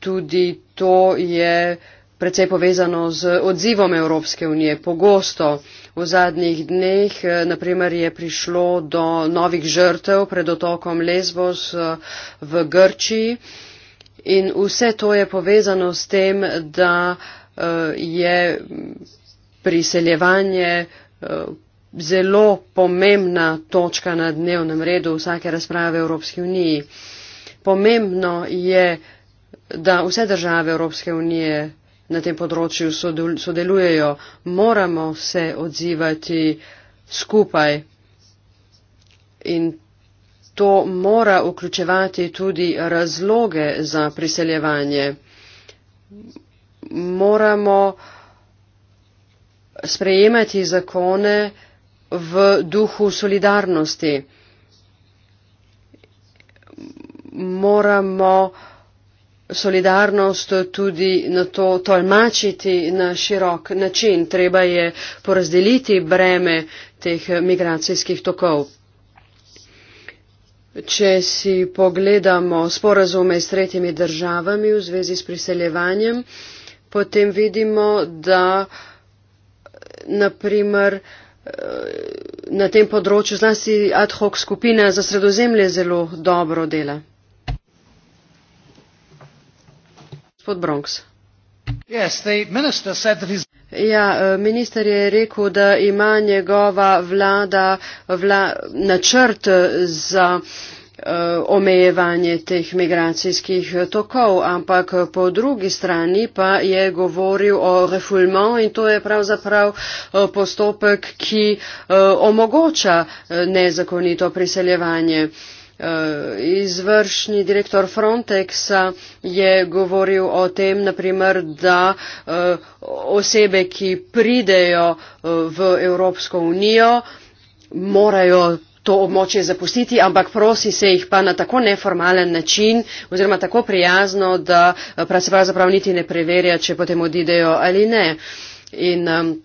tudi to je precej povezano z odzivom Evropske unije. Pogosto v zadnjih dneh, eh, naprimer, je prišlo do novih žrtev pred otokom Lesbos eh, v Grčiji in vse to je povezano s tem, da eh, je priseljevanje zelo pomembna točka na dnevnem redu vsake razprave Evropske unije. Pomembno je, da vse države Evropske unije na tem področju sodelujejo, moramo se odzivati skupaj. In to mora vključevati tudi razloge za priseljevanje. Moramo sprejemati zakone v duhu solidarnosti. Moramo solidarnost tudi na to tolmačiti na širok način. Treba je porazdeliti breme teh migracijskih tokov. Če si pogledamo sporazume s tretjimi državami v zvezi s priseljevanjem, potem vidimo, da naprimer na tem področju zlasti ad hoc skupina za sredozemlje zelo dobro dela. Gospod Bronks. Ja, e, minister je rekel, da ima njegova vlada vla, načrt za e, omejevanje teh migracijskih tokov, ampak po drugi strani pa je govoril o refoulement in to je pravzaprav e, postopek, ki omogoča nezakonito priseljevanje. Eh, izvršni direktor Frontexa je govoril o tem, naprimer, da eh, osebe, ki pridejo eh, v Evropsko unijo, morajo to območje zapustiti, ampak prosi se jih pa na tako neformalen način oziroma tako prijazno, da se pravzaprav niti ne preverja, če potem odidejo ali ne. In, um,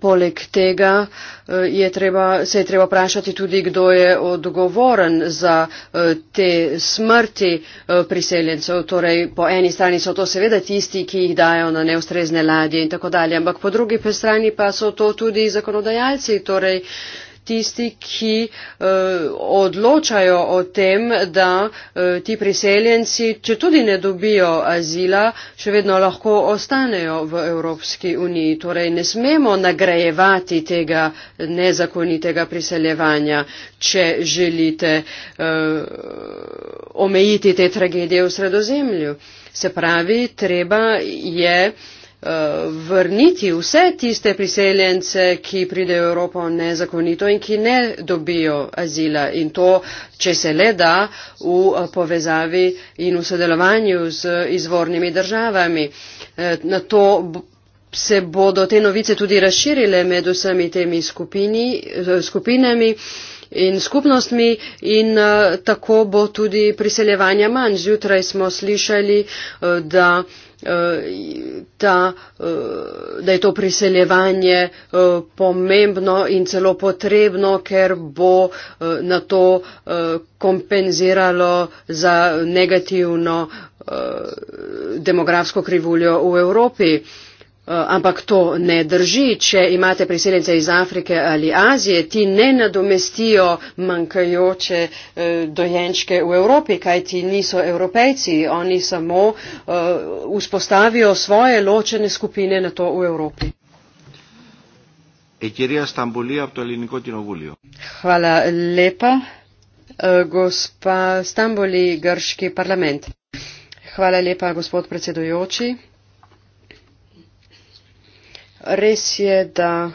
Poleg tega eh, je treba, se je treba vprašati tudi, kdo je odgovoren za eh, te smrti eh, priseljencev. Torej, po eni strani so to seveda tisti, ki jih dajo na neustrezne ladje in tako dalje, ampak po drugi strani pa so to tudi zakonodajalci. Torej, tisti, ki eh, odločajo o tem, da eh, ti priseljenci, če tudi ne dobijo azila, še vedno lahko ostanejo v Evropski uniji. Torej, ne smemo nagrajevati tega nezakonitega priseljevanja, če želite eh, omejiti te tragedije v sredozemlju. Se pravi, treba je. Eh, Eh, vrniti vse tiste priseljence, ki pridejo v Evropo nezakonito in ki ne dobijo azila in to, če se le da, v eh, povezavi in v sodelovanju z izvornimi državami. Eh, na to se bodo te novice tudi razširile med vsemi temi skupini, skupinami in skupnostmi in tako bo tudi priseljevanja manj. Zjutraj smo slišali, da Eh, ta, eh, da je to priseljevanje eh, pomembno in celo potrebno, ker bo na to kompenziralo za negativno demografsko krivuljo v Evropi. Eh, ampak to ne drži, če imate priseljence iz Afrike ali Azije, ti ne nadomestijo manjkajoče eh, dojenčke v Evropi, kaj ti niso evropejci, oni samo eh, vzpostavijo svoje ločene skupine na to v Evropi. Hvala lepa, gospa Stamboli, grški parlament. Hvala lepa, gospod predsedojoči res je, da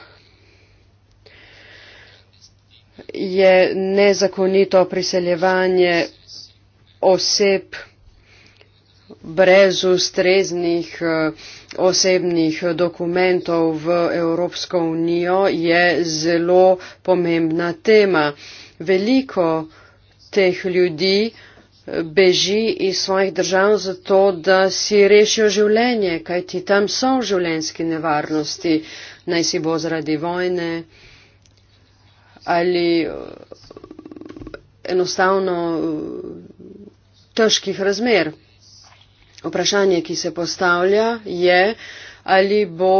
je nezakonito priseljevanje oseb brez ustreznih eh, osebnih dokumentov v Evropsko unijo je zelo pomembna tema. Veliko teh ljudi uh, beži iz svojih držav zato, da si rešijo življenje, kajti tam so življenjski nevarnosti, naj si bo zaradi vojne ali enostavno težkih razmer. Vprašanje, ki se postavlja, je, ali bo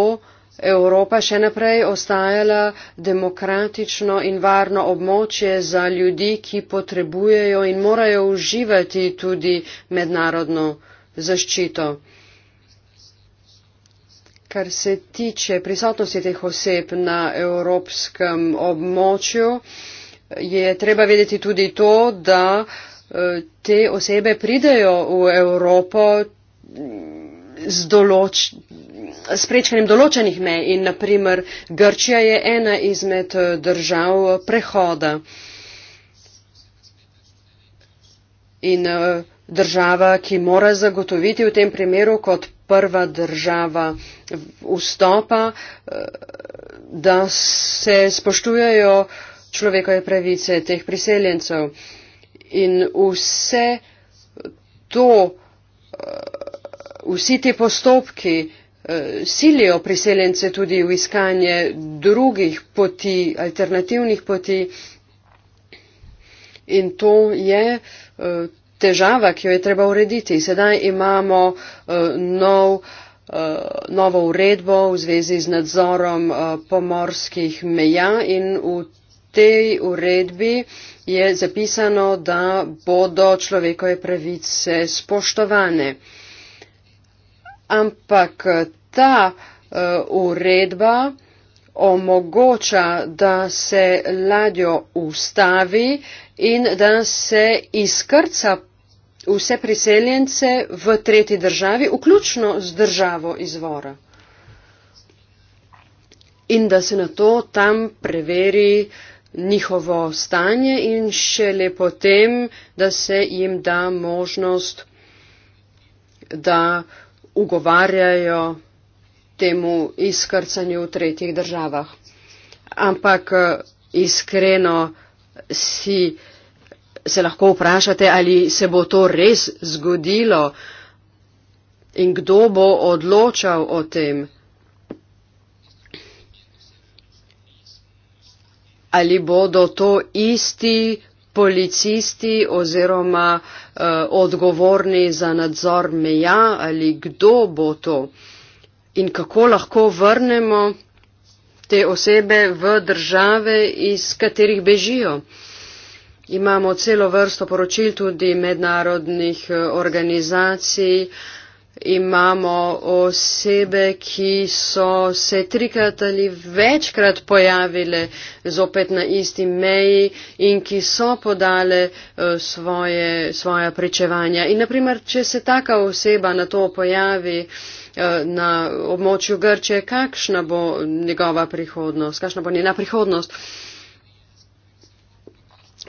Evropa še naprej ostajala demokratično in varno območje za ljudi, ki potrebujejo in morajo uživati tudi mednarodno zaščito. Kar se tiče prisotnosti teh oseb na evropskem območju, je treba vedeti tudi to, da eh, te osebe pridejo v Evropo z določenim s prečkanjem določenih mej in naprimer Grčija je ena izmed eh, držav eh, prehoda in eh, država, ki mora zagotoviti v tem primeru kot prva država vstopa, da se spoštujejo človekove pravice teh priseljencev. In vse to, vsi ti postopki silijo priseljence tudi v iskanje drugih poti, alternativnih poti. In to je eh, težava, ki jo je treba urediti. Sedaj imamo eh, nov, eh, novo uredbo v zvezi z nadzorom pomorskih meja in v tej uredbi je zapisano, da bodo človekove pravice spoštovane ampak ta eh, uredba omogoča, da se ladjo ustavi in da se izkrca vse priseljence v tretji državi, vključno z državo izvora. In da se na to tam preveri njihovo stanje in šele potem, da se jim da možnost, da uh, ugovarjajo temu izkrcanju v tretjih državah. Ampak eh, iskreno si se lahko vprašate, ali se bo to res zgodilo in kdo bo odločal o tem. Ali bodo to isti policisti oziroma eh, odgovorni za nadzor meja ali kdo bo to in kako lahko vrnemo te osebe v države, iz katerih bežijo. Imamo celo vrsto poročil tudi mednarodnih eh, organizacij, eh, imamo osebe, ki so se trikrat ali večkrat pojavile zopet na isti meji in ki so podale eh, svoje, svoja pričevanja. In naprimer, če se taka oseba na to pojavi eh, na območju Grče, kakšna bo njegova prihodnost, kakšna bo njena prihodnost?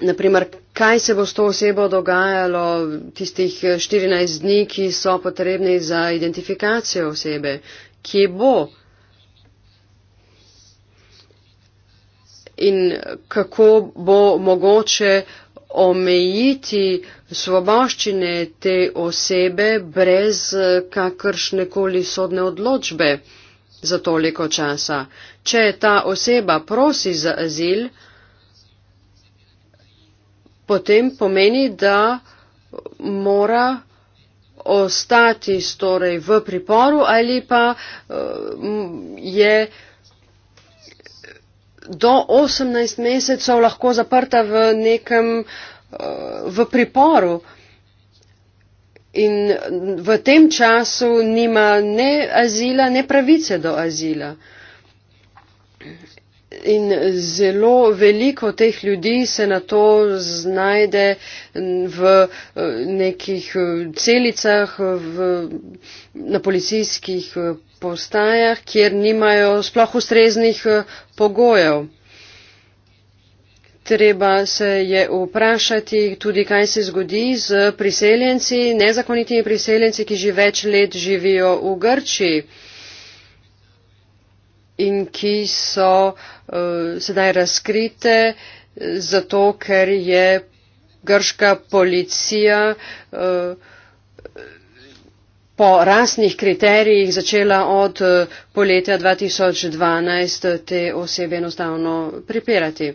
naprimer, kaj se bo s to osebo dogajalo tistih 14 eh, dni, ki so potrebni za identifikacijo osebe, kje bo in kako bo mogoče omejiti svoboščine te osebe brez eh, kakršnekoli sodne odločbe za toliko časa. Če ta oseba prosi za azil, potem pomeni, da mora ostati torej, v priporu ali pa eh, je do 18 mesecev lahko zaprta v nekem eh, v priporu. In v tem času nima ne azila, ne pravice do azila. In zelo veliko teh ljudi se na to znajde v eh, nekih eh, celicah, v, na policijskih eh, postajah, kjer nimajo sploh ustreznih pogojev. Treba se je vprašati tudi, kaj se zgodi z priseljenci, nezakonitimi priseljenci, ki že več let živijo v Grčiji in ki so uh, sedaj razkrite zato, ker je grška policija eh, po rasnih kriterijih začela od eh, poletja 2012 te osebe enostavno pripirati.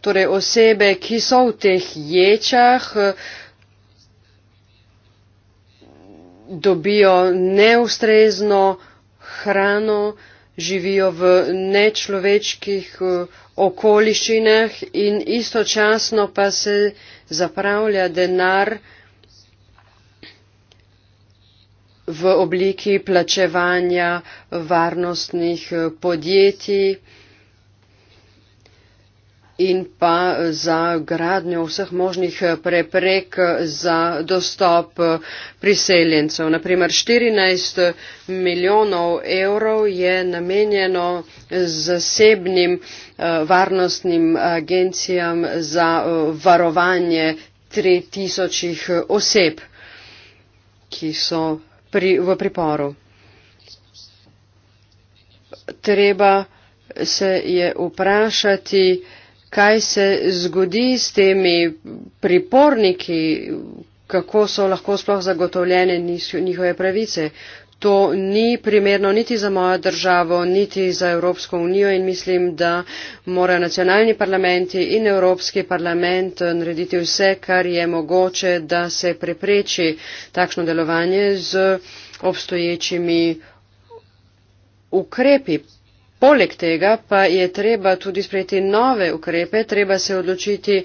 Torej osebe, ki so v teh ječah, dobijo neustrezno hrano, živijo v nečloveških eh, okoliščinah in istočasno pa se zapravlja denar v obliki plačevanja varnostnih eh, podjetij in pa za gradnjo vseh možnih preprek za dostop priseljencev. Naprimer, 14 milijonov evrov je namenjeno zasebnim eh, varnostnim agencijam za eh, varovanje 3000 oseb, ki so pri, v priporu. Treba se je vprašati, kaj se zgodi s temi priporniki, kako so lahko sploh zagotovljene njihove pravice. To ni primerno niti za mojo državo, niti za Evropsko unijo in mislim, da morajo nacionalni parlamenti in Evropski parlament narediti vse, kar je mogoče, da se prepreči takšno delovanje z obstoječimi ukrepi. Poleg tega pa je treba tudi sprejeti nove ukrepe, treba se odločiti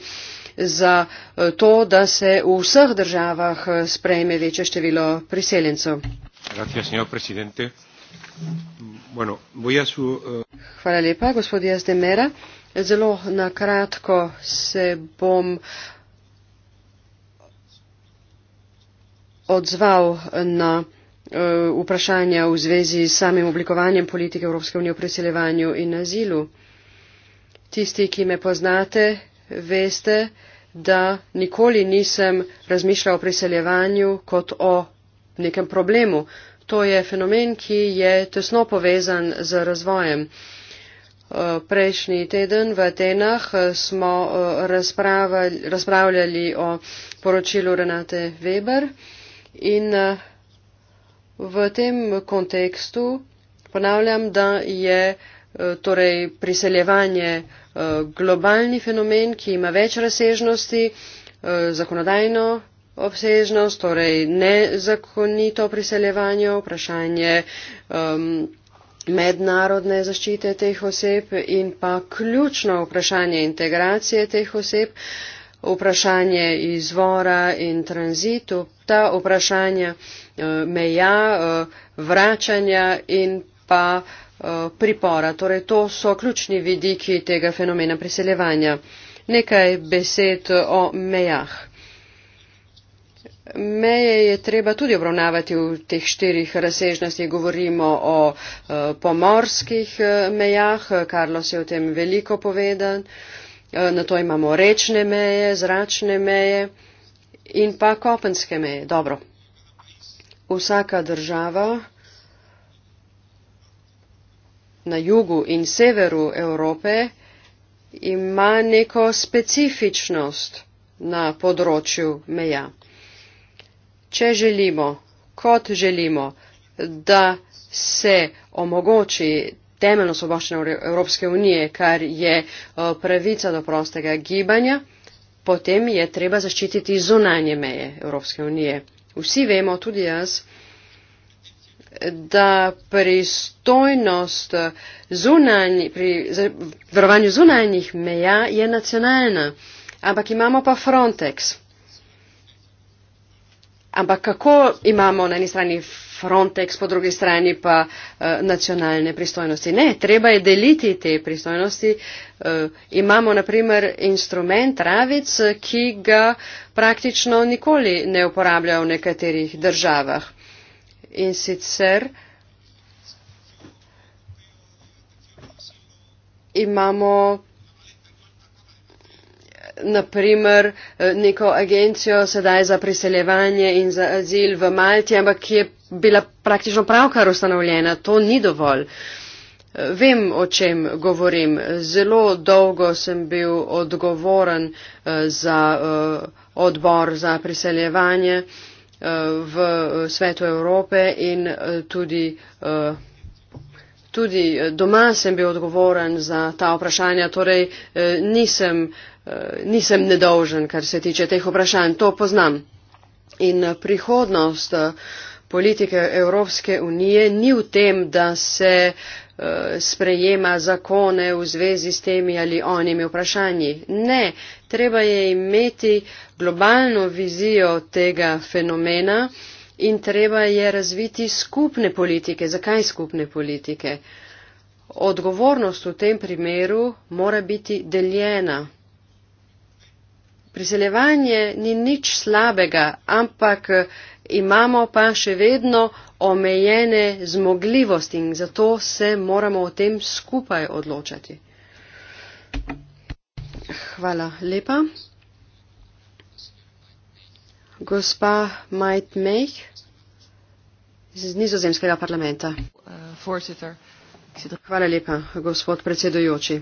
za eh, to, da se v vseh državah eh, sprejme večje število priseljencev. Eh, Hvala lepa, gospod Jazdemera. Zelo nakratko se bom odzval na Eh, vprašanja v zvezi s samim oblikovanjem politike Evropske unije o priseljevanju in azilu. Tisti, ki me poznate, veste, da nikoli nisem razmišljal o priseljevanju kot o nekem problemu. To je fenomen, ki je tesno povezan z razvojem. Eh, prejšnji teden v Atenah eh, smo razpravljali o poročilu Renate Weber in V tem kontekstu ponavljam, da je eh, torej, priseljevanje eh, globalni fenomen, ki ima več razsežnosti, eh, zakonodajno obsežnost, torej nezakonito priseljevanje, vprašanje um, mednarodne zaščite teh oseb in pa ključno vprašanje integracije teh oseb, vprašanje izvora in tranzitu. Ta vprašanja Eh, meja, eh, vračanja in pa eh, pripora. Torej, to so ključni vidiki tega fenomena priseljevanja. Nekaj besed o mejah. Meje je treba tudi obravnavati v teh štirih razsežnostih. Govorimo o pomorskih mejah, Karlos je o tem veliko povedan, na to imamo rečne meje, zračne meje in pa kopenske meje. Dobro vsaka država na jugu in severu Evrope ima neko specifičnost na področju meja. Če želimo, kot želimo, da se omogoči temeljno svoboščino Evropske unije, kar je eh, pravica do prostega gibanja, potem je treba zaščititi zunanje meje Evropske unije vsi vemo, tudi jaz, da pristojnost zunanj, pri varovanju zunanjih meja je nacionalna, ampak imamo pa Frontex. Ampak kako imamo na eni strani Frontex, po drugi strani pa eh, nacionalne pristojnosti. Ne, treba je deliti te pristojnosti. Eh, imamo naprimer instrument Ravic, ki ga praktično nikoli ne uporabljajo v nekaterih državah. In sicer imamo naprimer eh, neko agencijo sedaj za priseljevanje in za azil v Malti, ampak je bila praktično pravkar ustanovljena. To ni dovolj. Eh, vem, o čem govorim. Zelo dolgo sem bil odgovoren eh, za odbor za priseljevanje v svetu Evrope in tudi, tudi doma sem bil odgovoren za ta vprašanja. Torej, nisem Eh, nisem nedolžen kar se tiče teh vprašanj to poznam in eh, prihodnost eh, politike evropske unije ni v tem da se sprejema zakone v zvezi s temi ali onimi vprašanji. Ne, treba je imeti globalno vizijo tega fenomena in treba je razviti skupne politike. Zakaj skupne politike? Odgovornost v tem primeru mora biti deljena. Priseljevanje ni nič slabega, ampak eh, imamo pa še vedno omejene zmogljivosti in zato se moramo o tem skupaj odločati. Hvala lepa. Gospa Majt Mejh iz nizozemskega parlamenta. Hvala lepa, gospod predsedujoči.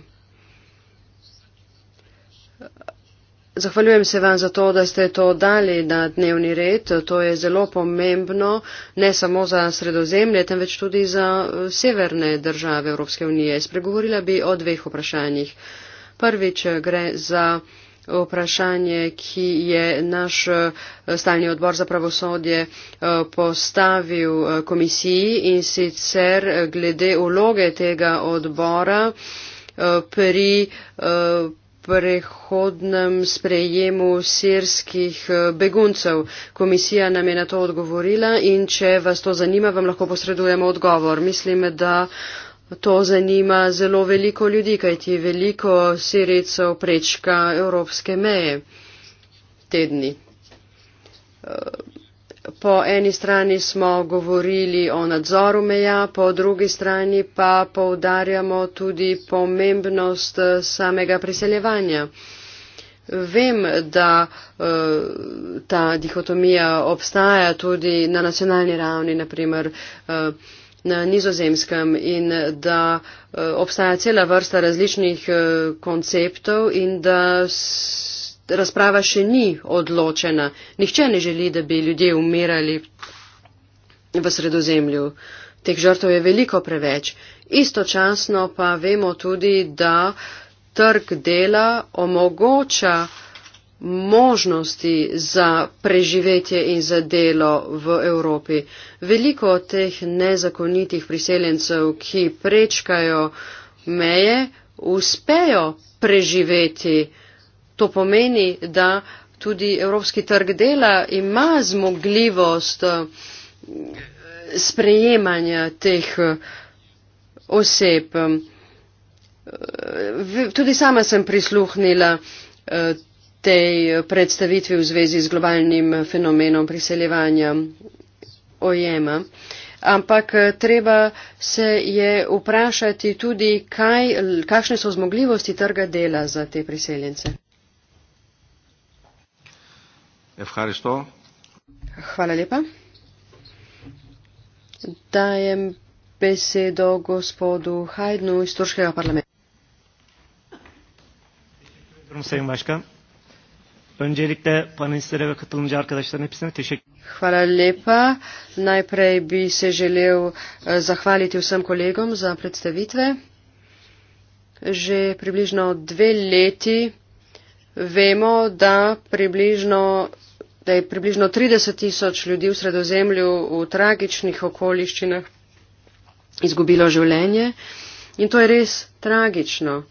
Zahvaljujem se vam za to, da ste to dali na dnevni red. To je zelo pomembno ne samo za sredozemlje, temveč tudi za eh, severne države Evropske unije. Spregovorila bi o dveh vprašanjih. Prvič eh, gre za vprašanje, ki je naš eh, stalni odbor za pravosodje postavil komisiji in sicer glede uloge tega odbora pri prehodnem sprejemu sirskih eh, beguncev. Komisija nam je na to odgovorila in če vas to zanima, vam lahko posredujemo odgovor. Mislim, da to zanima zelo veliko ljudi, kajti veliko sirecev prečka evropske meje tedni. Eh, po eni strani smo govorili o nadzoru meja, po drugi strani pa poudarjamo tudi pomembnost eh, samega priseljevanja. Vem, da uh, ta dihotomija obstaja tudi na nacionalni ravni, naprimer uh, eh, na nizozemskem, in da uh, obstaja cela vrsta različnih uh, konceptov in da razprava še ni odločena. Nihče ne želi, da bi ljudje umirali v sredozemlju. Teh žrtev je veliko preveč. Istočasno pa vemo tudi, da trg dela omogoča možnosti za preživetje in za delo v Evropi. Veliko teh nezakonitih priseljencev, ki prečkajo meje, uspejo preživeti. To pomeni, da tudi evropski trg dela ima zmogljivost eh, sprejemanja teh eh, oseb. Eh, tudi sama sem prisluhnila tej predstavitvi v zvezi z globalnim fenomenom priseljevanja ojema. Ampak treba se je vprašati tudi, kaj, kakšne so zmogljivosti trga dela za te priseljence. Evharisto. Hvala lepa. Dajem besedo gospodu Hajdnu iz Turškega parlamenta. Hvala lepa. Najprej bi se želel eh, zahvaliti vsem kolegom za predstavitve. Že približno dve leti vemo, da, približno, da je približno 30 tisoč ljudi v sredozemlju v tragičnih okoliščinah izgubilo življenje. In to je res tragično.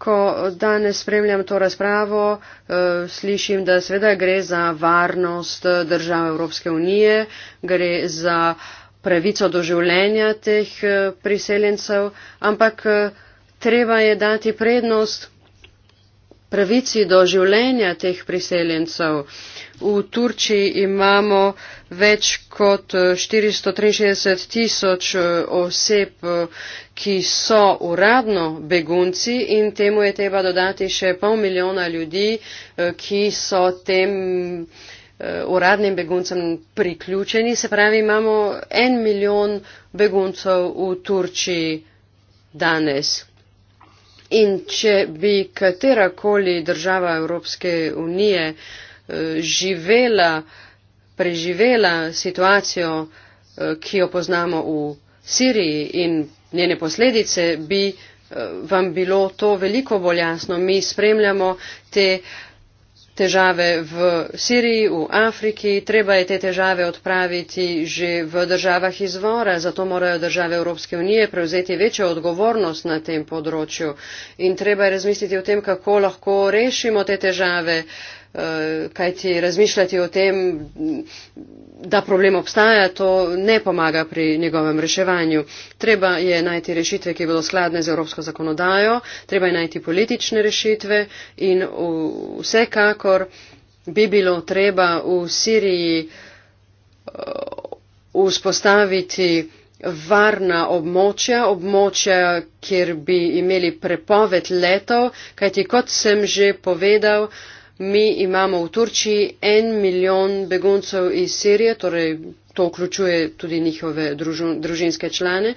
Ko danes spremljam to razpravo, eh, slišim, da seveda gre za varnost eh, države Evropske unije, gre za pravico do življenja teh eh, priseljencev, ampak treba je dati prednost pravici do življenja teh priseljencev. V Turčiji imamo več kot 463 tisoč eh, oseb, ki so uradno begunci in temu je treba dodati še pol milijona ljudi, eh, ki so tem eh, uradnim beguncem priključeni. Se pravi, imamo en milijon beguncev v Turčiji danes. In če bi katerakoli država Evropske unije eh, živela, preživela situacijo, eh, ki jo poznamo v Siriji in njene posledice, bi eh, vam bilo to veliko bolj jasno. Mi spremljamo te uh, težave v Siriji, v Afriki, treba je te težave odpraviti že v državah izvora, zato morajo države Evropske unije prevzeti večjo odgovornost na tem področju in treba je razmisliti o tem, kako lahko rešimo te težave. Eh, kajti razmišljati o tem, da problem obstaja, to ne pomaga pri njegovem reševanju. Treba je najti rešitve, ki bodo skladne z evropsko zakonodajo, treba je najti politične rešitve in vsekakor bi bilo treba v Siriji eh, vzpostaviti varna območja, območja, kjer bi imeli prepoved letov, kajti kot sem že povedal, Mi imamo v Turčiji en milijon beguncev iz Sirije, torej to vključuje tudi njihove družinske člane.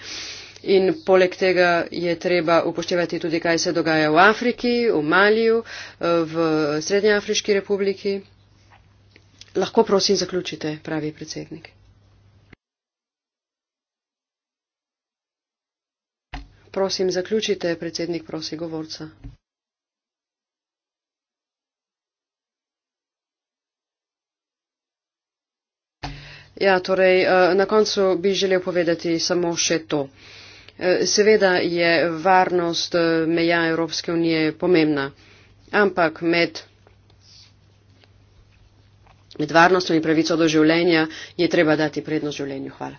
In poleg tega je treba upoštevati tudi, kaj se dogaja v Afriki, v Maliju, v Srednje Afriški republiki. Lahko prosim zaključite, pravi predsednik. Prosim zaključite, predsednik prosi govorca. Ja, torej, eh, na koncu bi želel povedati samo še to. Eh, seveda je varnost eh, meja Evropske unije pomembna, ampak med, med varnostjo in pravico do življenja je treba dati prednost življenju. Hvala.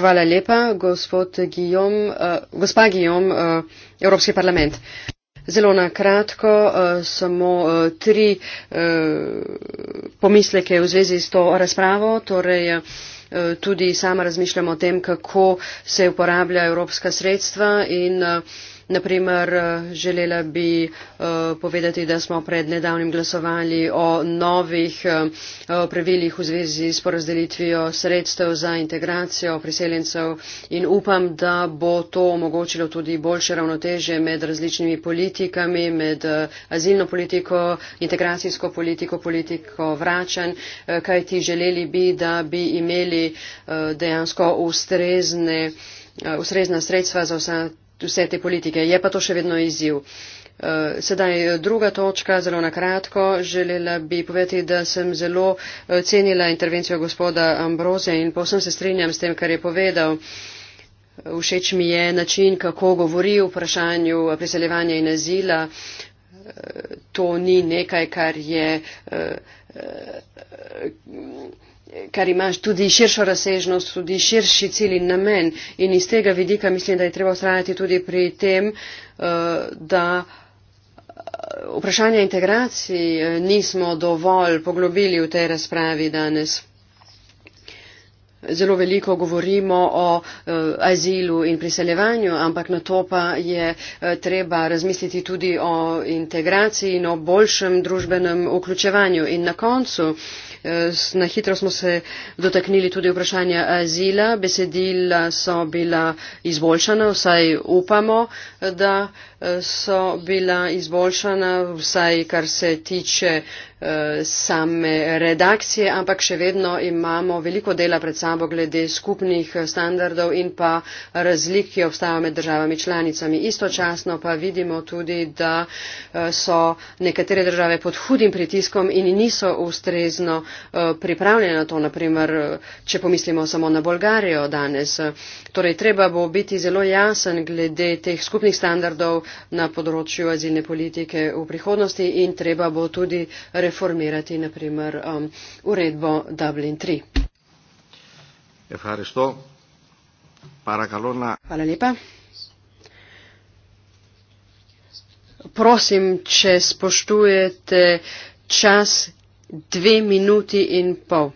Hvala lepa, gospod Guillaume, uh, gospa Guillaume, uh, Evropski parlament. Zelo na kratko, eh, samo eh, tri eh, pomisleke v zvezi s to razpravo. Torej, tudi sama razmišljam o tem, kako se uporablja evropska sredstva in uh, Na primer, eh, želela bi eh, povedati, da smo pred nedavnim glasovali o novih eh, pravilih v zvezi s porazdelitvijo sredstev za integracijo priseljencev in upam, da bo to omogočilo tudi boljše ravnoteže med različnimi politikami, med azilno politiko, integracijsko politiko, politiko vračanj, kaj ti želeli bi, da bi imeli dejansko ustrezne, ustrezna sredstva za vse vse te politike. Je pa to še vedno izziv. Eh, sedaj eh, druga točka, zelo na kratko. Želela bi povedati, da sem zelo eh, cenila intervencijo gospoda Ambroze in povsem se strinjam s tem, kar je povedal. Všeč mi je način, kako govori o vprašanju priseljevanja in azila. To ni nekaj, kar je kar imaš tudi širšo razsežnost, tudi širši cilj in namen. In iz tega vidika mislim, da je treba ustrajati tudi pri tem, eh, da eh, vprašanja integracij eh, nismo dovolj poglobili v tej razpravi danes. Zelo veliko govorimo o uh, azilu in priseljevanju, ampak na to pa je uh, treba razmisliti tudi o integraciji in o boljšem družbenem vključevanju. In na koncu uh, Eh, na hitro smo se dotaknili tudi vprašanja azila. Besedila so bila izboljšana, vsaj upamo, eh, da eh, so bila izboljšana, vsaj kar se tiče Eh, same redakcije, ampak še vedno imamo veliko dela pred sabo glede skupnih standardov in pa razlik, ki obstajajo med državami članicami. Istočasno pa vidimo tudi, da eh, so nekatere države pod hudim pritiskom in niso ustrezno eh, pripravljene na to. Naprimer, če pomislimo samo na Bolgarijo danes, Torej, treba bo biti zelo jasen glede teh skupnih standardov na področju azilne politike v prihodnosti in treba bo tudi reformirati, naprimer, um, uredbo Dublin 3. Hvala lepa. Prosim, če spoštujete čas dve minuti in pol,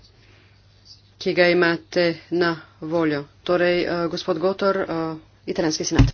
ki ga imate na voljo. Torej, eh, gospod Gotor, eh, italijanski senat.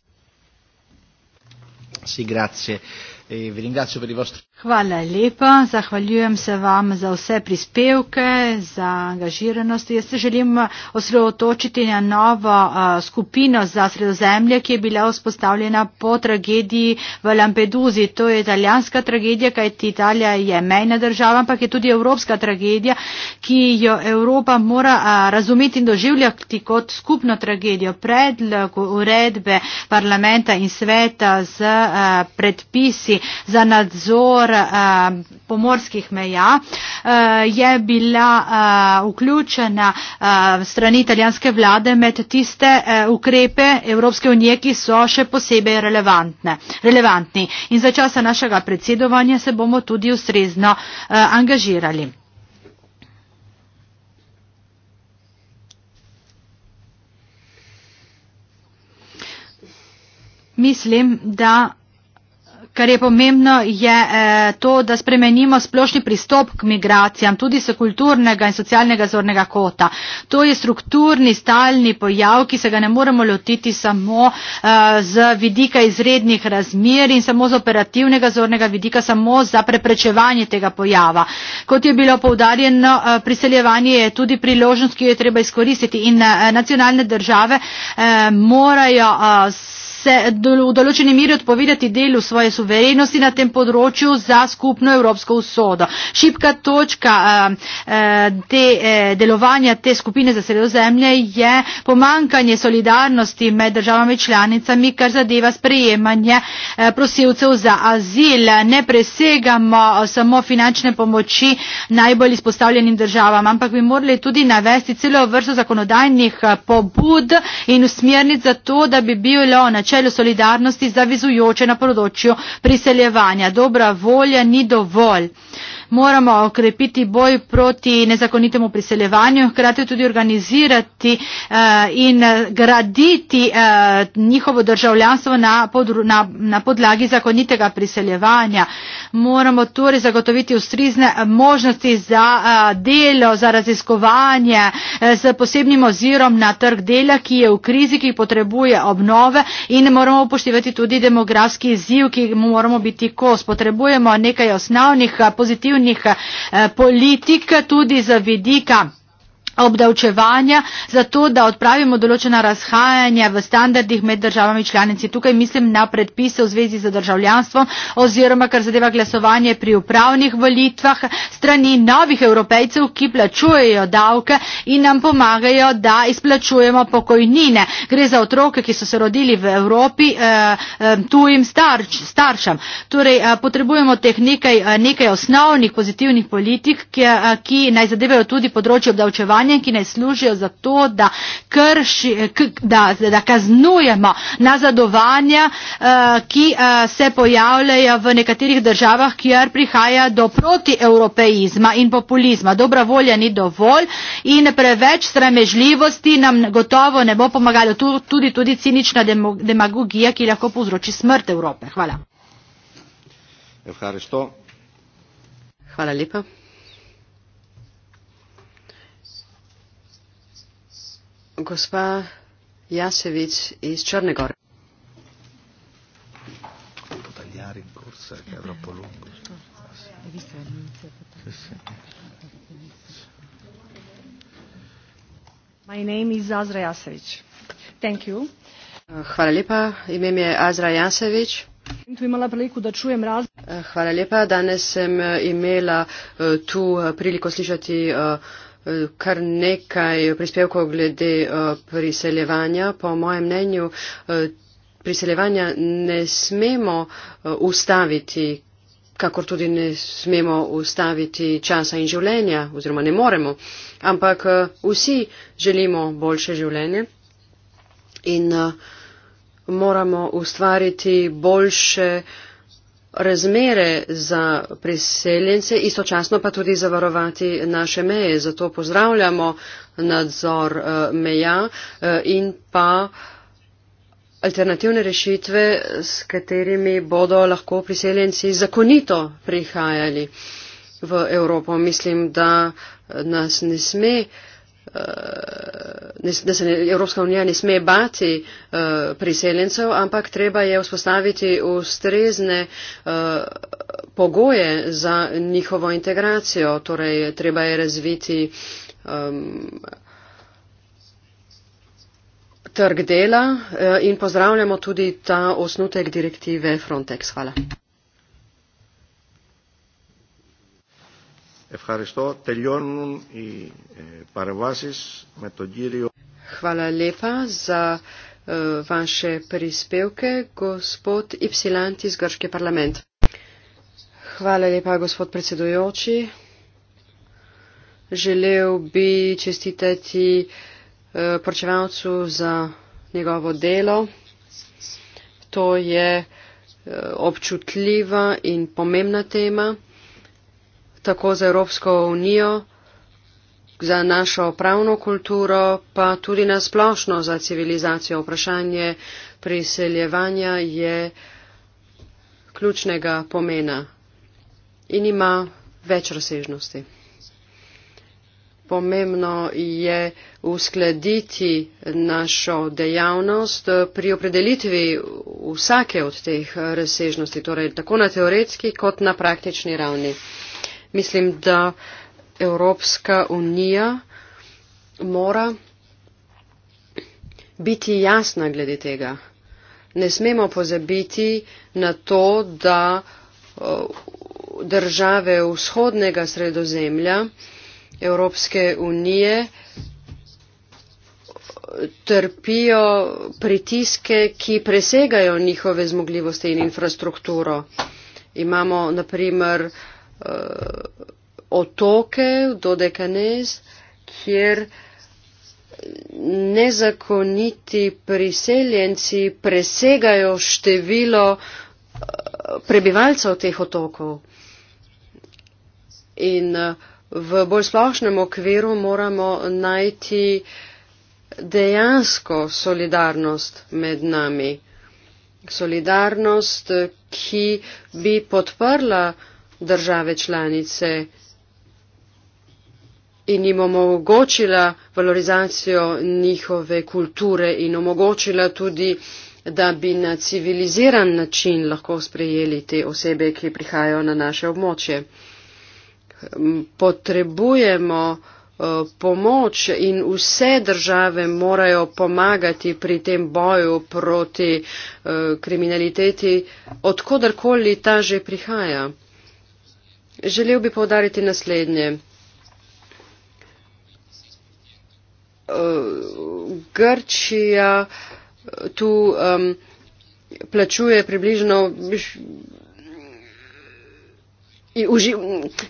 Sì, grazie. E vi ringrazio per i vostri. Hvala lepa, zahvaljujem se vam za vse prispevke, za angažiranost. Jaz se želim osredotočiti na novo skupino za sredozemlje, ki je bila vzpostavljena po tragediji v Lampeduzi. To je italijanska tragedija, kajti Italija je mejna država, ampak je tudi evropska tragedija, ki jo Evropa mora razumeti in doživljati kot skupno tragedijo. Predlog uredbe parlamenta in sveta z predpisi za nadzor kar eh, pomorskih meja, eh, je bila eh, vključena eh, strani italijanske vlade med tiste eh, ukrepe Evropske unije, ki so še posebej relevantni. In za časa našega predsedovanja se bomo tudi ustrezno eh, angažirali. Mislim, da kar je pomembno, je eh, to, da spremenimo splošni pristop k migracijam, tudi se kulturnega in socialnega zornega kota. To je strukturni, stalni pojav, ki se ga ne moremo lotiti samo eh, z vidika izrednih razmer in samo z operativnega zornega vidika, samo za preprečevanje tega pojava. Kot je bilo povdarjeno, eh, priseljevanje je tudi priložnost, ki jo je treba izkoristiti in nacionalne države morajo se v določeni miri odpovedati delu svoje suverenosti na tem področju za skupno evropsko usodo. Šipka točka eh, eh, te, eh, delovanja te skupine za sredozemlje je pomankanje solidarnosti med državami članicami, kar zadeva sprejemanje prosilcev za azil. Ne presegamo samo finančne pomoči najbolj izpostavljenim državam, ampak bi morali tudi navesti celo vrsto zakonodajnih pobud in usmernic za to, da bi bilo načinjeno načelu solidarnosti zavezujoče na področju priseljevanja. Dobra volja ni dovolj moramo okrepiti boj proti nezakonitemu priseljevanju, hkrati tudi organizirati eh, in graditi eh, njihovo državljanstvo na, pod, na, na podlagi zakonitega priseljevanja. Moramo torej zagotoviti ustrizne možnosti za eh, delo, za raziskovanje z posebnim ozirom na trg dela, ki je v krizi, ki potrebuje obnove in moramo upoštevati tudi demografski izziv, ki mu moramo biti kos. Potrebujemo nekaj osnovnih pozitivnih zunanjih eh, politik tudi z vidika obdavčevanja, zato da odpravimo določena razhajanja v standardih med državami članici. Tukaj mislim na predpise v zvezi z državljanstvom oziroma kar zadeva glasovanje pri upravnih volitvah strani novih evropejcev, ki plačujejo davke in nam pomagajo, da izplačujemo pokojnine. Gre za otroke, ki so se rodili v Evropi eh, eh, tujim starč, staršem. Torej, eh, potrebujemo teh nekaj, nekaj osnovnih pozitivnih politik, ki, ki naj zadevajo tudi področje obdavčevanja dejanja, ki ne služijo za to, da, krši, k, da, da kaznujemo nazadovanja, uh, ki uh, se pojavljajo v nekaterih državah, kjer prihaja do protieuropeizma in populizma. Dobra volja ni dovolj in preveč sramežljivosti nam gotovo ne bo pomagalo. Tu, tudi, tudi cinična demagogija, ki lahko povzroči smrt Evrope. Hvala. Hvala lepa. gospa Jasevic iz Črnegore. My name is Azra Jasevic. Thank you. Hvala lepa, ime je Azra Jasevic. Hvala lepa, danes sem eh, imela eh, tu eh, priliko slišati kar nekaj prispevkov glede eh, priseljevanja. Po mojem mnenju eh, priseljevanja ne smemo eh, ustaviti kakor tudi ne smemo ustaviti časa in življenja, oziroma ne moremo. Ampak vsi želimo boljše življenje in moramo ustvariti boljše uh, razmere za priseljence, istočasno pa tudi zavarovati naše meje. Zato pozdravljamo nadzor eh, meja eh, in pa alternativne rešitve, s katerimi bodo lahko priseljenci zakonito prihajali v Evropo. Mislim, da nas ne sme uh, da se Evropska unija ne sme bati uh, priseljencev, ampak treba je vzpostaviti ustrezne uh, pogoje za njihovo integracijo. Torej, treba je razviti um, trg dela uh, in pozdravljamo tudi ta osnutek direktive Frontex. Hvala. Ευχαριστώ. Τελειώνουν οι παρεμβάσεις με τον κύριο... Hvala lepa za uh, vaše prispevke, gospod Ipsilant iz Grške parlament. Hvala lepa, gospod predsedujoči. Želel bi čestitati uh, poročevalcu za njegovo delo. To je uh, občutljiva in pomembna tema tako za Evropsko unijo, za našo pravno kulturo, pa tudi nasplošno za civilizacijo. Vprašanje priseljevanja je ključnega pomena in ima več razsežnosti. Pomembno je uskladiti našo dejavnost pri opredelitvi vsake od teh razsežnosti, torej tako na teoretski kot na praktični ravni mislim, da Evropska unija mora biti jasna glede tega. Ne smemo pozabiti na to, da uh, države vzhodnega sredozemlja Evropske unije uh, trpijo pritiske, ki presegajo njihove zmogljivosti in infrastrukturo. Imamo naprimer uh, otoke, do Dekanez, kjer nezakoniti priseljenci presegajo število eh, prebivalcev teh otokov. In eh, v bolj splošnem okviru moramo najti dejansko solidarnost med nami. Solidarnost, ki bi podprla države članice in jim omogočila valorizacijo njihove kulture in omogočila tudi, da bi na civiliziran način lahko sprejeli te osebe, ki prihajajo na naše območje. Potrebujemo eh, pomoč in vse države morajo pomagati pri tem boju proti eh, kriminaliteti, odkudarkoli ta že prihaja. Želel bi povdariti naslednje. Eh, Grčija eh, tu um, plačuje približno.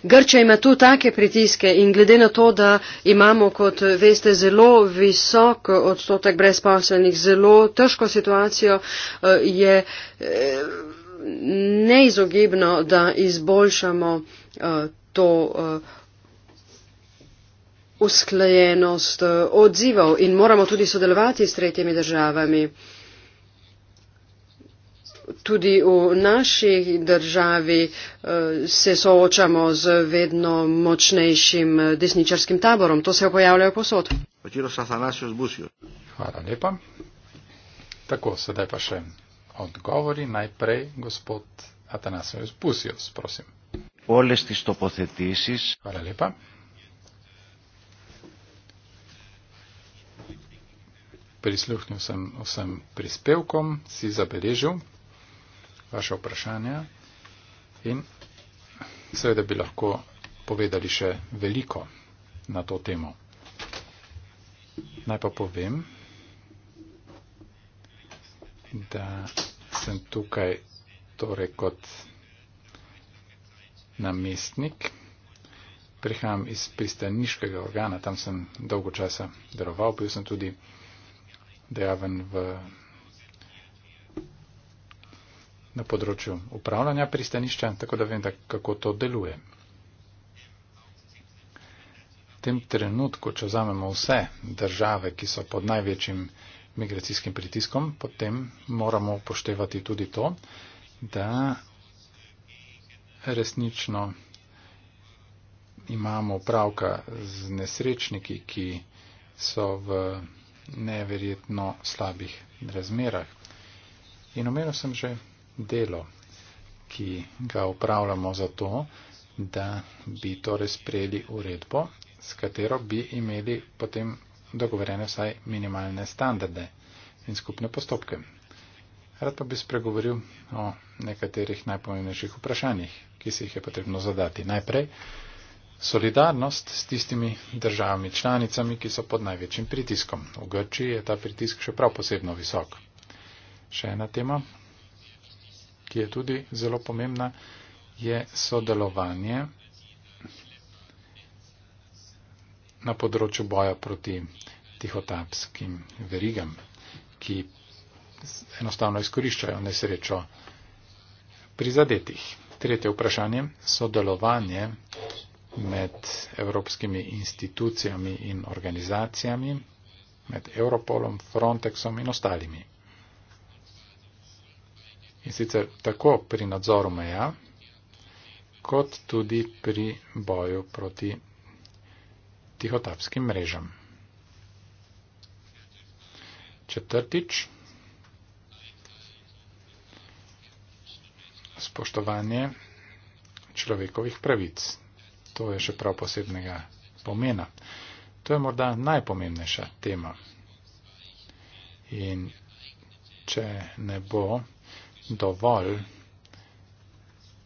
Grčija ima tu take pritiske in glede na to, da imamo, kot veste, zelo visok odstotek brezposelnih, zelo težko situacijo, eh, je neizogibno, da izboljšamo Eh, to eh, usklajenost eh, odzivov in moramo tudi sodelovati s tretjimi državami. Tudi v naši državi se soočamo z vedno močnejšim desničarskim taborom. To se pojavlja posod. Hvala lepa. Tako, sedaj pa še odgovori. Najprej gospod Atanasijus Pusijus, prosim όλες τις τοποθετήσεις Παραλύπα. Прислухнув сам усім приспівком, всі забережу ваше питання і сведе би легко поведали ще велико на ту тему. Найпа повім, да сам тукай торе кот namestnik. Prihajam iz pristaniškega organa, tam sem dolgo časa deloval, bil sem tudi dejaven v, na področju upravljanja pristanišča, tako da vem, da kako to deluje. V tem trenutku, če vzamemo vse države, ki so pod največjim migracijskim pritiskom, potem moramo upoštevati tudi to, da resnično imamo opravka z nesrečniki, ki so v neverjetno slabih razmerah. In omenil sem že delo, ki ga upravljamo zato, da bi torej sprejeli uredbo, s katero bi imeli potem dogovorene vsaj minimalne standarde in skupne postopke. Rad pa bi spregovoril o nekaterih najpomembnejših vprašanjih, ki se jih je potrebno zadati. Najprej solidarnost s tistimi državami članicami, ki so pod največjim pritiskom. V Grčiji je ta pritisk še prav posebno visok. Še ena tema, ki je tudi zelo pomembna, je sodelovanje na področju boja proti tihotapskim verigam, ki enostavno izkoriščajo nesrečo prizadetih. Tretje vprašanje. Sodelovanje med evropskimi institucijami in organizacijami, med Europolom, Frontexom in ostalimi. In sicer tako pri nadzoru meja, kot tudi pri boju proti tihotapskim mrežam. Četrtič. spoštovanje človekovih pravic. To je še prav posebnega pomena. To je morda najpomembnejša tema. In če ne bo dovolj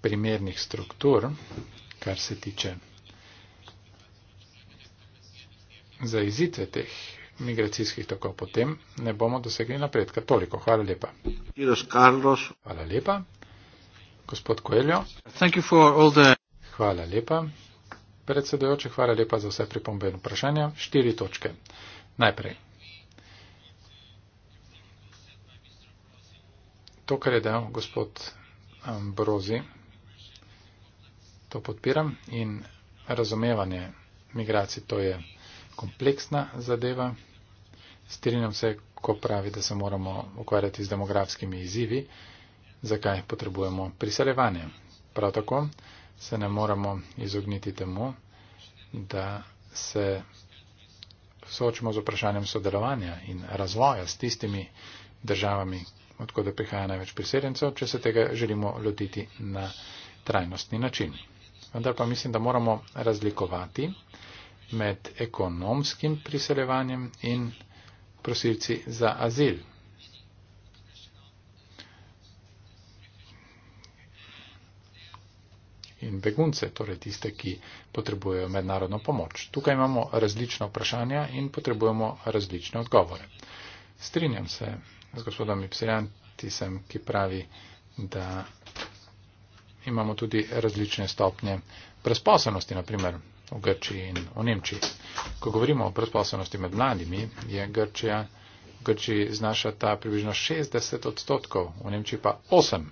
primernih struktur, kar se tiče zaizitve teh migracijskih tokov, potem ne bomo dosegli napredka. Toliko. Hvala lepa. Hvala lepa gospod Koeljo. Hvala lepa, predsedojoče, hvala lepa za vse pripombe in vprašanja. Štiri točke. Najprej. To, kar je dejal gospod Brozi, to podpiram in razumevanje migracij, to je kompleksna zadeva. Strinjam se, ko pravi, da se moramo ukvarjati z demografskimi izzivi zakaj potrebujemo priseljevanje. Prav tako se ne moremo izogniti temu, da se soočimo z vprašanjem sodelovanja in razvoja s tistimi državami, odkud prihaja največ priseljencev, če se tega želimo lotiti na trajnostni način. Vendar pa mislim, da moramo razlikovati med ekonomskim priseljevanjem in prosilci za azil. in begunce, torej tiste, ki potrebujejo mednarodno pomoč. Tukaj imamo različna vprašanja in potrebujemo različne odgovore. Strinjam se z gospodom Ipsiantisem, ki pravi, da imamo tudi različne stopnje brezposobnosti, naprimer v Grčiji in v Nemčiji. Ko govorimo o brezposobnosti med mladimi, je Grčija, v Grčiji znaša ta približno 60 odstotkov, v Nemčiji pa 8.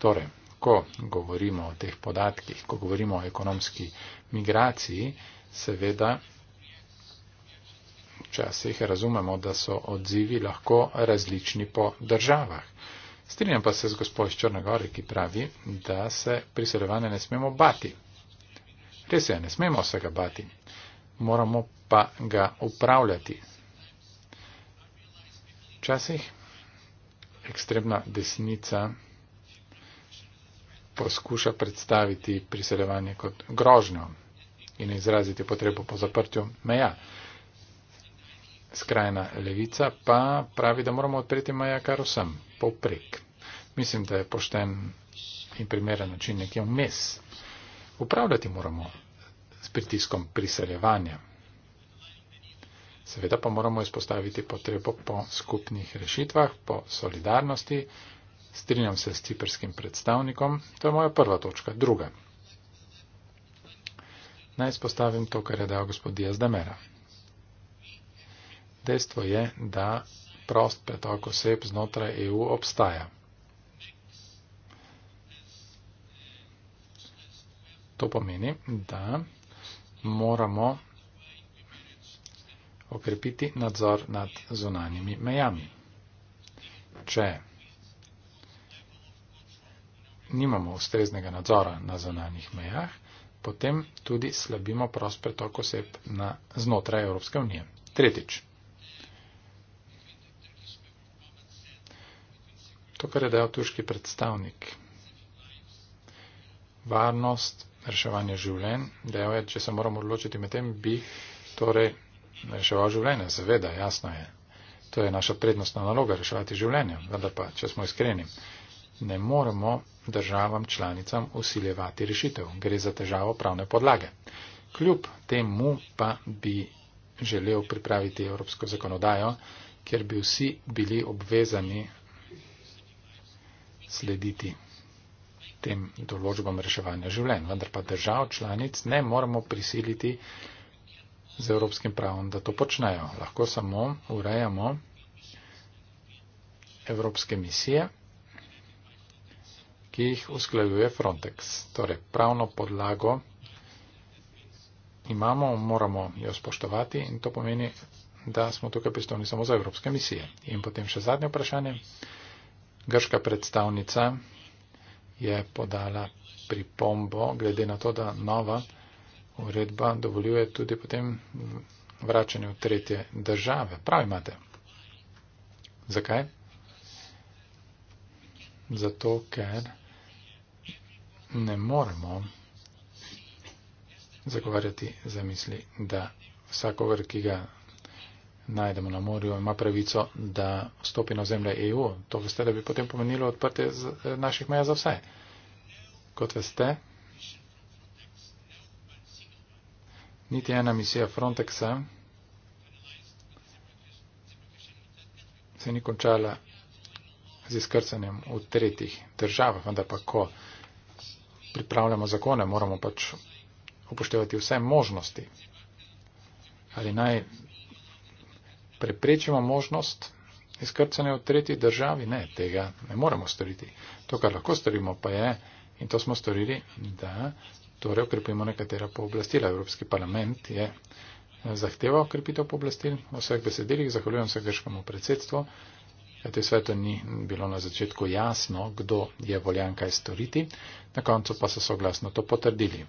Torej, lahko govorimo o teh podatkih. Ko govorimo o ekonomski migraciji, seveda včasih razumemo, da so odzivi lahko različni po državah. Strinjam pa se z gospodom iz Črnagore, ki pravi, da se priseljevanja ne smemo bati. Res je, ne smemo se ga bati. Moramo pa ga upravljati. Včasih ekstremna desnica poskuša predstaviti priseljevanje kot grožnjo in izraziti potrebo po zaprtju meja. Skrajna levica pa pravi, da moramo odpreti meja kar vsem, poprek. Mislim, da je pošten in primeren način nekje vmes. Upravljati moramo s pritiskom priseljevanja. Seveda pa moramo izpostaviti potrebo po skupnih rešitvah, po solidarnosti, Strinjam se s ciperskim predstavnikom. To je moja prva točka. Druga. Naj spostavim to, kar je dal gospod Diaz Damera. Dejstvo je, da prost pretok oseb znotraj EU obstaja. To pomeni, da moramo okrepiti nadzor nad zunanjimi mejami. Če nimamo ustreznega nadzora na zonanih mejah, potem tudi slabimo prost pretok oseb na znotraj Evropske unije. Tretjič. To, kar je dejal tuški predstavnik. Varnost, reševanje življenj. Dejal je, če se moramo odločiti med tem, bi torej reševal življenje. Seveda, jasno je. To je naša prednostna naloga, reševati življenje. Vendar pa, če smo iskreni, ne moremo državam članicam usiljevati rešitev. Gre za težavo pravne podlage. Kljub temu pa bi želel pripraviti evropsko zakonodajo, kjer bi vsi bili obvezani slediti tem določbam reševanja življenj. Vendar pa držav članic ne moramo prisiliti z evropskim pravom, da to počnejo. Lahko samo urejamo evropske misije ki jih usklajuje Frontex. Torej, pravno podlago imamo, moramo jo spoštovati in to pomeni, da smo tukaj pristovni samo za Evropske misije. In potem še zadnje vprašanje. Grška predstavnica je podala pripombo glede na to, da nova uredba dovoljuje tudi potem vračanje v tretje države. Prav imate. Zakaj? Zato, ker ne moremo zagovarjati za misli, da vsakogar, ki ga najdemo na morju, ima pravico, da stopi na zemlje EU. To veste, da bi potem pomenilo odprte z, eh, naših meja za vse. Kot veste, niti ena misija Frontexa se ni končala z izkrcanjem v tretjih državah, vendar pa ko pripravljamo zakone, moramo pač upoštevati vse možnosti. Ali naj preprečimo možnost izkrcanja v tretji državi? Ne, tega ne moramo storiti. To, kar lahko storimo, pa je, in to smo storili, da torej okrepimo nekatera pooblastila. Evropski parlament je eh, zahteval okrepitev pooblastil. V vseh besedilih zahvaljujem se grškemu predsedstvu. Svetu sveto ni bilo na začetku jasno, kdo je voljan kaj storiti, na koncu pa so soglasno to potrdili.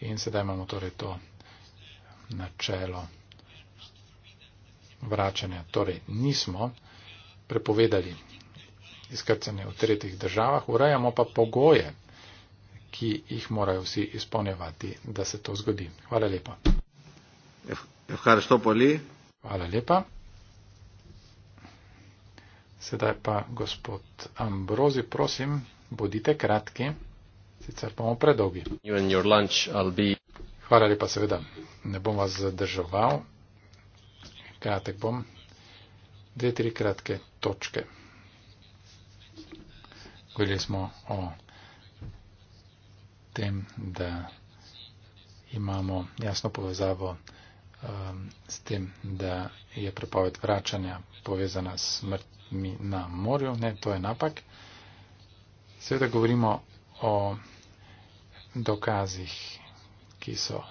In sedaj imamo torej to načelo vračanja. Torej nismo prepovedali izkrcanje v tretjih državah, urajamo pa pogoje, ki jih morajo vsi izpolnjevati, da se to zgodi. Hvala lepa. Hvala lepa. Sedaj pa, gospod Ambrozi, prosim, bodite kratki, sicer bomo predolgi. Lunch, be... Hvala lepa, seveda. Ne bom vas zadržoval. Kratek bom. Dve, tri kratke točke. Govorili smo o tem, da imamo jasno povezavo um, s tem, da je prepoved vračanja povezana s smrtjo mi na morju, ne, to je napak. Seveda govorimo o dokazih, ki so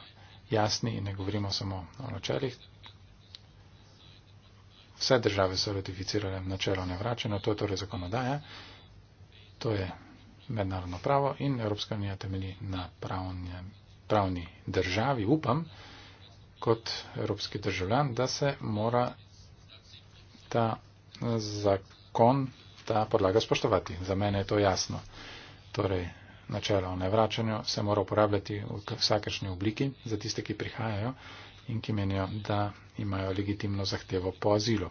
jasni in ne govorimo samo o načelih. Vse države so ratificirale načelo nevračeno, to je torej zakonodaja, to je mednarodno pravo in Evropska unija temelji na pravni, pravni državi, upam, kot evropski državljan, da se mora ta zakon ta podlaga spoštovati. Za mene je to jasno. Torej, načelo o nevračanju se mora uporabljati v vsakršni obliki za tiste, ki prihajajo in ki menijo, da imajo legitimno zahtevo po azilu.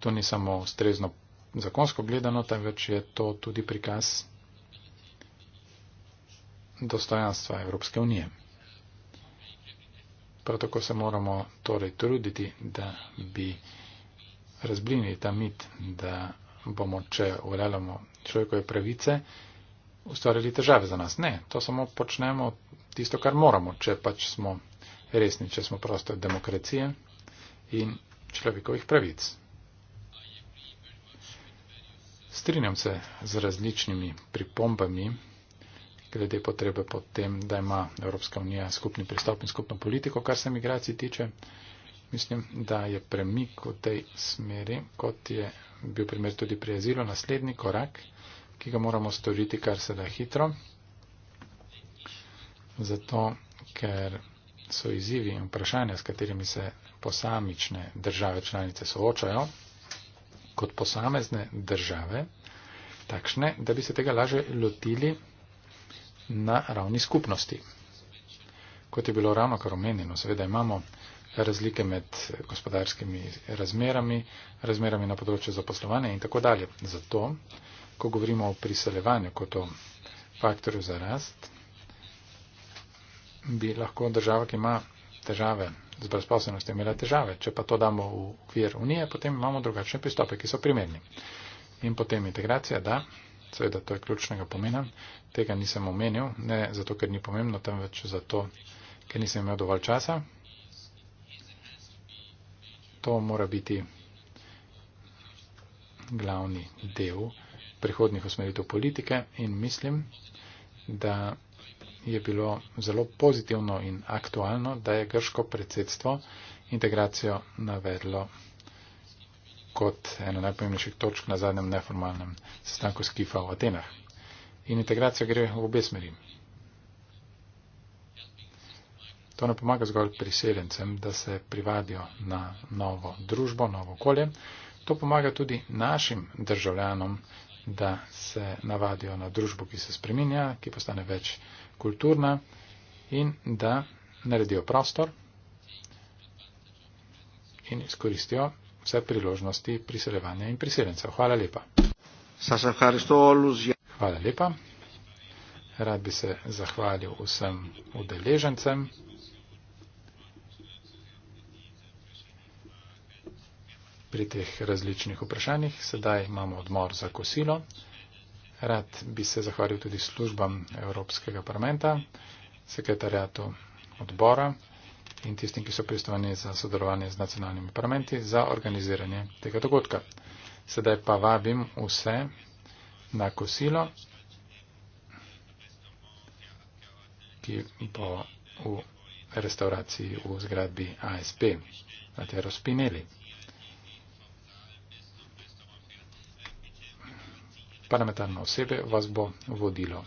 To ni samo strezno zakonsko gledano, temveč je to tudi prikaz dostojanstva Evropske unije. Prav tako se moramo torej truditi, da bi razblinili ta mit, da bomo, če uveljavljamo človekove pravice, ustvarili težave za nas. Ne, to samo počnemo tisto, kar moramo, če pač smo resni, če smo prosto demokracije in človekovih pravic. Strinjam se z različnimi pripombami glede potrebe po tem, da ima Evropska unija skupni pristop in skupno politiko, kar se migracij tiče mislim, da je premik v tej smeri, kot je bil primer tudi pri azilu, naslednji korak, ki ga moramo storiti kar se da hitro, zato ker so izzivi in vprašanja, s katerimi se posamične države članice soočajo, kot posamezne države, takšne, da bi se tega laže lotili na ravni skupnosti. Kot je bilo ravno kar omenjeno, seveda imamo razlike med gospodarskimi razmerami, razmerami na področju zaposlovanja in tako dalje. Zato, ko govorimo o priseljevanju kot o faktorju za rast, bi lahko država, ki ima težave z brezposobnostjo, imela težave. Če pa to damo v okvir unije, potem imamo drugačne pristope, ki so primerni. In potem integracija, da, seveda to je ključnega pomena, tega nisem omenil, ne zato, ker ni pomembno, temveč zato, ker nisem imel dovolj časa, to mora biti glavni del prihodnih usmeritev politike in mislim, da je bilo zelo pozitivno in aktualno, da je grško predsedstvo integracijo navedlo kot eno najpomembnejših točk na zadnjem neformalnem sestanku s Kifa v Atenah. In integracija gre v obe smeri. To ne pomaga zgolj priseljencem, da se privadijo na novo družbo, novo okolje. To pomaga tudi našim državljanom, da se navadijo na družbo, ki se spreminja, ki postane več kulturna in da naredijo prostor in izkoristijo vse priložnosti priseljevanja in priseljencev. Hvala lepa. Hvala lepa. Rad bi se zahvalil vsem udeležencem. pri teh različnih vprašanjih. Sedaj imamo odmor za kosilo. Rad bi se zahvalil tudi službam Evropskega parlamenta, sekretarjatu odbora in tistim, ki so pristovani za sodelovanje z nacionalnimi parlamenti za organiziranje tega dogodka. Sedaj pa vabim vse na kosilo, ki bo v restauraciji v zgradbi ASP na Terospineli. parlamentarno osebe vas bo vodilo.